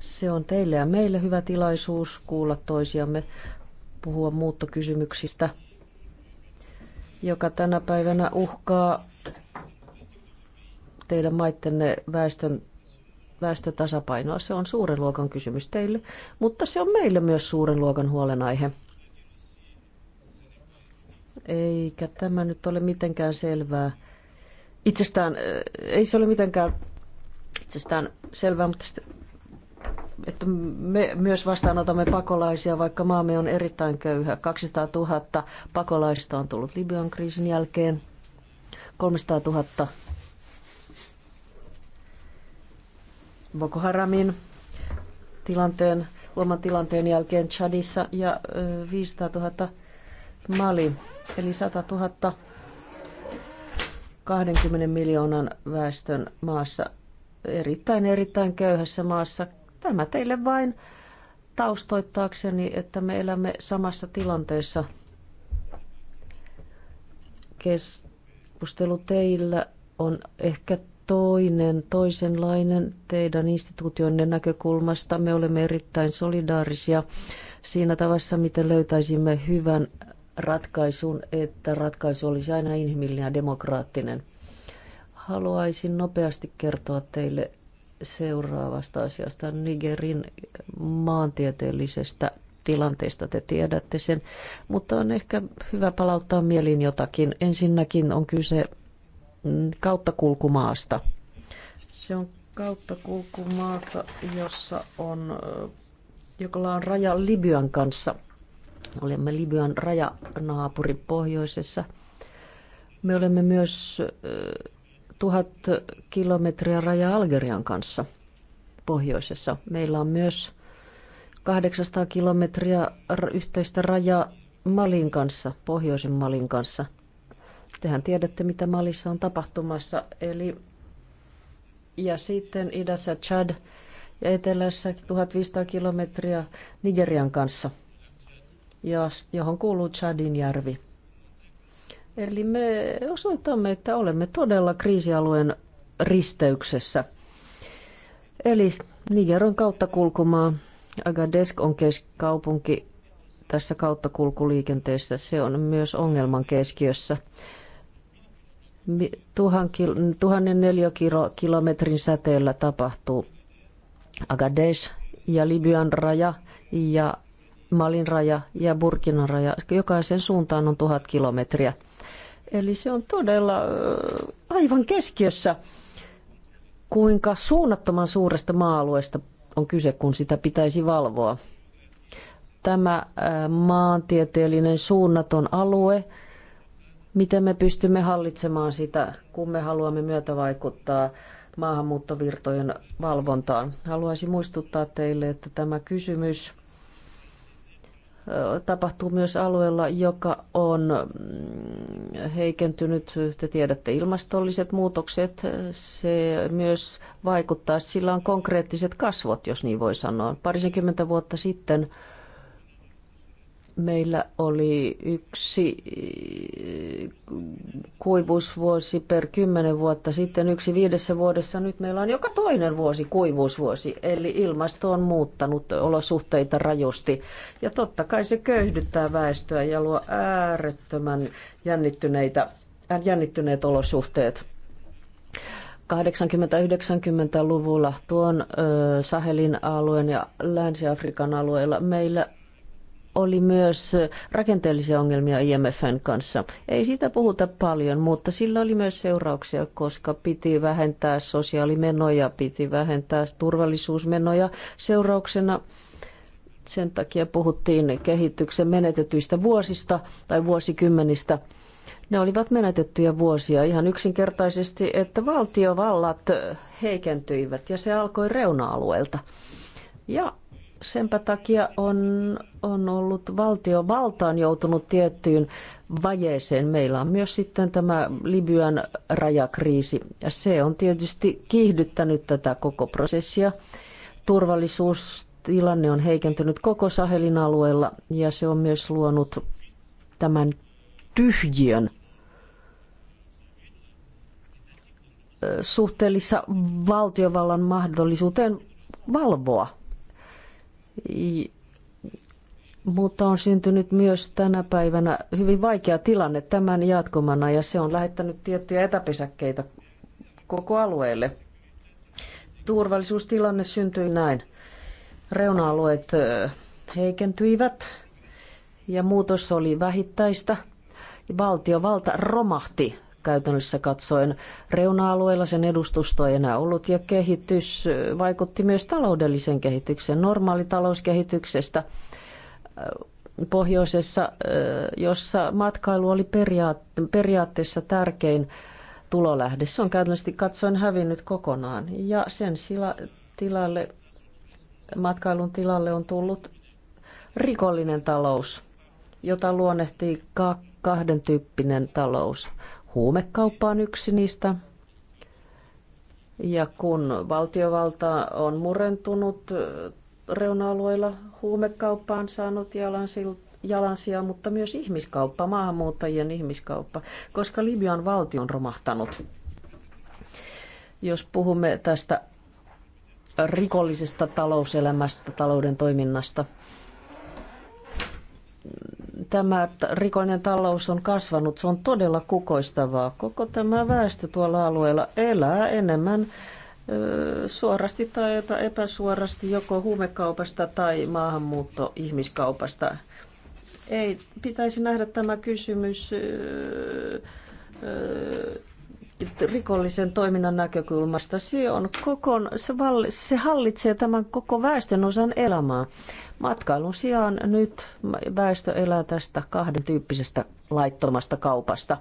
Se on teille ja meille hyvä tilaisuus kuulla toisiamme, puhua muuttokysymyksistä, joka tänä päivänä uhkaa teidän maittenne väestön väestötasapainoa. Se on suuren luokan kysymys teille, mutta se on meille myös suuren luokan huolenaihe. Eikä tämä nyt ole mitenkään selvää. Itsestään, eh, ei se ole mitenkään itsestään selvää, mutta sitten, että me myös vastaanotamme pakolaisia, vaikka maamme on erittäin köyhä. 200 000 pakolaista on tullut Libyan kriisin jälkeen. 300 000 Boko Haramin tilanteen, oman tilanteen jälkeen Chadissa ja 500 000 Mali, eli 100 000 20 miljoonan väestön maassa, erittäin erittäin köyhässä maassa. Tämä teille vain taustoittaakseni, että me elämme samassa tilanteessa. Keskustelu teillä on ehkä toinen, toisenlainen teidän instituutionne näkökulmasta. Me olemme erittäin solidaarisia siinä tavassa, miten löytäisimme hyvän ratkaisun, että ratkaisu olisi aina inhimillinen ja demokraattinen. Haluaisin nopeasti kertoa teille seuraavasta asiasta, Nigerin maantieteellisestä tilanteesta te tiedätte sen, mutta on ehkä hyvä palauttaa mieliin jotakin. Ensinnäkin on kyse kauttakulkumaasta. Se on kauttakulkumaata, jossa on, jolla on raja Libyan kanssa. Olemme Libyan rajanaapuri pohjoisessa. Me olemme myös tuhat kilometriä raja Algerian kanssa pohjoisessa. Meillä on myös 800 kilometriä yhteistä rajaa Malin kanssa, pohjoisen Malin kanssa – Tehän tiedätte, mitä Malissa on tapahtumassa. Eli, ja sitten idässä Chad ja etelässä 1500 kilometriä Nigerian kanssa, johon kuuluu Chadin järvi. Eli me osoitamme, että olemme todella kriisialueen risteyksessä. Eli Niger on kulkumaa. Agadesk on kaupunki tässä kautta kulkuliikenteessä. Se on myös ongelman keskiössä tuhannen neliökilometrin säteellä tapahtuu. Agadez ja Libyan raja ja Malin raja ja Burkinan raja, jokaisen suuntaan on tuhat kilometriä. Eli se on todella aivan keskiössä, kuinka suunnattoman suuresta maa-alueesta on kyse, kun sitä pitäisi valvoa. Tämä maantieteellinen suunnaton alue, miten me pystymme hallitsemaan sitä, kun me haluamme myötävaikuttaa maahanmuuttovirtojen valvontaan. Haluaisin muistuttaa teille, että tämä kysymys tapahtuu myös alueella, joka on mm, heikentynyt, te tiedätte, ilmastolliset muutokset. Se myös vaikuttaa, sillä on konkreettiset kasvot, jos niin voi sanoa. Parisenkymmentä vuotta sitten meillä oli yksi eh, kuivuusvuosi per kymmenen vuotta sitten, yksi viidessä vuodessa. Nyt meillä on joka toinen vuosi kuivuusvuosi, eli ilmasto on muuttanut olosuhteita rajusti. Ja totta kai se köyhdyttää väestöä ja luo äärettömän jännittyneitä, äh, jännittyneet olosuhteet. 80-90-luvulla tuon eh, Sahelin alueen ja Länsi-Afrikan alueella meillä oli myös rakenteellisia ongelmia IMFn kanssa. Ei siitä puhuta paljon, mutta sillä oli myös seurauksia, koska piti vähentää sosiaalimenoja, piti vähentää turvallisuusmenoja. Seurauksena sen takia puhuttiin kehityksen menetetyistä vuosista tai vuosikymmenistä. Ne olivat menetettyjä vuosia ihan yksinkertaisesti, että valtiovallat heikentyivät ja se alkoi reuna-alueelta. Ja senpä takia on, on ollut valtio, on joutunut tiettyyn vajeeseen. Meillä on myös sitten tämä Libyan rajakriisi ja se on tietysti kiihdyttänyt tätä koko prosessia. Turvallisuustilanne on heikentynyt koko Sahelin alueella ja se on myös luonut tämän tyhjiön suhteellissa valtiovallan mahdollisuuteen valvoa mutta on syntynyt myös tänä päivänä hyvin vaikea tilanne tämän jatkumana ja se on lähettänyt tiettyjä etäpesäkkeitä koko alueelle. Turvallisuustilanne syntyi näin. Reuna-alueet heikentyivät ja muutos oli vähittäistä. Valtiovalta romahti käytännössä katsoen. Reuna-alueilla sen edustusto ei enää ollut ja kehitys vaikutti myös taloudelliseen kehitykseen, normaalitalouskehityksestä pohjoisessa, jossa matkailu oli periaatteessa tärkein tulolähde. Se on käytännössä katsoen hävinnyt kokonaan ja sen sila, tilalle, matkailun tilalle on tullut rikollinen talous, jota luonnehtii kahden tyyppinen talous. Huumekauppa on yksi niistä. Ja kun valtiovalta on murentunut reuna-alueilla, huumekauppa on saanut jalansia, mutta myös ihmiskauppa, maahanmuuttajien ihmiskauppa, koska Libyan valtio on romahtanut. Jos puhumme tästä rikollisesta talouselämästä, talouden toiminnasta, tämä rikollinen talous on kasvanut. Se on todella kukoistavaa. Koko tämä väestö tuolla alueella elää enemmän suorasti tai epäsuorasti joko huumekaupasta tai maahanmuutto-ihmiskaupasta. Ei pitäisi nähdä tämä kysymys rikollisen toiminnan näkökulmasta. Se, on kokon, se, se hallitsee tämän koko väestön osan elämää. Matkailun sijaan nyt väestö elää tästä kahden tyyppisestä laittomasta kaupasta.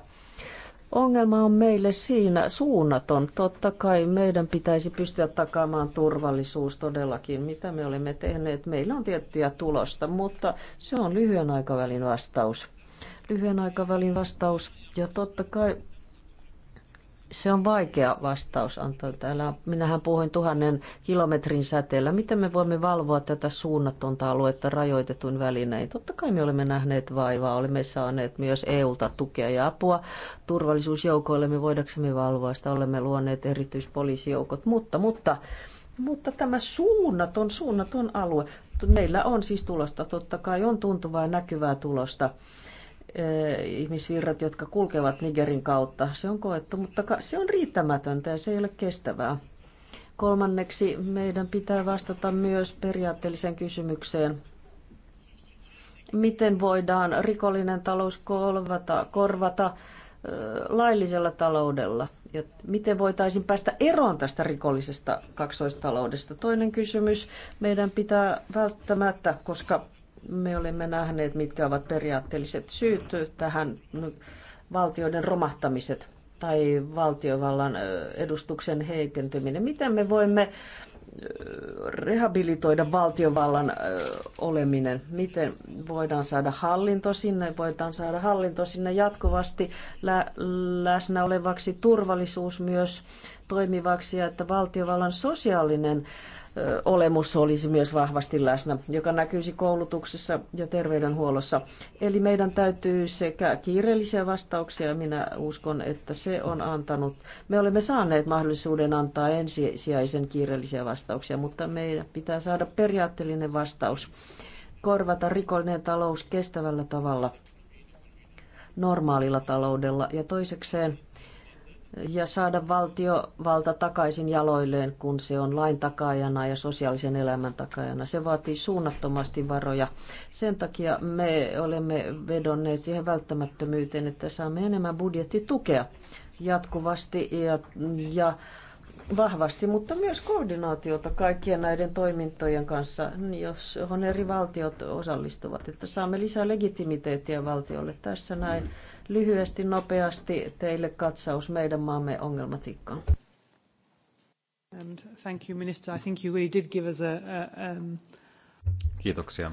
Ongelma on meille siinä suunnaton. Totta kai meidän pitäisi pystyä takaamaan turvallisuus todellakin, mitä me olemme tehneet. Meillä on tiettyjä tulosta, mutta se on lyhyen aikavälin vastaus. Lyhyen aikavälin vastaus ja totta kai se on vaikea vastaus antaa täällä. Minähän puhuin tuhannen kilometrin säteellä. Miten me voimme valvoa tätä suunnatonta aluetta rajoitetun välinein? Totta kai me olemme nähneet vaivaa, olemme saaneet myös EUlta tukea ja apua Me voidaksemme valvoa sitä. Olemme luoneet erityispoliisijoukot, mutta, mutta mutta tämä suunnaton, suunnaton alue, meillä on siis tulosta, totta kai on tuntuvaa ja näkyvää tulosta. Eh, ihmisvirrat, jotka kulkevat Nigerin kautta. Se on koettu, mutta se on riittämätöntä ja se ei ole kestävää. Kolmanneksi meidän pitää vastata myös periaatteelliseen kysymykseen. Miten voidaan rikollinen talous korvata, korvata eh, laillisella taloudella? Ja miten voitaisiin päästä eroon tästä rikollisesta kaksoistaloudesta? Toinen kysymys. Meidän pitää välttämättä, koska me olemme nähneet, mitkä ovat periaatteelliset syyt tähän valtioiden romahtamiset tai valtiovallan edustuksen heikentyminen. Miten me voimme rehabilitoida valtiovallan oleminen? Miten voidaan saada hallinto sinne? Voidaan saada hallinto sinne jatkuvasti lä- läsnä olevaksi, turvallisuus myös toimivaksi ja että valtiovallan sosiaalinen äh, olemus olisi myös vahvasti läsnä, joka näkyisi koulutuksessa ja terveydenhuollossa. Eli meidän täytyy sekä kiireellisiä vastauksia, minä uskon, että se on antanut. Me olemme saaneet mahdollisuuden antaa ensisijaisen kiireellisiä vastauksia, mutta meidän pitää saada periaatteellinen vastaus. Korvata rikollinen talous kestävällä tavalla, normaalilla taloudella ja toisekseen ja saada valtiovalta takaisin jaloilleen, kun se on lain takaajana ja sosiaalisen elämän takaajana. Se vaatii suunnattomasti varoja. Sen takia me olemme vedonneet siihen välttämättömyyteen, että saamme enemmän budjettitukea jatkuvasti ja, ja vahvasti, mutta myös koordinaatiota kaikkien näiden toimintojen kanssa, jos johon eri valtiot osallistuvat, että saamme lisää legitimiteettiä valtiolle tässä näin. Mm Lyhyesti, nopeasti teille katsaus meidän maamme ongelmatiikkaan. Thank you, Minister. I think you really did give us a, a, um... Kiitoksia.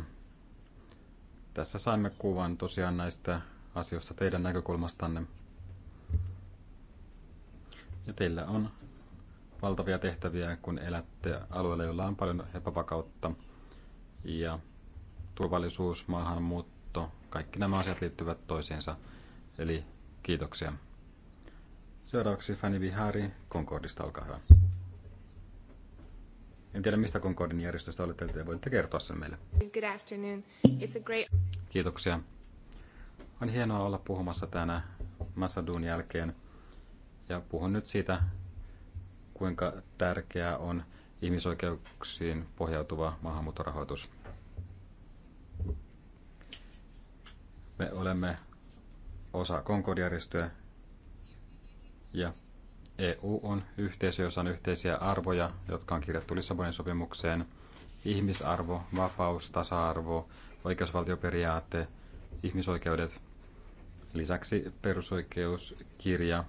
Tässä saimme kuvan tosiaan näistä asioista teidän näkökulmastanne. Ja teillä on valtavia tehtäviä, kun elätte alueella, jolla on paljon epävakautta ja turvallisuus, maahanmuutto, kaikki nämä asiat liittyvät toisiinsa. Eli kiitoksia. Seuraavaksi Fanny Vihari Concordista, olkaa hyvä. En tiedä, mistä Concordin järjestöstä olette, te voitte kertoa sen meille. Good afternoon. It's a great... Kiitoksia. On hienoa olla puhumassa tänä Massadun jälkeen. Ja puhun nyt siitä, kuinka tärkeää on ihmisoikeuksiin pohjautuva maahanmuuttorahoitus. Me olemme osa Concord-järjestöä ja EU on yhteisö, jossa on yhteisiä arvoja, jotka on kirjattu Lissabonin sopimukseen. Ihmisarvo, vapaus, tasa-arvo, oikeusvaltioperiaate, ihmisoikeudet. Lisäksi perusoikeuskirja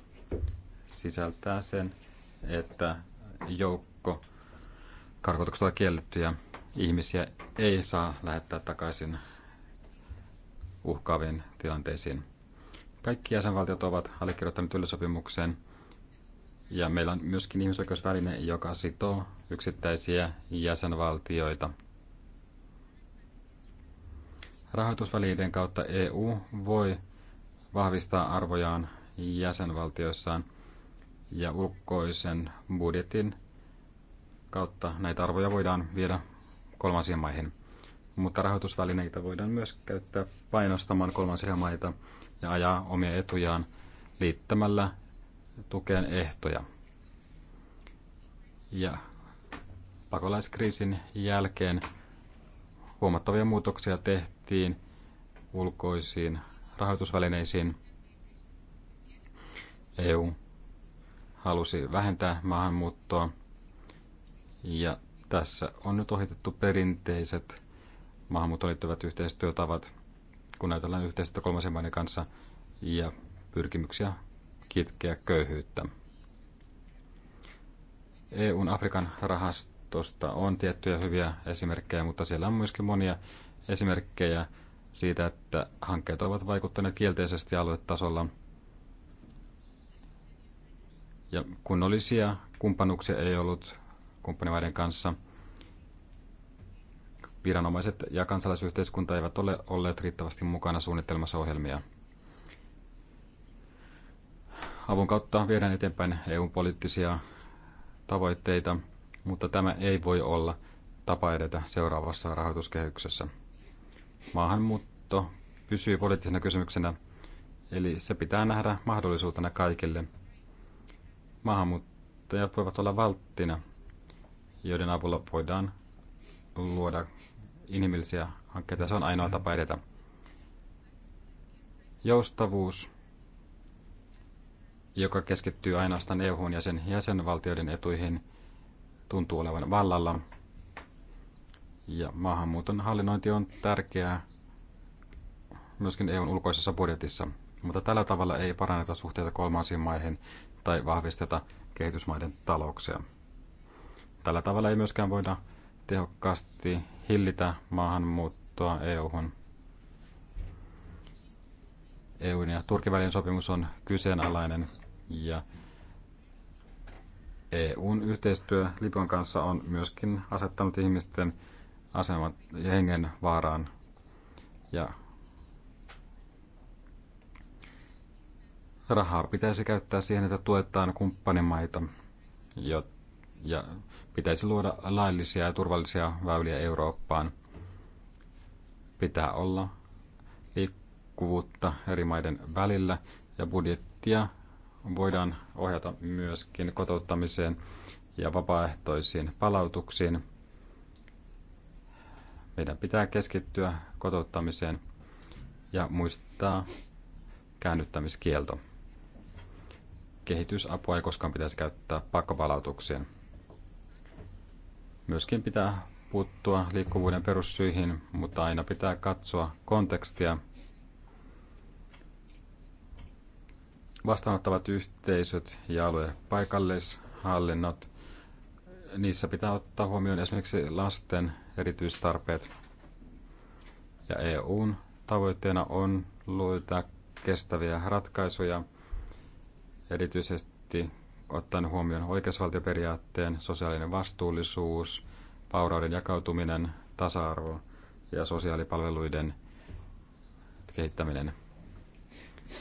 sisältää sen, että joukko karkotuksella kiellettyjä ihmisiä ei saa lähettää takaisin uhkaaviin tilanteisiin. Kaikki jäsenvaltiot ovat allekirjoittaneet yleisopimuksen ja meillä on myöskin ihmisoikeusväline, joka sitoo yksittäisiä jäsenvaltioita. Rahoitusvälineiden kautta EU voi vahvistaa arvojaan jäsenvaltioissaan ja ulkoisen budjetin kautta näitä arvoja voidaan viedä kolmansien maihin. Mutta rahoitusvälineitä voidaan myös käyttää painostamaan kolmansia maita – ja ajaa omia etujaan liittämällä tukeen ehtoja. Ja pakolaiskriisin jälkeen huomattavia muutoksia tehtiin ulkoisiin rahoitusvälineisiin. EU halusi vähentää maahanmuuttoa ja tässä on nyt ohitettu perinteiset maahanmuuttoon liittyvät yhteistyötavat kun ajatellaan yhteistyötä kolmansien maiden kanssa ja pyrkimyksiä kitkeä köyhyyttä. EUn Afrikan rahastosta on tiettyjä hyviä esimerkkejä, mutta siellä on myöskin monia esimerkkejä siitä, että hankkeet ovat vaikuttaneet kielteisesti aluetasolla. Ja kunnollisia kumppanuuksia ei ollut kumppanimaiden kanssa – viranomaiset ja kansalaisyhteiskunta eivät ole olleet riittävästi mukana suunnittelemassa ohjelmia. Avun kautta viedään eteenpäin EUn poliittisia tavoitteita, mutta tämä ei voi olla tapa edetä seuraavassa rahoituskehyksessä. Maahanmuutto pysyy poliittisena kysymyksenä, eli se pitää nähdä mahdollisuutena kaikille. Maahanmuuttajat voivat olla valttina, joiden avulla voidaan luoda inhimillisiä hankkeita. Se on ainoa tapa edetä. Joustavuus, joka keskittyy ainoastaan EU:hun ja sen jäsenvaltioiden etuihin, tuntuu olevan vallalla. Ja maahanmuuton hallinnointi on tärkeää myöskin EUn ulkoisessa budjetissa, mutta tällä tavalla ei paranneta suhteita kolmansiin maihin tai vahvisteta kehitysmaiden talouksia. Tällä tavalla ei myöskään voida tehokkaasti hillitä maahanmuuttoa EU-hun. EUn ja Turkin välinen sopimus on kyseenalainen ja EUn yhteistyö Libyan kanssa on myöskin asettanut ihmisten aseman ja hengen vaaraan. Ja rahaa pitäisi käyttää siihen, että tuetaan kumppanimaita ja, ja Pitäisi luoda laillisia ja turvallisia väyliä Eurooppaan. Pitää olla liikkuvuutta eri maiden välillä ja budjettia voidaan ohjata myöskin kotouttamiseen ja vapaaehtoisiin palautuksiin. Meidän pitää keskittyä kotouttamiseen ja muistaa käännyttämiskielto. Kehitysapua ei koskaan pitäisi käyttää pakkopalautuksiin. Myöskin pitää puuttua liikkuvuuden perussyihin, mutta aina pitää katsoa kontekstia. Vastaanottavat yhteisöt ja aluepaikallishallinnot, niissä pitää ottaa huomioon esimerkiksi lasten erityistarpeet. Ja EUn tavoitteena on löytää kestäviä ratkaisuja erityisesti ottaen huomioon oikeusvaltioperiaatteen, sosiaalinen vastuullisuus, vaurauden jakautuminen, tasa-arvo ja sosiaalipalveluiden kehittäminen.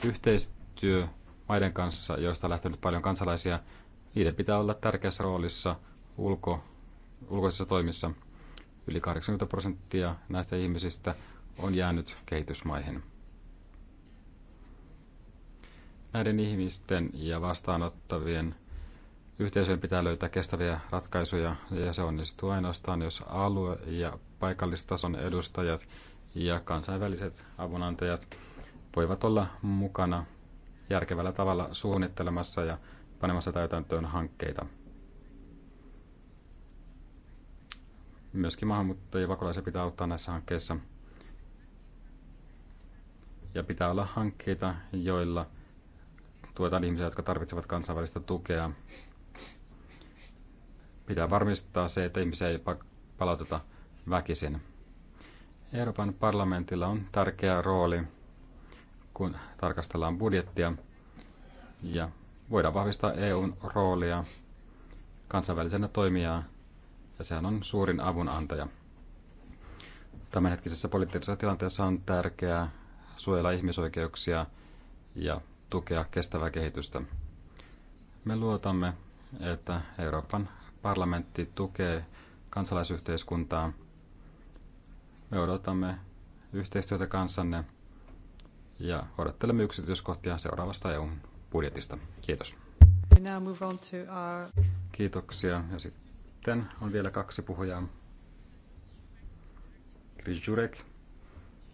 Yhteistyö maiden kanssa, joista on lähtenyt paljon kansalaisia, niiden pitää olla tärkeässä roolissa ulko, ulkoisissa toimissa. Yli 80 prosenttia näistä ihmisistä on jäänyt kehitysmaihin. Näiden ihmisten ja vastaanottavien yhteisöjen pitää löytää kestäviä ratkaisuja ja se onnistuu ainoastaan, jos alue- ja paikallistason edustajat ja kansainväliset avunantajat voivat olla mukana järkevällä tavalla suunnittelemassa ja panemassa täytäntöön hankkeita. Myöskin maahanmuuttajia pakolaisia pitää auttaa näissä hankkeissa. Ja pitää olla hankkeita, joilla tuetaan ihmisiä, jotka tarvitsevat kansainvälistä tukea. Pitää varmistaa se, että ihmisiä ei palauteta väkisin. Euroopan parlamentilla on tärkeä rooli, kun tarkastellaan budjettia ja voidaan vahvistaa EUn roolia kansainvälisenä toimijana ja sehän on suurin avunantaja. Tämänhetkisessä poliittisessa tilanteessa on tärkeää suojella ihmisoikeuksia ja tukea kestävää kehitystä. Me luotamme, että Euroopan parlamentti tukee kansalaisyhteiskuntaa. Me odotamme yhteistyötä kanssanne ja odottelemme yksityiskohtia seuraavasta EU-budjetista. Kiitos. Kiitoksia. Ja sitten on vielä kaksi puhujaa. Chris Jurek,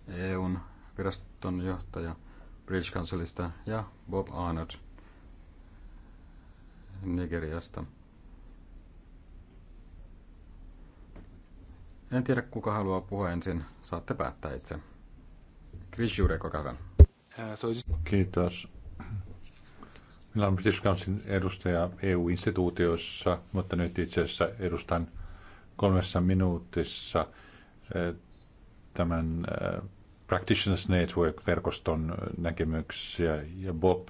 EUn viraston johtaja British Councilista ja Bob Arnott Nigeriasta. En tiedä, kuka haluaa puhua ensin. Saatte päättää itse. Chris Jurek, olkaa hyvä. Äh, Kiitos. Minä olen British Councilin edustaja EU-instituutioissa, mutta nyt itse asiassa edustan kolmessa minuutissa äh, tämän äh, Practitioners Network-verkoston näkemyksiä ja Bob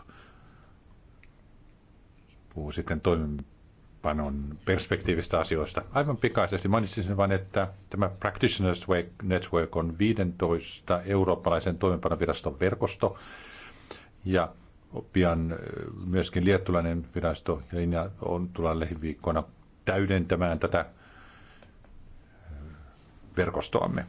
puhuu sitten toimenpanon perspektiivistä asioista. Aivan pikaisesti mainitsin vain, että tämä Practitioners Network on 15 eurooppalaisen toimenpanoviraston verkosto ja pian myöskin liettulainen virasto ja linja on tullut lähiviikkoina täydentämään tätä verkostoamme.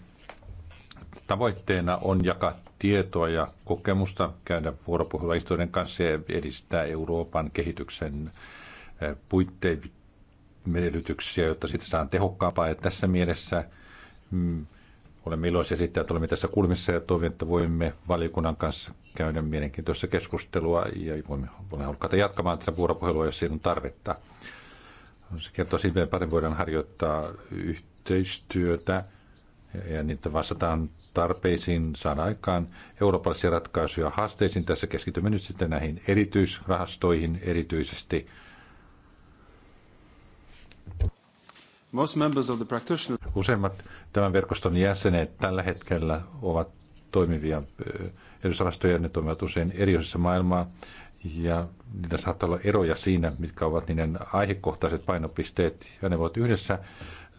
Tavoitteena on jakaa tietoa ja kokemusta, käydä vuoropuhelua istuiden kanssa ja edistää Euroopan kehityksen eh, puitteemenetyksiä, jotta siitä saan tehokkaampaa. Ja tässä mielessä mm, olemme iloisia siitä, että olemme tässä kulmissa ja toivon, että voimme valiokunnan kanssa käydä mielenkiintoista keskustelua ja voimme, voimme halukkaita jatkamaan tätä vuoropuhelua, jos siinä on tarvetta. Se kertoo siitä, että paremmin voidaan harjoittaa yhteistyötä ja niitä vastataan tarpeisiin saada aikaan eurooppalaisia ratkaisuja haasteisiin. Tässä keskitymme nyt sitten näihin erityisrahastoihin erityisesti. Useimmat tämän verkoston jäsenet tällä hetkellä ovat toimivia edusrahastoja, ne toimivat usein eri osissa maailmaa, ja niillä saattaa olla eroja siinä, mitkä ovat niiden aihekohtaiset painopisteet, ja ne voivat yhdessä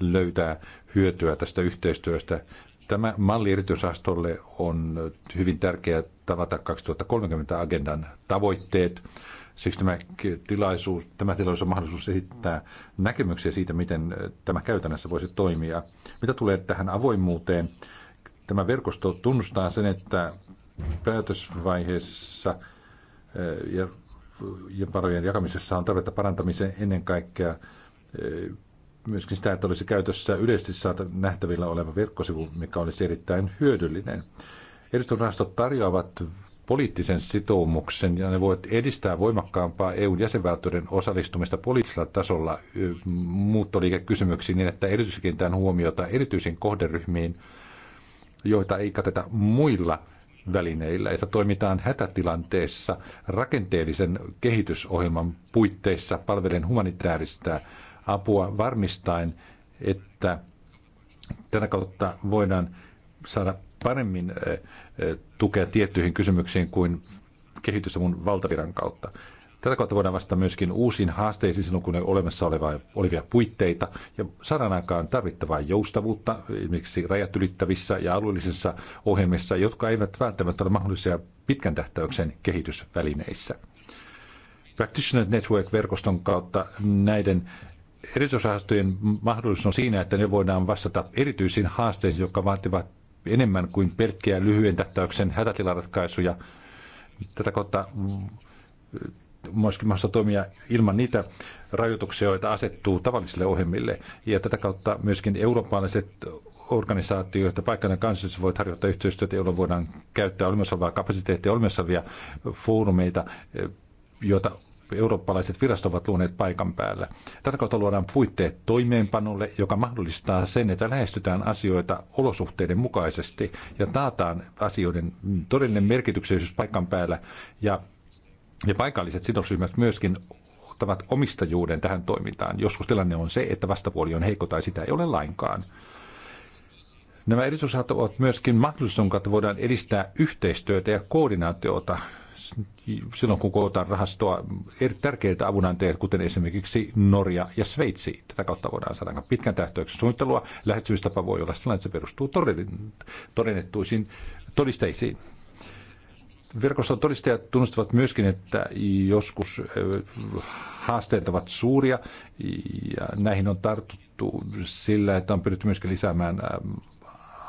löytää hyötyä tästä yhteistyöstä. Tämä malli erityisastolle on hyvin tärkeä tavata 2030-agendan tavoitteet. Siksi tämä tilaisuus, tämä tilaisuus on mahdollisuus esittää näkemyksiä siitä, miten tämä käytännössä voisi toimia. Mitä tulee tähän avoimuuteen, tämä verkosto tunnustaa sen, että päätösvaiheessa eh, ja varojen jakamisessa on tarvetta parantamiseen ennen kaikkea eh, myöskin sitä, että olisi käytössä yleisesti nähtävillä oleva verkkosivu, mikä olisi erittäin hyödyllinen. Edustusrahastot tarjoavat poliittisen sitoumuksen ja ne voivat edistää voimakkaampaa EUn jäsenvaltioiden osallistumista poliittisella tasolla muuttoliikekysymyksiin niin, että erityisikin huomiota erityisiin kohderyhmiin, joita ei kateta muilla välineillä, että toimitaan hätätilanteessa rakenteellisen kehitysohjelman puitteissa palvelen humanitaarista apua varmistaen, että tätä kautta voidaan saada paremmin tukea tiettyihin kysymyksiin kuin kehitysavun valtaviran kautta. Tätä kautta voidaan vastata myöskin uusiin haasteisiin silloin, kun on olemassa olevia, olevia puitteita ja saadaan aikaan tarvittavaa joustavuutta esimerkiksi rajat ylittävissä ja alueellisissa ohjelmissa, jotka eivät välttämättä ole mahdollisia pitkän tähtäyksen kehitysvälineissä. Practitioner Network-verkoston kautta näiden erityisrahastojen mahdollisuus on siinä, että ne voidaan vastata erityisiin haasteisiin, jotka vaativat enemmän kuin pelkkiä lyhyen tähtäyksen hätätilaratkaisuja. Tätä kautta mm, myöskin mahdollista toimia ilman niitä rajoituksia, joita asettuu tavallisille ohjelmille. Ja tätä kautta myöskin eurooppalaiset organisaatioita, paikallinen kansallisuus voi harjoittaa yhteistyötä, jolloin voidaan käyttää olemassa olevaa kapasiteettia, olemassa olevia foorumeita, eh, joita eurooppalaiset virastot ovat luoneet paikan päällä. Tätä kautta luodaan puitteet toimeenpanolle, joka mahdollistaa sen, että lähestytään asioita olosuhteiden mukaisesti ja taataan asioiden todellinen merkityksellisyys paikan päällä ja, ja paikalliset sidosryhmät myöskin ottavat omistajuuden tähän toimintaan. Joskus tilanne on se, että vastapuoli on heikko tai sitä ei ole lainkaan. Nämä erityisosat ovat myöskin mahdollisuus, jonka voidaan edistää yhteistyötä ja koordinaatiota silloin kun kootaan rahastoa eri tärkeiltä avunantajilta, kuten esimerkiksi Norja ja Sveitsi. Tätä kautta voidaan saada pitkän tähtäyksen suunnittelua. Lähestymistapa voi olla sellainen, että se perustuu todennettuisiin todisteisiin. Verkoston todistajat tunnustavat myöskin, että joskus haasteet ovat suuria ja näihin on tartuttu sillä, että on pyritty myöskin lisäämään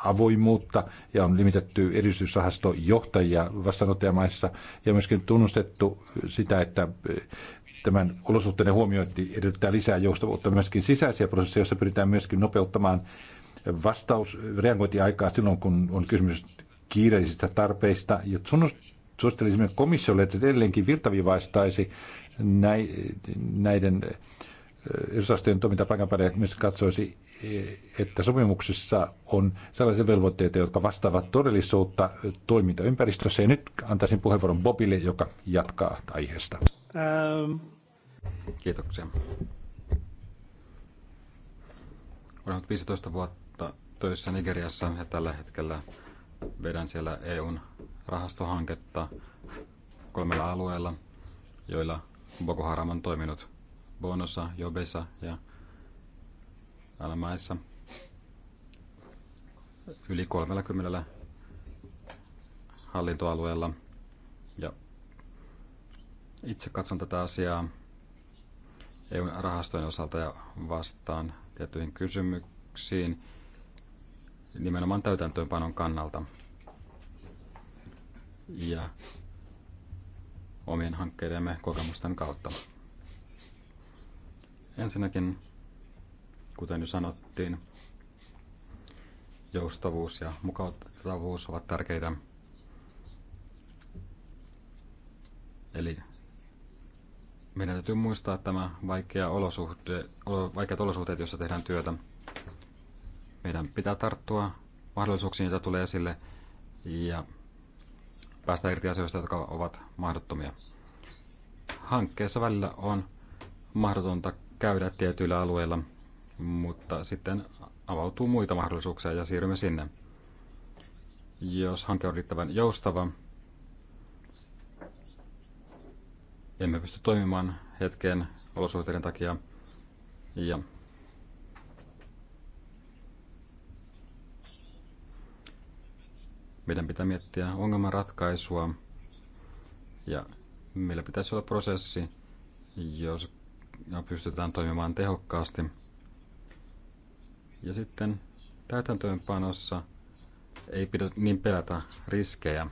avoimuutta ja on limitetty edistysrahasto johtajia vastaanottajamaissa ja myöskin tunnustettu sitä, että eh, tämän olosuhteiden huomiointi edellyttää lisää joustavuutta myöskin sisäisiä prosesseja, joissa pyritään myöskin nopeuttamaan vastaus, reagointiaikaa silloin, kun on kysymys kiireellisistä tarpeista. Ja suosittelisimme komissiolle, että se edelleenkin virtavivaistaisi näiden edustustojen toiminta myös katsoisi, että sopimuksissa on sellaisia velvoitteita, jotka vastaavat todellisuutta toimintaympäristössä. Ja nyt antaisin puheenvuoron Bobille, joka jatkaa aiheesta. Ähm. Kiitoksia. Olen 15 vuotta töissä Nigeriassa ja tällä hetkellä vedän siellä EUn rahastohanketta kolmella alueella, joilla Boko Haram on toiminut – Bonossa, Jobessa ja Alamaissa yli 30 hallintoalueella. Ja itse katson tätä asiaa EUn rahastojen osalta ja vastaan tiettyihin kysymyksiin nimenomaan täytäntöönpanon kannalta ja omien hankkeidemme kokemusten kautta. Ensinnäkin, kuten jo sanottiin, joustavuus ja mukautavuus ovat tärkeitä. Eli meidän täytyy muistaa tämä vaikea olosuhte, vaikeat olosuhteet, joissa tehdään työtä. Meidän pitää tarttua mahdollisuuksiin, joita tulee esille, ja päästä irti asioista, jotka ovat mahdottomia. Hankkeessa välillä on mahdotonta käydä tietyillä alueilla, mutta sitten avautuu muita mahdollisuuksia ja siirrymme sinne. Jos hanke on riittävän joustava, emme pysty toimimaan hetken olosuhteiden takia. Ja meidän pitää miettiä ongelman ratkaisua ja meillä pitäisi olla prosessi, jos ja pystytään toimimaan tehokkaasti. Ja sitten täytäntöönpanossa ei pidä niin pelätä riskejä.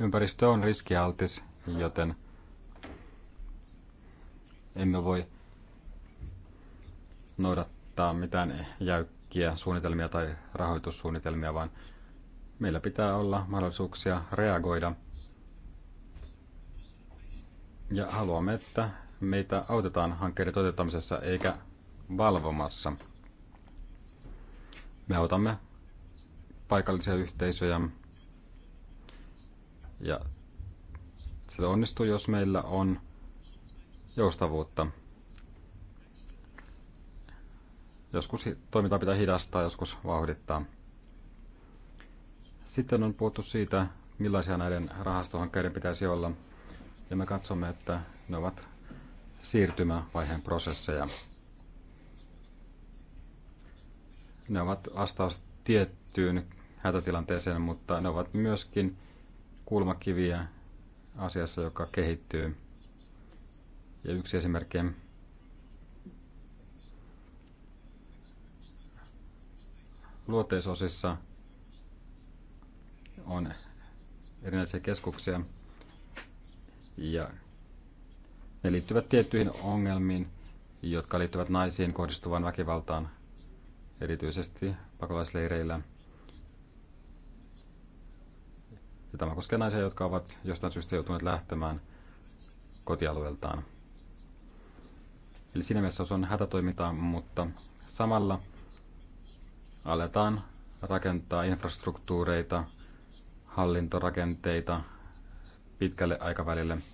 Ympäristö on riskialtis, joten emme voi noudattaa mitään jäykkiä suunnitelmia tai rahoitussuunnitelmia, vaan meillä pitää olla mahdollisuuksia reagoida. Ja haluamme, että meitä autetaan hankkeiden toteuttamisessa eikä valvomassa. Me autamme paikallisia yhteisöjä ja se onnistuu, jos meillä on joustavuutta. Joskus toimintaa pitää hidastaa, joskus vauhdittaa. Sitten on puhuttu siitä, millaisia näiden rahastohankkeiden pitäisi olla. Ja me katsomme, että ne ovat siirtymävaiheen prosesseja. Ne ovat vastaus tiettyyn hätätilanteeseen, mutta ne ovat myöskin kulmakiviä asiassa, joka kehittyy. Ja yksi esimerkki luoteisosissa on erinäisiä keskuksia ja ne liittyvät tiettyihin ongelmiin, jotka liittyvät naisiin kohdistuvaan väkivaltaan, erityisesti pakolaisleireillä. Ja tämä koskee naisia, jotka ovat jostain syystä joutuneet lähtemään kotialueeltaan. Eli siinä mielessä se on hätätoimintaa, mutta samalla aletaan rakentaa infrastruktuureita, hallintorakenteita pitkälle aikavälille –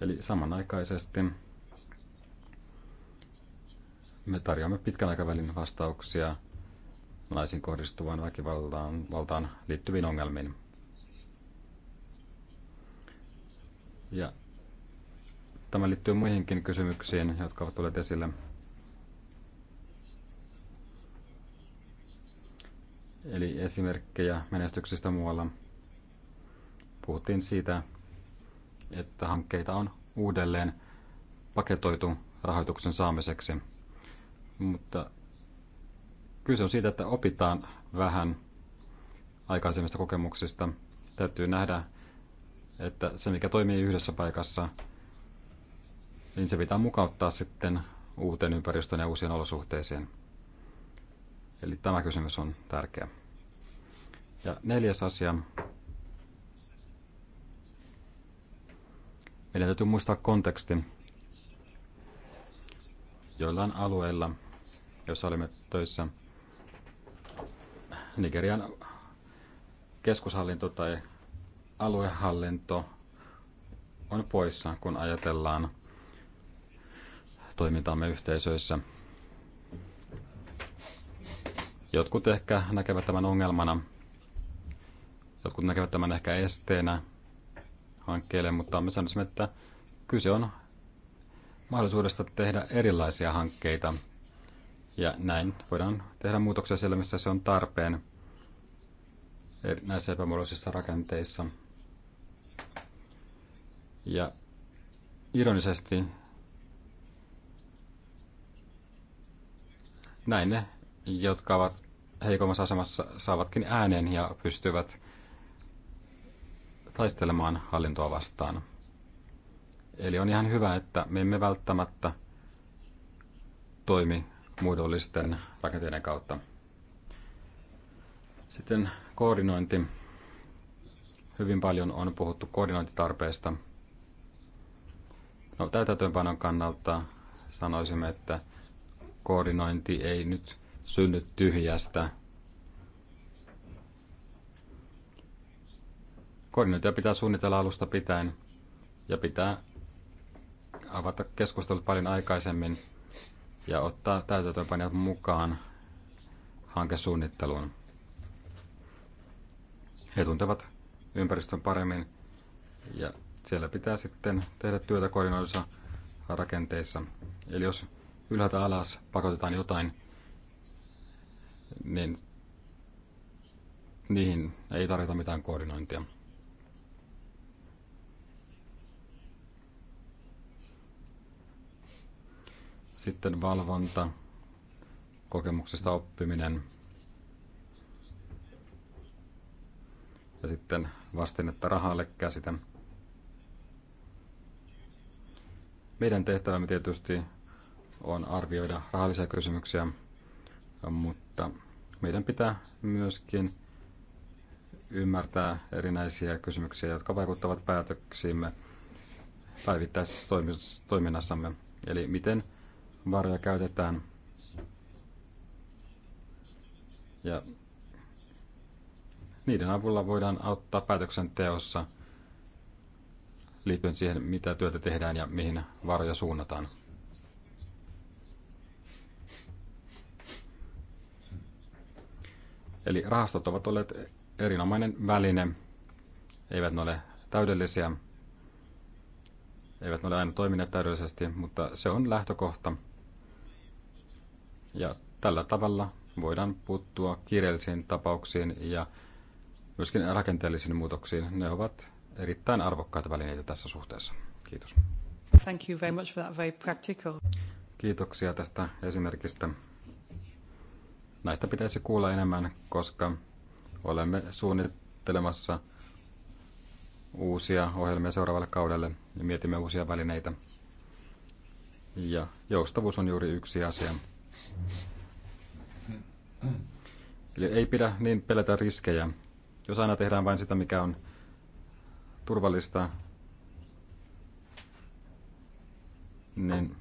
Eli samanaikaisesti me tarjoamme pitkän aikavälin vastauksia naisiin kohdistuvaan väkivaltaan valtaan liittyviin ongelmiin. Ja tämä liittyy muihinkin kysymyksiin, jotka ovat tulleet esille. Eli esimerkkejä menestyksistä muualla. Puhuttiin siitä, että hankkeita on uudelleen paketoitu rahoituksen saamiseksi. Mutta kyse on siitä, että opitaan vähän aikaisemmista kokemuksista. Täytyy nähdä, että se mikä toimii yhdessä paikassa, niin se pitää mukauttaa sitten uuteen ympäristöön ja uusien olosuhteisiin. Eli tämä kysymys on tärkeä. Ja neljäs asia Meidän täytyy muistaa konteksti. Joillain alueilla, joissa olimme töissä, Nigerian keskushallinto tai aluehallinto on poissa, kun ajatellaan toimintaamme yhteisöissä. Jotkut ehkä näkevät tämän ongelmana, jotkut näkevät tämän ehkä esteenä hankkeelle, mutta me sanoisimme, että kyse on mahdollisuudesta tehdä erilaisia hankkeita. Ja näin voidaan tehdä muutoksia siellä, missä se on tarpeen näissä epämuodollisissa rakenteissa. Ja ironisesti näin ne, jotka ovat heikommassa asemassa, saavatkin äänen ja pystyvät taistelemaan hallintoa vastaan. Eli on ihan hyvä, että me emme välttämättä toimi muodollisten rakenteiden kautta. Sitten koordinointi. Hyvin paljon on puhuttu koordinointitarpeesta. No, täytäntöönpanon kannalta sanoisimme, että koordinointi ei nyt synny tyhjästä Koordinointia pitää suunnitella alusta pitäen ja pitää avata keskustelut paljon aikaisemmin ja ottaa täytäntöönpanijat mukaan hankesuunnitteluun. He tuntevat ympäristön paremmin ja siellä pitää sitten tehdä työtä koordinoidussa rakenteissa. Eli jos ylhäältä alas pakotetaan jotain, niin niihin ei tarvita mitään koordinointia. Sitten valvonta, kokemuksesta oppiminen ja sitten vastinetta rahalle käsitä. Meidän tehtävämme tietysti on arvioida rahallisia kysymyksiä, mutta meidän pitää myöskin ymmärtää erinäisiä kysymyksiä, jotka vaikuttavat päätöksiimme päivittäisessä toiminnassamme. Eli miten varoja käytetään. Ja niiden avulla voidaan auttaa päätöksenteossa liittyen siihen, mitä työtä tehdään ja mihin varoja suunnataan. Eli rahastot ovat olleet erinomainen väline, eivät ne ole täydellisiä, eivät ne ole aina toimineet täydellisesti, mutta se on lähtökohta – ja tällä tavalla voidaan puuttua kiireellisiin tapauksiin ja myöskin rakenteellisiin muutoksiin. Ne ovat erittäin arvokkaita välineitä tässä suhteessa. Kiitos. Thank you very much for that very practical. Kiitoksia tästä esimerkistä. Näistä pitäisi kuulla enemmän, koska olemme suunnittelemassa uusia ohjelmia seuraavalle kaudelle ja mietimme uusia välineitä. Ja joustavuus on juuri yksi asia, Eli ei pidä niin pelätä riskejä. Jos aina tehdään vain sitä, mikä on turvallista, niin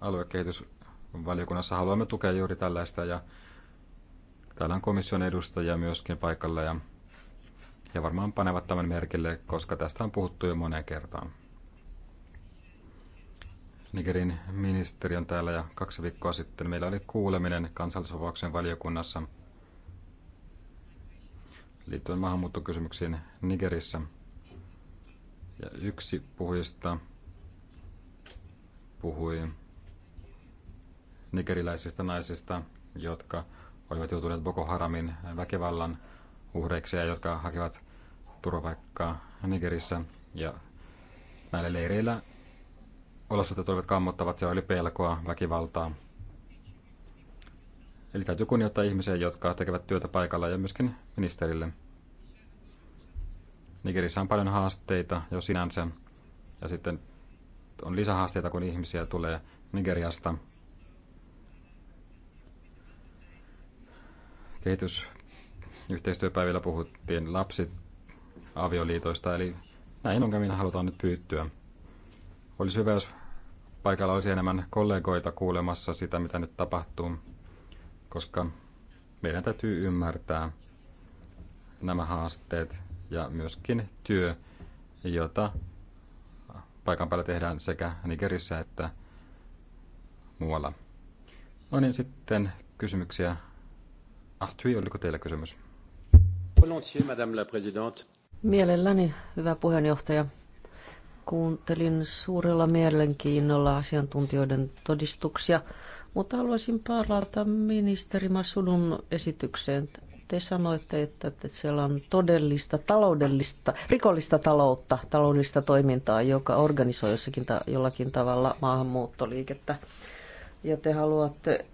aluekehitysvaliokunnassa haluamme tukea juuri tällaista ja täällä on komission edustajia myöskin paikalla ja he varmaan panevat tämän merkille, koska tästä on puhuttu jo moneen kertaan. Nigerin ministeri on täällä ja kaksi viikkoa sitten meillä oli kuuleminen kansallisvapauksen valiokunnassa liittyen maahanmuuttokysymyksiin Nigerissä. Ja yksi puhujista puhui nigeriläisistä naisista, jotka olivat joutuneet Boko Haramin väkivallan uhreiksi ja jotka hakivat turvapaikkaa Nigerissä. Ja näillä leireillä olosuhteet olivat kammottavat, siellä oli pelkoa, väkivaltaa. Eli täytyy kunnioittaa ihmisiä, jotka tekevät työtä paikalla ja myöskin ministerille. Nigerissä on paljon haasteita jo sinänsä ja sitten on lisähaasteita, kun ihmisiä tulee Nigeriasta. Kehitysyhteistyöpäivillä puhuttiin lapsiavioliitoista, avioliitoista, eli näihin minä halutaan nyt pyyttyä. Olisi hyvä, jos paikalla olisi enemmän kollegoita kuulemassa sitä, mitä nyt tapahtuu, koska meidän täytyy ymmärtää nämä haasteet ja myöskin työ, jota paikan päällä tehdään sekä Nigerissä että muualla. No niin, sitten kysymyksiä. Ahtui, oliko teillä kysymys? Volontiers, Madame la Présidente. Mielelläni, hyvä puheenjohtaja. Kuuntelin suurella mielenkiinnolla asiantuntijoiden todistuksia, mutta haluaisin palata ministeri Masunun esitykseen. Te sanoitte, että siellä on todellista taloudellista, rikollista taloutta, taloudellista toimintaa, joka organisoi jossakin ta- jollakin tavalla maahanmuuttoliikettä. Ja te haluatte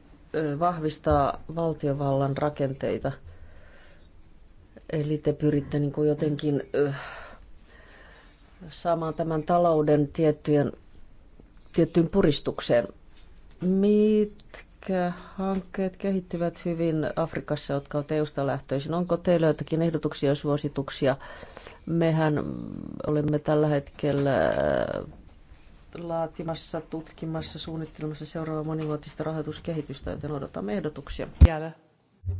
vahvistaa valtiovallan rakenteita. Eli te pyritte niin kuin jotenkin saamaan tämän talouden tiettyjen, tiettyyn puristukseen. Mitkä hankkeet kehittyvät hyvin Afrikassa, jotka ovat EUsta lähtöisin? Onko teillä jotakin ehdotuksia ja suosituksia? Mehän olemme tällä hetkellä äh, laatimassa, tutkimassa, suunnittelemassa seuraavaa monivuotista rahoituskehitystä, joten odotamme ehdotuksia. Jäällä.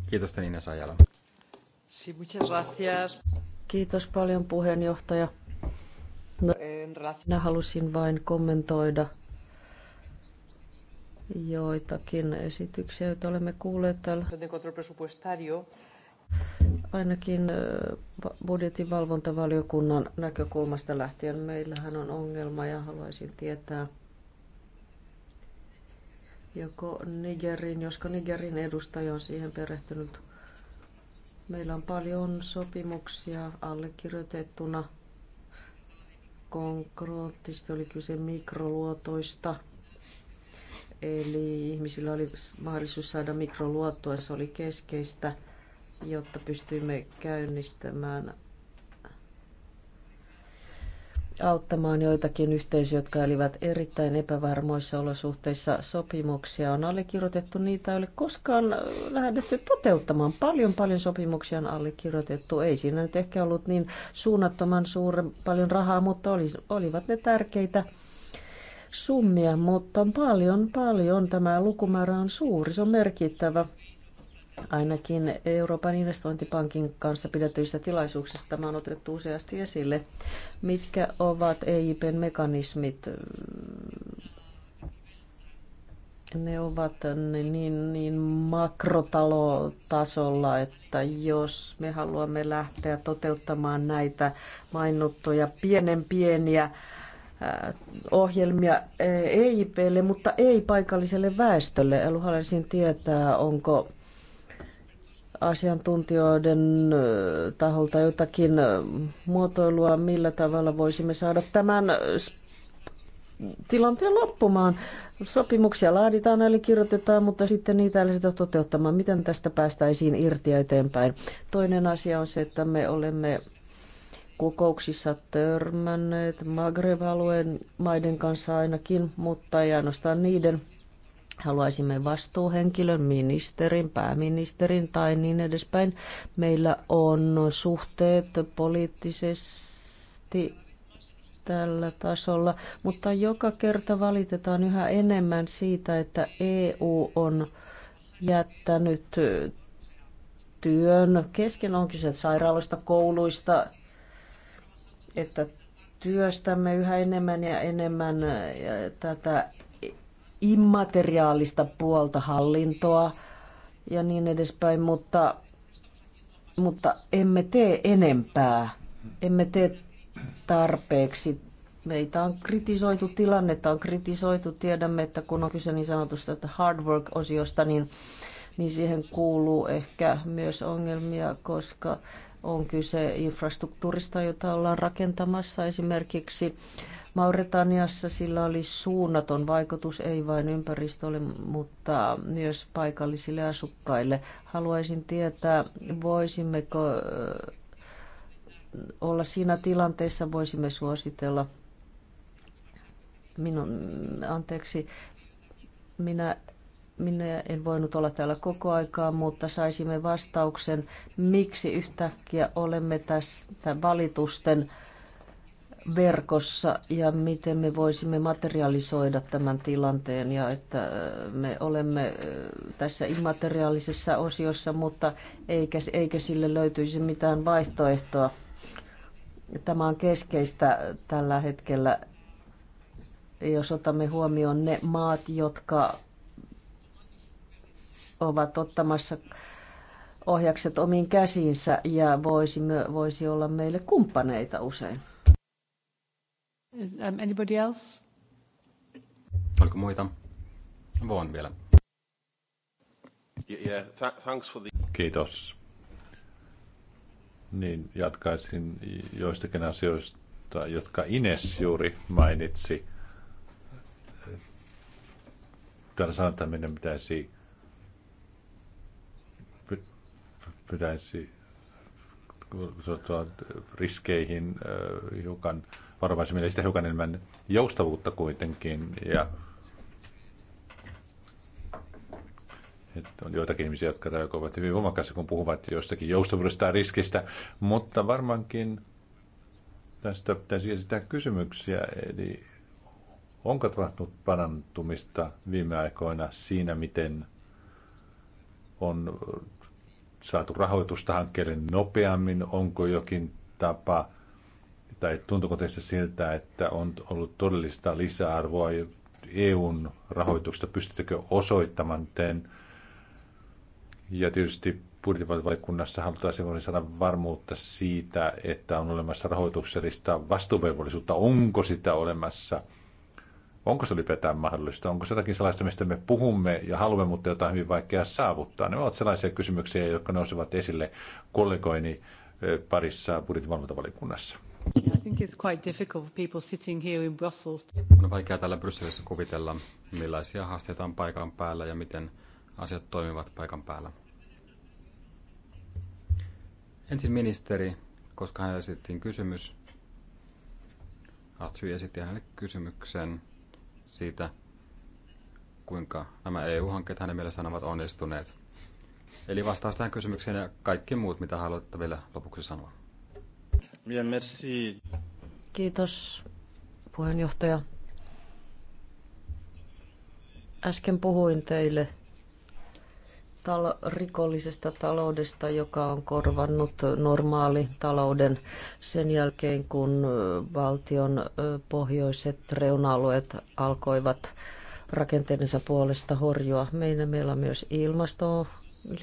Kiitos Tenina Sajala. Kiitos paljon puheenjohtaja. No, minä halusin vain kommentoida joitakin esityksiä, joita olemme kuulleet täällä. Ainakin budjetin valvontavaliokunnan näkökulmasta lähtien meillähän on ongelma ja haluaisin tietää, joko Nigerin, josko Nigerin edustaja on siihen perehtynyt. Meillä on paljon sopimuksia allekirjoitettuna – konkreettisesti oli kyse mikroluotoista. Eli ihmisillä oli mahdollisuus saada mikroluottoa, se oli keskeistä, jotta pystyimme käynnistämään auttamaan joitakin yhteisöjä, jotka elivät erittäin epävarmoissa olosuhteissa. Sopimuksia on allekirjoitettu, niitä ei ole koskaan lähdetty toteuttamaan. Paljon, paljon sopimuksia on allekirjoitettu. Ei siinä nyt ehkä ollut niin suunnattoman suuren paljon rahaa, mutta oli, olivat ne tärkeitä summia, mutta on paljon, paljon. Tämä lukumäärä on suuri, se on merkittävä. Ainakin Euroopan investointipankin kanssa pidetyissä tilaisuuksissa tämä on otettu useasti esille. Mitkä ovat EIPn mekanismit? Ne ovat niin, niin makrotalotasolla, että jos me haluamme lähteä toteuttamaan näitä mainottuja pienen pieniä ohjelmia EIPlle, mutta ei paikalliselle väestölle. Haluaisin tietää, onko asiantuntijoiden taholta jotakin muotoilua, millä tavalla voisimme saada tämän tilanteen loppumaan. Sopimuksia laaditaan, eli kirjoitetaan, mutta sitten niitä ei lähdetä toteuttamaan. Miten tästä päästäisiin irti ja eteenpäin? Toinen asia on se, että me olemme kokouksissa törmänneet Maghreb-alueen maiden kanssa ainakin, mutta ei ainoastaan niiden haluaisimme vastuuhenkilön, ministerin, pääministerin tai niin edespäin. Meillä on suhteet poliittisesti tällä tasolla, mutta joka kerta valitetaan yhä enemmän siitä, että EU on jättänyt työn kesken. On kyse sairaaloista, kouluista, että työstämme yhä enemmän ja enemmän tätä immateriaalista puolta hallintoa ja niin edespäin, mutta, mutta emme tee enempää. Emme tee tarpeeksi. Meitä on kritisoitu, tilannetta on kritisoitu. Tiedämme, että kun on kyse niin sanotusta että hard work-osiosta, niin niin siihen kuuluu ehkä myös ongelmia, koska on kyse infrastruktuurista, jota ollaan rakentamassa. Esimerkiksi Mauretaniassa sillä oli suunnaton vaikutus ei vain ympäristölle, mutta myös paikallisille asukkaille. Haluaisin tietää, voisimmeko olla siinä tilanteessa, voisimme suositella minun, anteeksi, minä minne en voinut olla täällä koko aikaa, mutta saisimme vastauksen, miksi yhtäkkiä olemme tässä valitusten verkossa ja miten me voisimme materialisoida tämän tilanteen ja että äh, me olemme äh, tässä immateriaalisessa osiossa, mutta eikä, eikä sille löytyisi mitään vaihtoehtoa. Tämä on keskeistä tällä hetkellä, jos otamme huomioon ne maat, jotka ovat ottamassa ohjakset omiin käsiinsä ja voisi, voisi olla meille kumppaneita usein. Um, anybody else? Oliko muita? Voin vielä. Yeah, thanks for the... Kiitos. Niin, jatkaisin joistakin asioista, jotka Ines juuri mainitsi. Täällä sanotaan, että meidän pitäisi pitäisi suhtautua riskeihin äh, hiukan varovaisemmin ja sitä hiukan enemmän joustavuutta kuitenkin. Ja että on joitakin ihmisiä, jotka reagoivat hyvin voimakkaasti, kun puhuvat jostakin joustavuudesta tai riskistä, mutta varmaankin tästä pitäisi esittää kysymyksiä, eli onko tapahtunut parantumista viime aikoina siinä, miten on saatu rahoitusta hankkeelle nopeammin? Onko jokin tapa tai tuntuuko teistä siltä, että on ollut todellista lisäarvoa EUn rahoituksesta? Pystyttekö osoittamaan teen? Ja tietysti budjettivaliokunnassa halutaan semmoinen saada varmuutta siitä, että on olemassa rahoituksellista vastuuvelvollisuutta. Onko sitä olemassa? Onko se ylipäätään mahdollista? Onko se jotakin sellaista, mistä me puhumme ja haluamme, mutta jotain on hyvin vaikea saavuttaa? Ne ovat sellaisia kysymyksiä, jotka nousevat esille kollegoini parissa budjettivalvontavaliokunnassa. On vaikea täällä Brysselissä kuvitella, millaisia haasteita on paikan päällä ja miten asiat toimivat paikan päällä. Ensin ministeri, koska hänelle esitettiin kysymys. Ahtry esitti hänelle kysymyksen siitä, kuinka nämä EU-hankkeet hänen mielessään ovat onnistuneet. Eli vastaus tähän kysymykseen ja kaikki muut, mitä haluatte vielä lopuksi sanoa. Bien, merci. Kiitos, puheenjohtaja. Äsken puhuin teille tal- rikollisesta taloudesta, joka on korvannut normaali talouden sen jälkeen, kun valtion pohjoiset reuna-alueet alkoivat rakenteensa puolesta horjua. Meillä, meillä on myös ilmastoon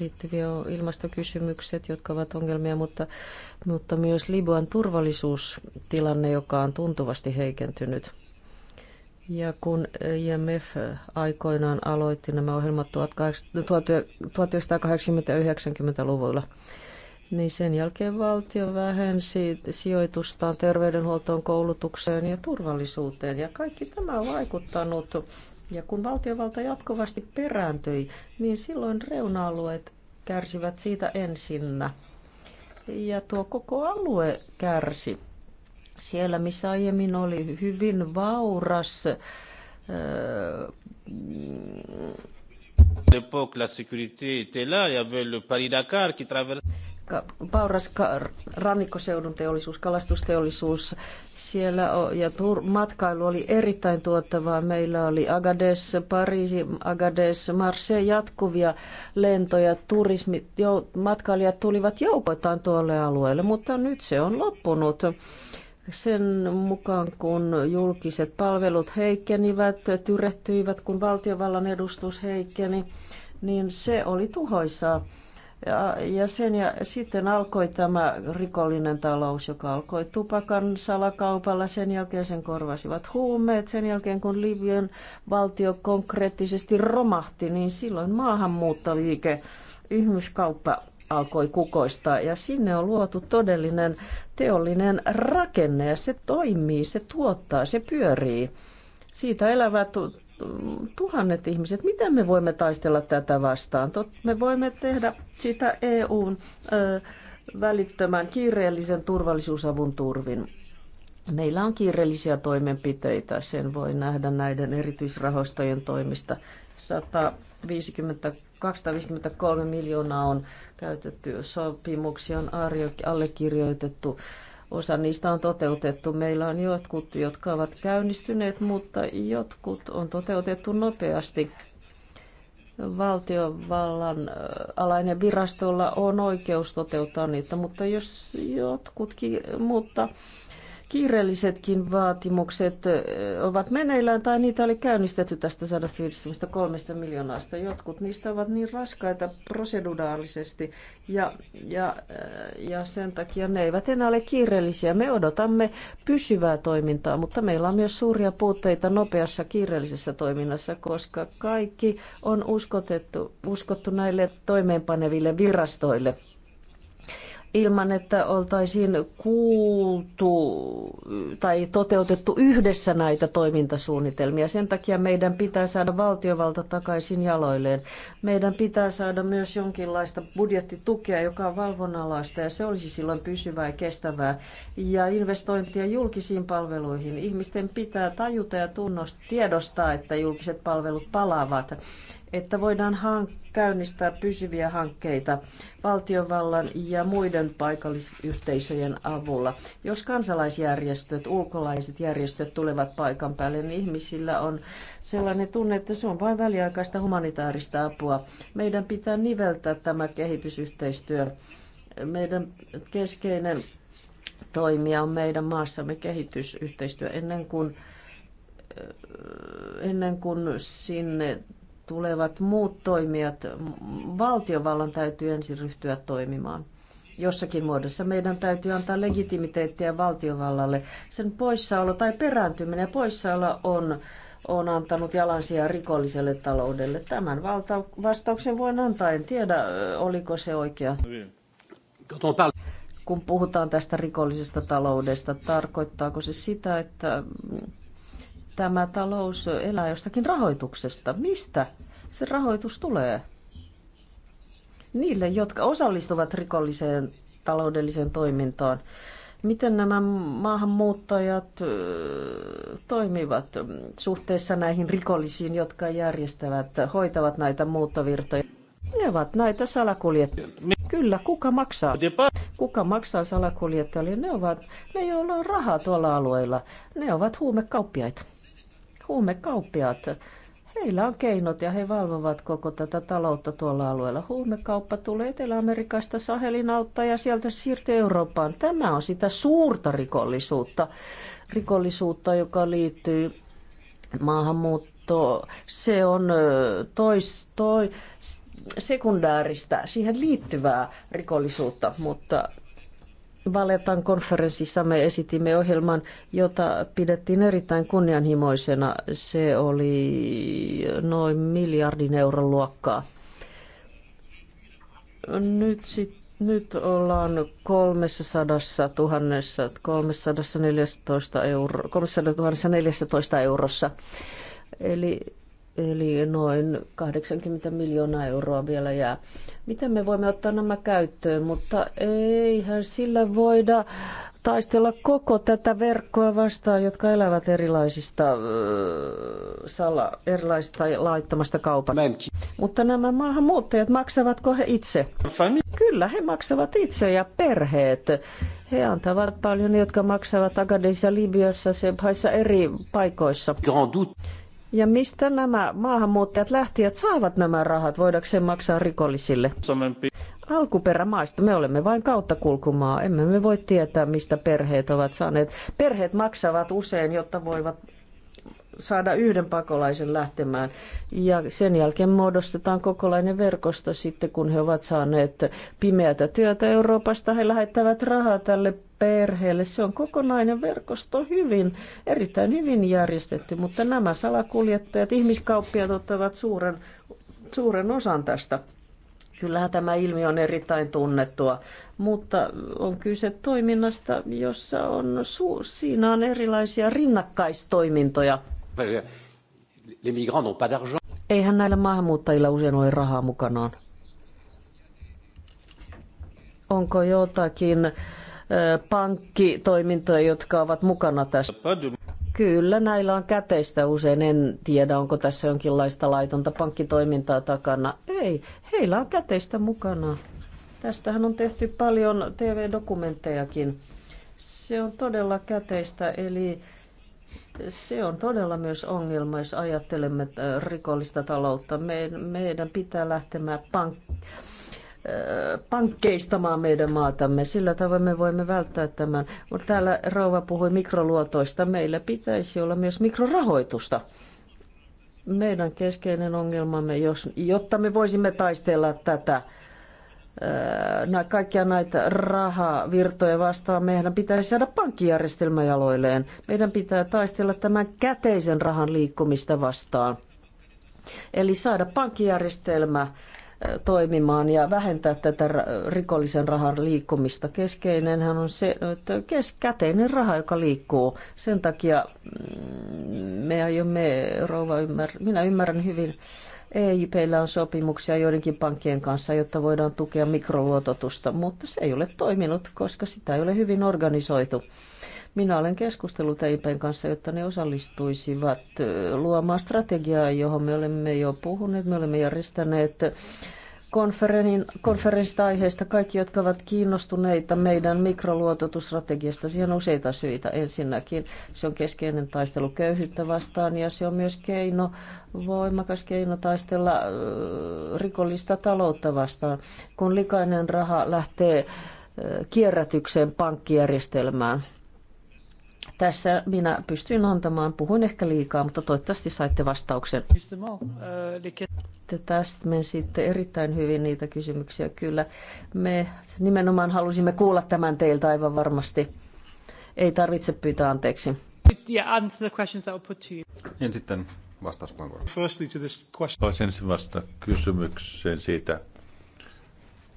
liittyviä ilmastokysymykset, jotka ovat ongelmia, mutta, mutta myös Libuan turvallisuustilanne, joka on tuntuvasti heikentynyt. Ja kun IMF e aikoinaan aloitti nämä ohjelmat 1980-90-luvulla, niin sen jälkeen valtio vähensi sijoitustaan terveydenhuoltoon, koulutukseen ja turvallisuuteen. Ja kaikki tämä on vaikuttanut. Ja kun valtiovalta jatkuvasti perääntyi, niin silloin reuna-alueet kärsivät siitä ensinnä. Ja tuo koko alue kärsi. Siellä, missä aiemmin oli hyvin vauras l'époque, la sécurité était là. Il y avait le Paris-Dakar qui traversait. Pauras rannikkoseudun teollisuus, kalastusteollisuus siellä ja tur matkailu oli erittäin tuottavaa. Meillä oli Agades, Pariisi, Agades, Marseille jatkuvia lentoja, turismi, jo, matkailijat tulivat joukoitaan tuolle alueelle, mutta nyt se on loppunut. Sen mukaan, kun julkiset palvelut heikkenivät, tyrehtyivät, kun valtiovallan edustus heikkeni, niin se oli tuhoisaa. Ja, ja, sen, ja sitten alkoi tämä rikollinen talous, joka alkoi tupakan salakaupalla. Sen jälkeen sen korvasivat huumeet. Sen jälkeen kun Libyan valtio konkreettisesti romahti, niin silloin maahanmuuttoliike, ihmiskauppa alkoi kukoistaa ja sinne on luotu todellinen teollinen rakenne ja se toimii, se tuottaa, se pyörii. Siitä elävät tuhannet ihmiset. Miten me voimme taistella tätä vastaan? Me voimme tehdä sitä EUn ö, välittömän kiireellisen turvallisuusavun turvin. Meillä on kiireellisiä toimenpiteitä, sen voi nähdä näiden erityisrahoistojen toimista. 150 253 miljoonaa on käytetty, sopimuksia on allekirjoitettu. Osa niistä on toteutettu. Meillä on jotkut, jotka ovat käynnistyneet, mutta jotkut on toteutettu nopeasti. Valtiovallan alainen virastolla on oikeus toteuttaa niitä, mutta jos jotkutkin mutta kiireellisetkin vaatimukset ovat meneillään tai niitä oli käynnistetty tästä 153 miljoonasta. Jotkut niistä ovat niin raskaita proseduraalisesti ja, ja, ja sen takia ne eivät enää ole kiireellisiä. Me odotamme pysyvää toimintaa, mutta meillä on myös suuria puutteita nopeassa kiireellisessä toiminnassa, koska kaikki on uskotettu, uskottu näille toimeenpaneville virastoille – ilman, että oltaisiin kuultu tai toteutettu yhdessä näitä toimintasuunnitelmia. Sen takia meidän pitää saada valtiovalta takaisin jaloilleen. Meidän pitää saada myös jonkinlaista budjettitukea, joka on valvonnalaista ja se olisi silloin pysyvää ja kestävää. Ja investointia julkisiin palveluihin. Ihmisten pitää tajuta ja tunnostaa, tiedostaa, että julkiset palvelut palaavat että voidaan hank- käynnistää pysyviä hankkeita valtiovallan ja muiden paikallisyhteisöjen avulla. Jos kansalaisjärjestöt, ulkolaiset järjestöt tulevat paikan päälle, niin ihmisillä on sellainen tunne, että se on vain väliaikaista humanitaarista apua. Meidän pitää niveltää tämä kehitysyhteistyö. Meidän keskeinen toimija on meidän maassamme kehitysyhteistyö ennen kuin ennen kuin sinne tulevat muut toimijat, valtiovallan täytyy ensin ryhtyä toimimaan. Jossakin muodossa meidän täytyy antaa legitimiteettiä valtiovallalle. Sen poissaolo tai perääntyminen ja poissaolo on, on antanut jalansia rikolliselle taloudelle. Tämän valta- vastauksen voin antaa, en tiedä oliko se oikea. Kun puhutaan tästä rikollisesta taloudesta, tarkoittaako se sitä, että tämä talous elää jostakin rahoituksesta. Mistä se rahoitus tulee? Niille, jotka osallistuvat rikolliseen taloudelliseen toimintaan. Miten nämä maahanmuuttajat toimivat suhteessa näihin rikollisiin, jotka järjestävät, hoitavat näitä muuttovirtoja? Ne ovat näitä salakuljettajia. Kyllä, kuka maksaa? Kuka maksaa salakuljettajille? Ne ovat ne, joilla on rahaa tuolla alueella. Ne ovat huumekauppiaita huumekauppiaat. Heillä on keinot ja he valvovat koko tätä taloutta tuolla alueella. Huumekauppa tulee Etelä-Amerikasta Sahelin autta ja sieltä siirtyy Eurooppaan. Tämä on sitä suurta rikollisuutta, rikollisuutta joka liittyy maahanmuuttoon. Se on tois, toi, sekundääristä, siihen liittyvää rikollisuutta, mutta Valetan konferenssissa me esitimme ohjelman, jota pidettiin erittäin kunnianhimoisena. Se oli noin miljardin euron luokkaa. Nyt, sit, nyt ollaan 300 000, 314 euro, 314 eurossa. Eli Eli noin 80 miljoonaa euroa vielä jää. Miten me voimme ottaa nämä käyttöön? Mutta eihän sillä voida taistella koko tätä verkkoa vastaan, jotka elävät erilaisista, äh, sala, erilaisista laittomasta kaupasta. Mutta nämä maahanmuuttajat, maksavatko he itse? Kyllä, he maksavat itse ja perheet. He antavat paljon, jotka maksavat Agadeissa, Libyassa, Sebhaissa, eri paikoissa. Ja mistä nämä maahanmuuttajat lähtijät saavat nämä rahat, voidakseen maksaa rikollisille? Alkuperämaista me olemme vain kautta kulkumaa, Emme me voi tietää, mistä perheet ovat saaneet. Perheet maksavat usein, jotta voivat saada yhden pakolaisen lähtemään. Ja sen jälkeen muodostetaan kokolainen verkosto sitten, kun he ovat saaneet pimeätä työtä Euroopasta. He lähettävät rahaa tälle perheelle. Se on kokonainen verkosto hyvin, erittäin hyvin järjestetty, mutta nämä salakuljettajat, ihmiskauppiat ottavat suuren, suuren osan tästä. Kyllähän tämä ilmiö on erittäin tunnettua, mutta on kyse toiminnasta, jossa on, siinä on erilaisia rinnakkaistoimintoja Eihän näillä maahanmuuttajilla usein ole rahaa mukanaan. Onko jotakin ö, pankkitoimintoja, jotka ovat mukana tässä? Kyllä, näillä on käteistä usein. En tiedä, onko tässä jonkinlaista laitonta pankkitoimintaa takana. Ei, heillä on käteistä mukana. Tästähän on tehty paljon TV-dokumenttejakin. Se on todella käteistä, eli se on todella myös ongelma, jos ajattelemme rikollista taloutta. Meidän pitää lähtemään pank, äh, pankkeistamaan meidän maatamme. Sillä tavoin me voimme välttää tämän. Mutta täällä Rauva puhui mikroluotoista. Meillä pitäisi olla myös mikrorahoitusta. Meidän keskeinen ongelmamme, jos, jotta me voisimme taistella tätä kaikkia näitä rahavirtoja vastaan meidän pitäisi saada pankkijärjestelmä jaloilleen. Meidän pitää taistella tämän käteisen rahan liikkumista vastaan. Eli saada pankkijärjestelmä toimimaan ja vähentää tätä rikollisen rahan liikkumista. Keskeinenhän on se että käteinen raha, joka liikkuu. Sen takia mm, me me, rouva, ymmär, minä ymmärrän hyvin EIPillä on sopimuksia joidenkin pankkien kanssa, jotta voidaan tukea mikroluototusta, mutta se ei ole toiminut, koska sitä ei ole hyvin organisoitu. Minä olen keskustellut EIPen kanssa, jotta ne osallistuisivat luomaan strategiaa, johon me olemme jo puhuneet. Me olemme järjestäneet konferenssista aiheesta kaikki, jotka ovat kiinnostuneita meidän mikroluototusstrategiasta. Siihen on useita syitä. Ensinnäkin se on keskeinen taistelu köyhyyttä vastaan ja se on myös keino, voimakas keino taistella rikollista taloutta vastaan. Kun likainen raha lähtee kierrätykseen pankkijärjestelmään, tässä minä pystyin antamaan, puhun ehkä liikaa, mutta toivottavasti saitte vastauksen. Tästä me sitten erittäin hyvin niitä kysymyksiä, kyllä. Me nimenomaan halusimme kuulla tämän teiltä aivan varmasti. Ei tarvitse pyytää anteeksi. Niin sitten vastauspuheenvuoro. Voisin vasta kysymykseen siitä,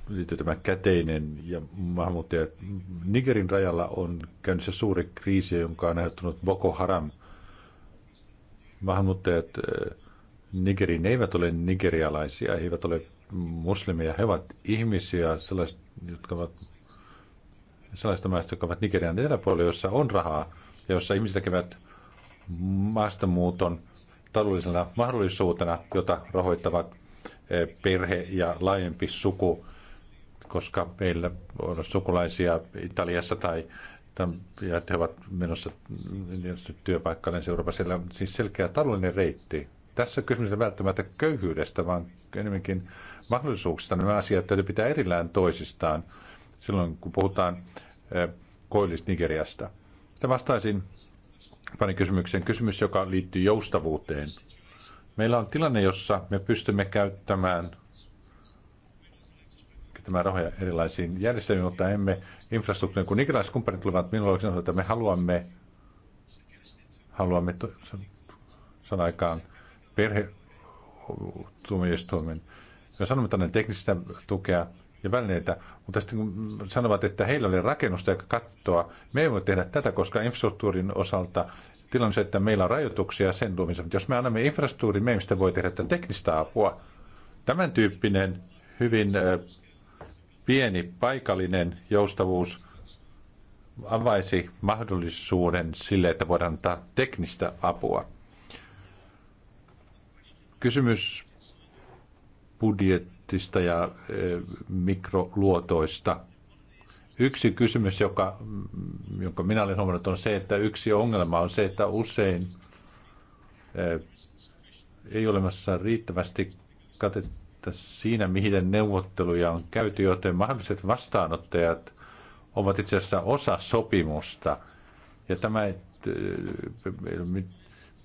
liittyy tämä käteinen ja maahanmuuttaja. Nigerin rajalla on käynnissä suuri kriisi, jonka on aiheuttanut Boko Haram. Maahanmuuttajat eh, Nigeriin eivät ole nigerialaisia, he eivät ole muslimeja, he ovat ihmisiä, sellaiset, jotka ovat sellaista maista, jotka ovat Nigerian eteläpuolella, jossa on rahaa ja jossa ihmiset tekevät maastamuuton taloudellisena mahdollisuutena, jota rahoittavat eh, perhe ja laajempi suku koska meillä on sukulaisia Italiassa tai ja he ovat menossa työpaikkaan niin ensi Euroopassa. Siellä on siis selkeä taloudellinen reitti. Tässä kysymys välttämättä köyhyydestä, vaan enemmänkin mahdollisuuksista. Nämä asiat täytyy pitää erillään toisistaan silloin, kun puhutaan eh, Koillis-Nigeriasta. Sitten vastaisin pari kysymykseen. Kysymys, joka liittyy joustavuuteen. Meillä on tilanne, jossa me pystymme käyttämään Tämä rahoja erilaisiin järjestelmiin, mutta emme infrastruktuurin. Kun ikinaiset kumppanit tulevat minulle, sanoa, että me haluamme, haluamme sanoa aikaan perhetuomioistuimen. Me sanomme tänne teknistä tukea ja välineitä, mutta sitten kun sanovat, että heillä oli rakennusta ja kattoa, me ei voi tehdä tätä, koska infrastruktuurin osalta tilanne on se, että meillä on rajoituksia sen luomisen. mutta jos me annamme infrastruktuurin, me ei voi tehdä tätä teknistä apua. Tämän tyyppinen hyvin pieni paikallinen joustavuus avaisi mahdollisuuden sille, että voidaan antaa teknistä apua. Kysymys budjettista ja eh, mikroluotoista. Yksi kysymys, joka, mm, jonka minä olen huomannut, on se, että yksi ongelma on se, että usein eh, ei ole olemassa riittävästi katettu että siinä, mihin neuvotteluja on käyty, joten mahdolliset vastaanottajat ovat itse asiassa osa sopimusta. Ja tämä, että, äh,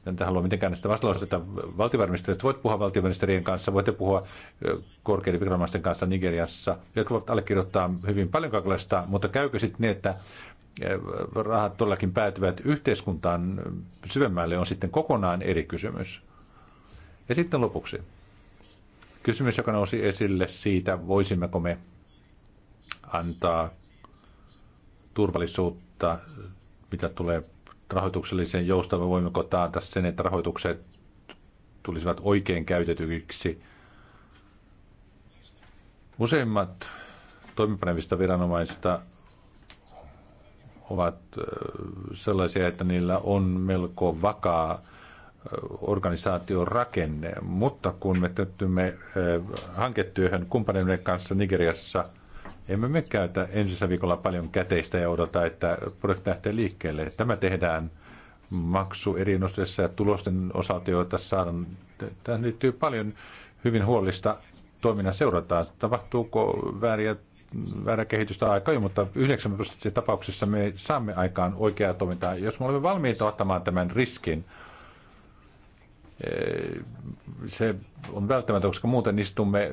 en halua mitenkään sitä että valtiovarainministeriöt. Voit puhua valtiovarainministerien kanssa, voitte puhua äh, korkeiden viranomaisten kanssa Nigeriassa, jotka voivat allekirjoittaa hyvin paljon kaikenlaista, mutta käykö sitten niin, että äh, rahat todellakin päätyvät yhteiskuntaan syvemmälle, on sitten kokonaan eri kysymys. Ja sitten lopuksi. Kysymys, joka nousi esille siitä, voisimmeko me antaa turvallisuutta, mitä tulee rahoitukselliseen joustoon, voimmeko taata sen, että rahoitukset tulisivat oikein käytetyiksi. Useimmat toimipanevista viranomaisista ovat sellaisia, että niillä on melko vakaa organisaation rakenne. Mutta kun me tyttymme hanketyöhön kumppaneiden kanssa Nigeriassa, emme me käytä ensi viikolla paljon käteistä ja odota, että projekti lähtee liikkeelle. Tämä tehdään maksu eri ja tulosten osalta, joita saadaan. Tähän liittyy paljon hyvin huolista toiminnan seurataan. Tapahtuuko vääriä, väärä kehitystä jo, mutta 90 prosenttia tapauksissa me saamme aikaan oikeaa toimintaa. Jos me olemme valmiita ottamaan tämän riskin, se on välttämätöntä, koska muuten istumme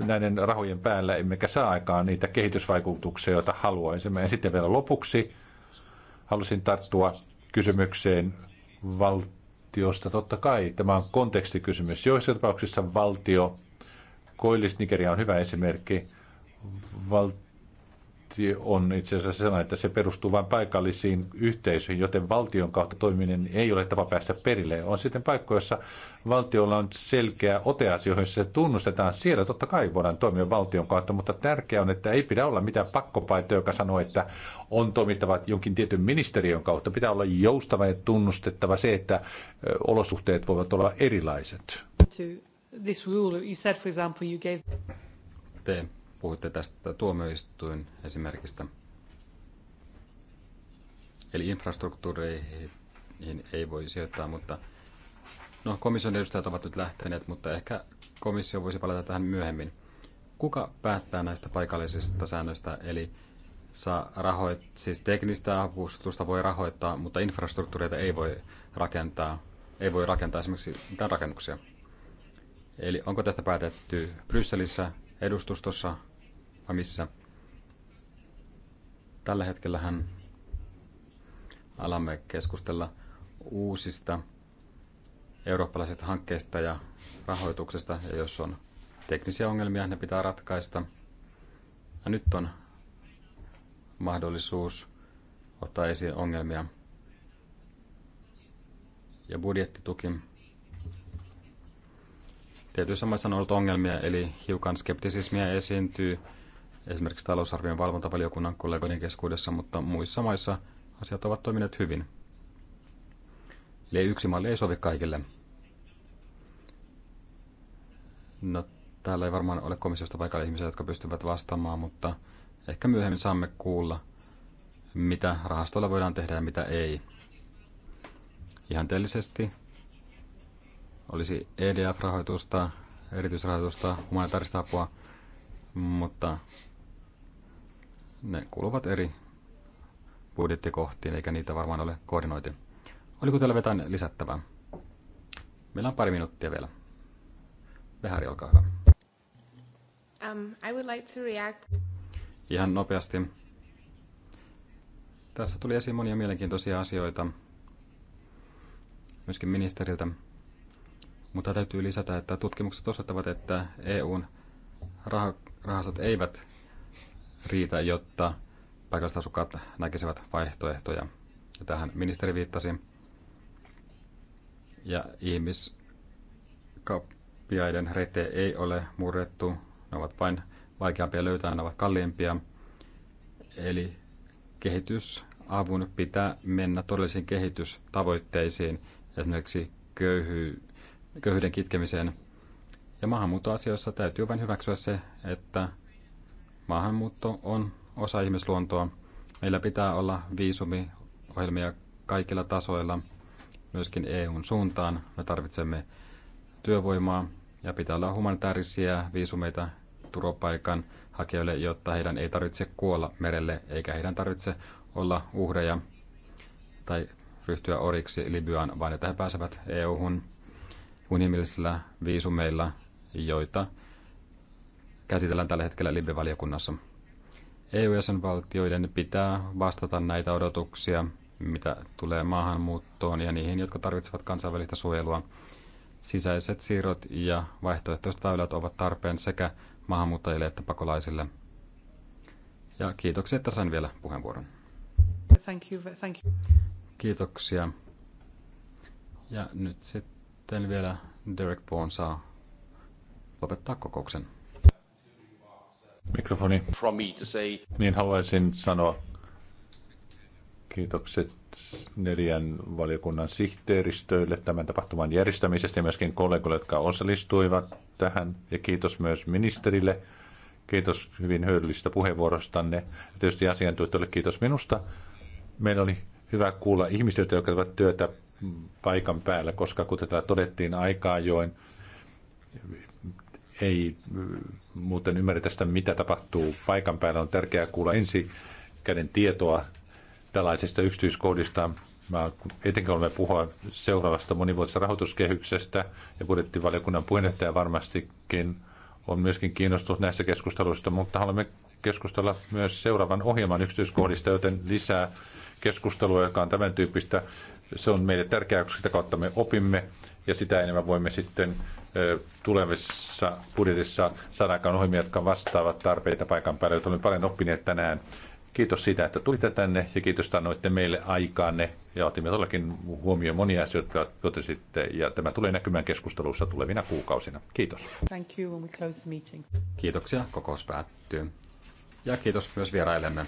äh, näiden rahojen päällä, emmekä saa aikaan niitä kehitysvaikutuksia, joita haluaisimme. Ja sitten vielä lopuksi halusin tarttua kysymykseen valtiosta. Totta kai tämä on kontekstikysymys. Joissa tapauksissa valtio, Koillis-Nigeria on hyvä esimerkki, valtio valtio on itse asiassa sellainen, että se perustuu vain paikallisiin yhteisöihin, joten valtion kautta toiminen ei ole tapa päästä perille. On sitten paikkoja, joissa valtiolla on selkeä ote asioihin, se tunnustetaan siellä. Totta kai voidaan toimia valtion kautta, mutta tärkeää on, että ei pidä olla mitään pakkopaitoja, joka sanoo, että on toimittava jonkin tietyn ministeriön kautta. Pitää olla joustava ja tunnustettava se, että olosuhteet voivat olla erilaiset. Te puhuitte tästä tuomioistuin esimerkistä. Eli infrastruktuureihin ei voi sijoittaa, mutta no, komission edustajat ovat nyt lähteneet, mutta ehkä komissio voisi palata tähän myöhemmin. Kuka päättää näistä paikallisista säännöistä, eli saa rahoit- siis teknistä avustusta voi rahoittaa, mutta infrastruktuureita ei voi rakentaa, ei voi rakentaa esimerkiksi mitään rakennuksia. Eli onko tästä päätetty Brysselissä edustustossa missä. Tällä hetkellähän alamme keskustella uusista eurooppalaisista hankkeista ja rahoituksesta, ja jos on teknisiä ongelmia, ne pitää ratkaista. Ja nyt on mahdollisuus ottaa esiin ongelmia. Ja budjettituki. Tietyissä maissa on ollut ongelmia, eli hiukan skeptisismiä esiintyy esimerkiksi talousarvion valvontavaliokunnan kollegoiden keskuudessa, mutta muissa maissa asiat ovat toimineet hyvin. Eli yksi malli ei sovi kaikille. No, täällä ei varmaan ole komissiosta paikalla ihmisiä, jotka pystyvät vastaamaan, mutta ehkä myöhemmin saamme kuulla, mitä rahastolla voidaan tehdä ja mitä ei. Ihanteellisesti olisi EDF-rahoitusta, erityisrahoitusta, humanitaarista apua, mutta ne kuuluvat eri budjettikohtiin, eikä niitä varmaan ole koordinoitu. Oliko teillä jotain lisättävää? Meillä on pari minuuttia vielä. Vehari, olkaa hyvä. Um, I would like to react. Ihan nopeasti. Tässä tuli esiin monia mielenkiintoisia asioita myöskin ministeriltä. Mutta täytyy lisätä, että tutkimukset osoittavat, että EUn rahastot eivät riitä, jotta paikalliset asukkaat näkisivät vaihtoehtoja. Ja tähän ministeri viittasi. Ja ihmiskauppiaiden rete ei ole murrettu. Ne ovat vain vaikeampia löytää, ne ovat kalliimpia. Eli kehitysavun pitää mennä todellisiin kehitystavoitteisiin, esimerkiksi köyhy, köyhyyden kitkemiseen. Ja maahanmuuttoasioissa täytyy vain hyväksyä se, että Maahanmuutto on osa ihmisluontoa. Meillä pitää olla viisumiohjelmia kaikilla tasoilla, myöskin EUn suuntaan. Me tarvitsemme työvoimaa ja pitää olla humanitaarisia viisumeita turvapaikan hakijoille, jotta heidän ei tarvitse kuolla merelle eikä heidän tarvitse olla uhreja tai ryhtyä oriksi Libyaan, vaan että he pääsevät EU-hun inhimillisillä viisumeilla, joita käsitellään tällä hetkellä libby valiokunnassa EU-jäsenvaltioiden pitää vastata näitä odotuksia, mitä tulee maahanmuuttoon ja niihin, jotka tarvitsevat kansainvälistä suojelua. Sisäiset siirrot ja vaihtoehtoiset väylät ovat tarpeen sekä maahanmuuttajille että pakolaisille. Ja kiitoksia, että sain vielä puheenvuoron. Thank you, thank you. Kiitoksia. Ja nyt sitten vielä Derek Bourne saa lopettaa kokouksen. Mikrofoni. From me to say. Niin haluaisin sanoa kiitokset neljän valiokunnan sihteeristöille tämän tapahtuman järjestämisestä ja myöskin kollegoille, jotka osallistuivat tähän. Ja kiitos myös ministerille. Kiitos hyvin hyödyllistä puheenvuorostanne. Ja tietysti asiantuntijoille kiitos minusta. Meillä oli hyvä kuulla ihmisiltä, jotka ovat työtä paikan päällä, koska kuten täällä todettiin aika ajoin, ei mm, muuten ymmärretä sitä, mitä tapahtuu paikan päällä. On tärkeää kuulla ensi käden tietoa tällaisista yksityiskohdista. Mä etenkin olemme puhua seuraavasta monivuotisesta rahoituskehyksestä ja budjettivaliokunnan puheenjohtaja varmastikin on myöskin kiinnostunut näistä keskusteluista, mutta haluamme keskustella myös seuraavan ohjelman yksityiskohdista, joten lisää keskustelua, joka on tämän tyyppistä. Se on meille tärkeää, koska sitä kautta me opimme ja sitä enemmän voimme sitten tulevissa budjetissa saadaan ohjelmia, jotka vastaavat tarpeita paikan päällä, joita olemme paljon oppineet tänään. Kiitos siitä, että tulitte tänne ja kiitos, että annoitte meille aikaanne ja otimme todellakin huomioon monia asioita, jotka totesitte ja tämä tulee näkymään keskustelussa tulevina kuukausina. Kiitos. Thank you when we close the meeting. Kiitoksia, kokous päättyy. Ja kiitos myös vierailemme.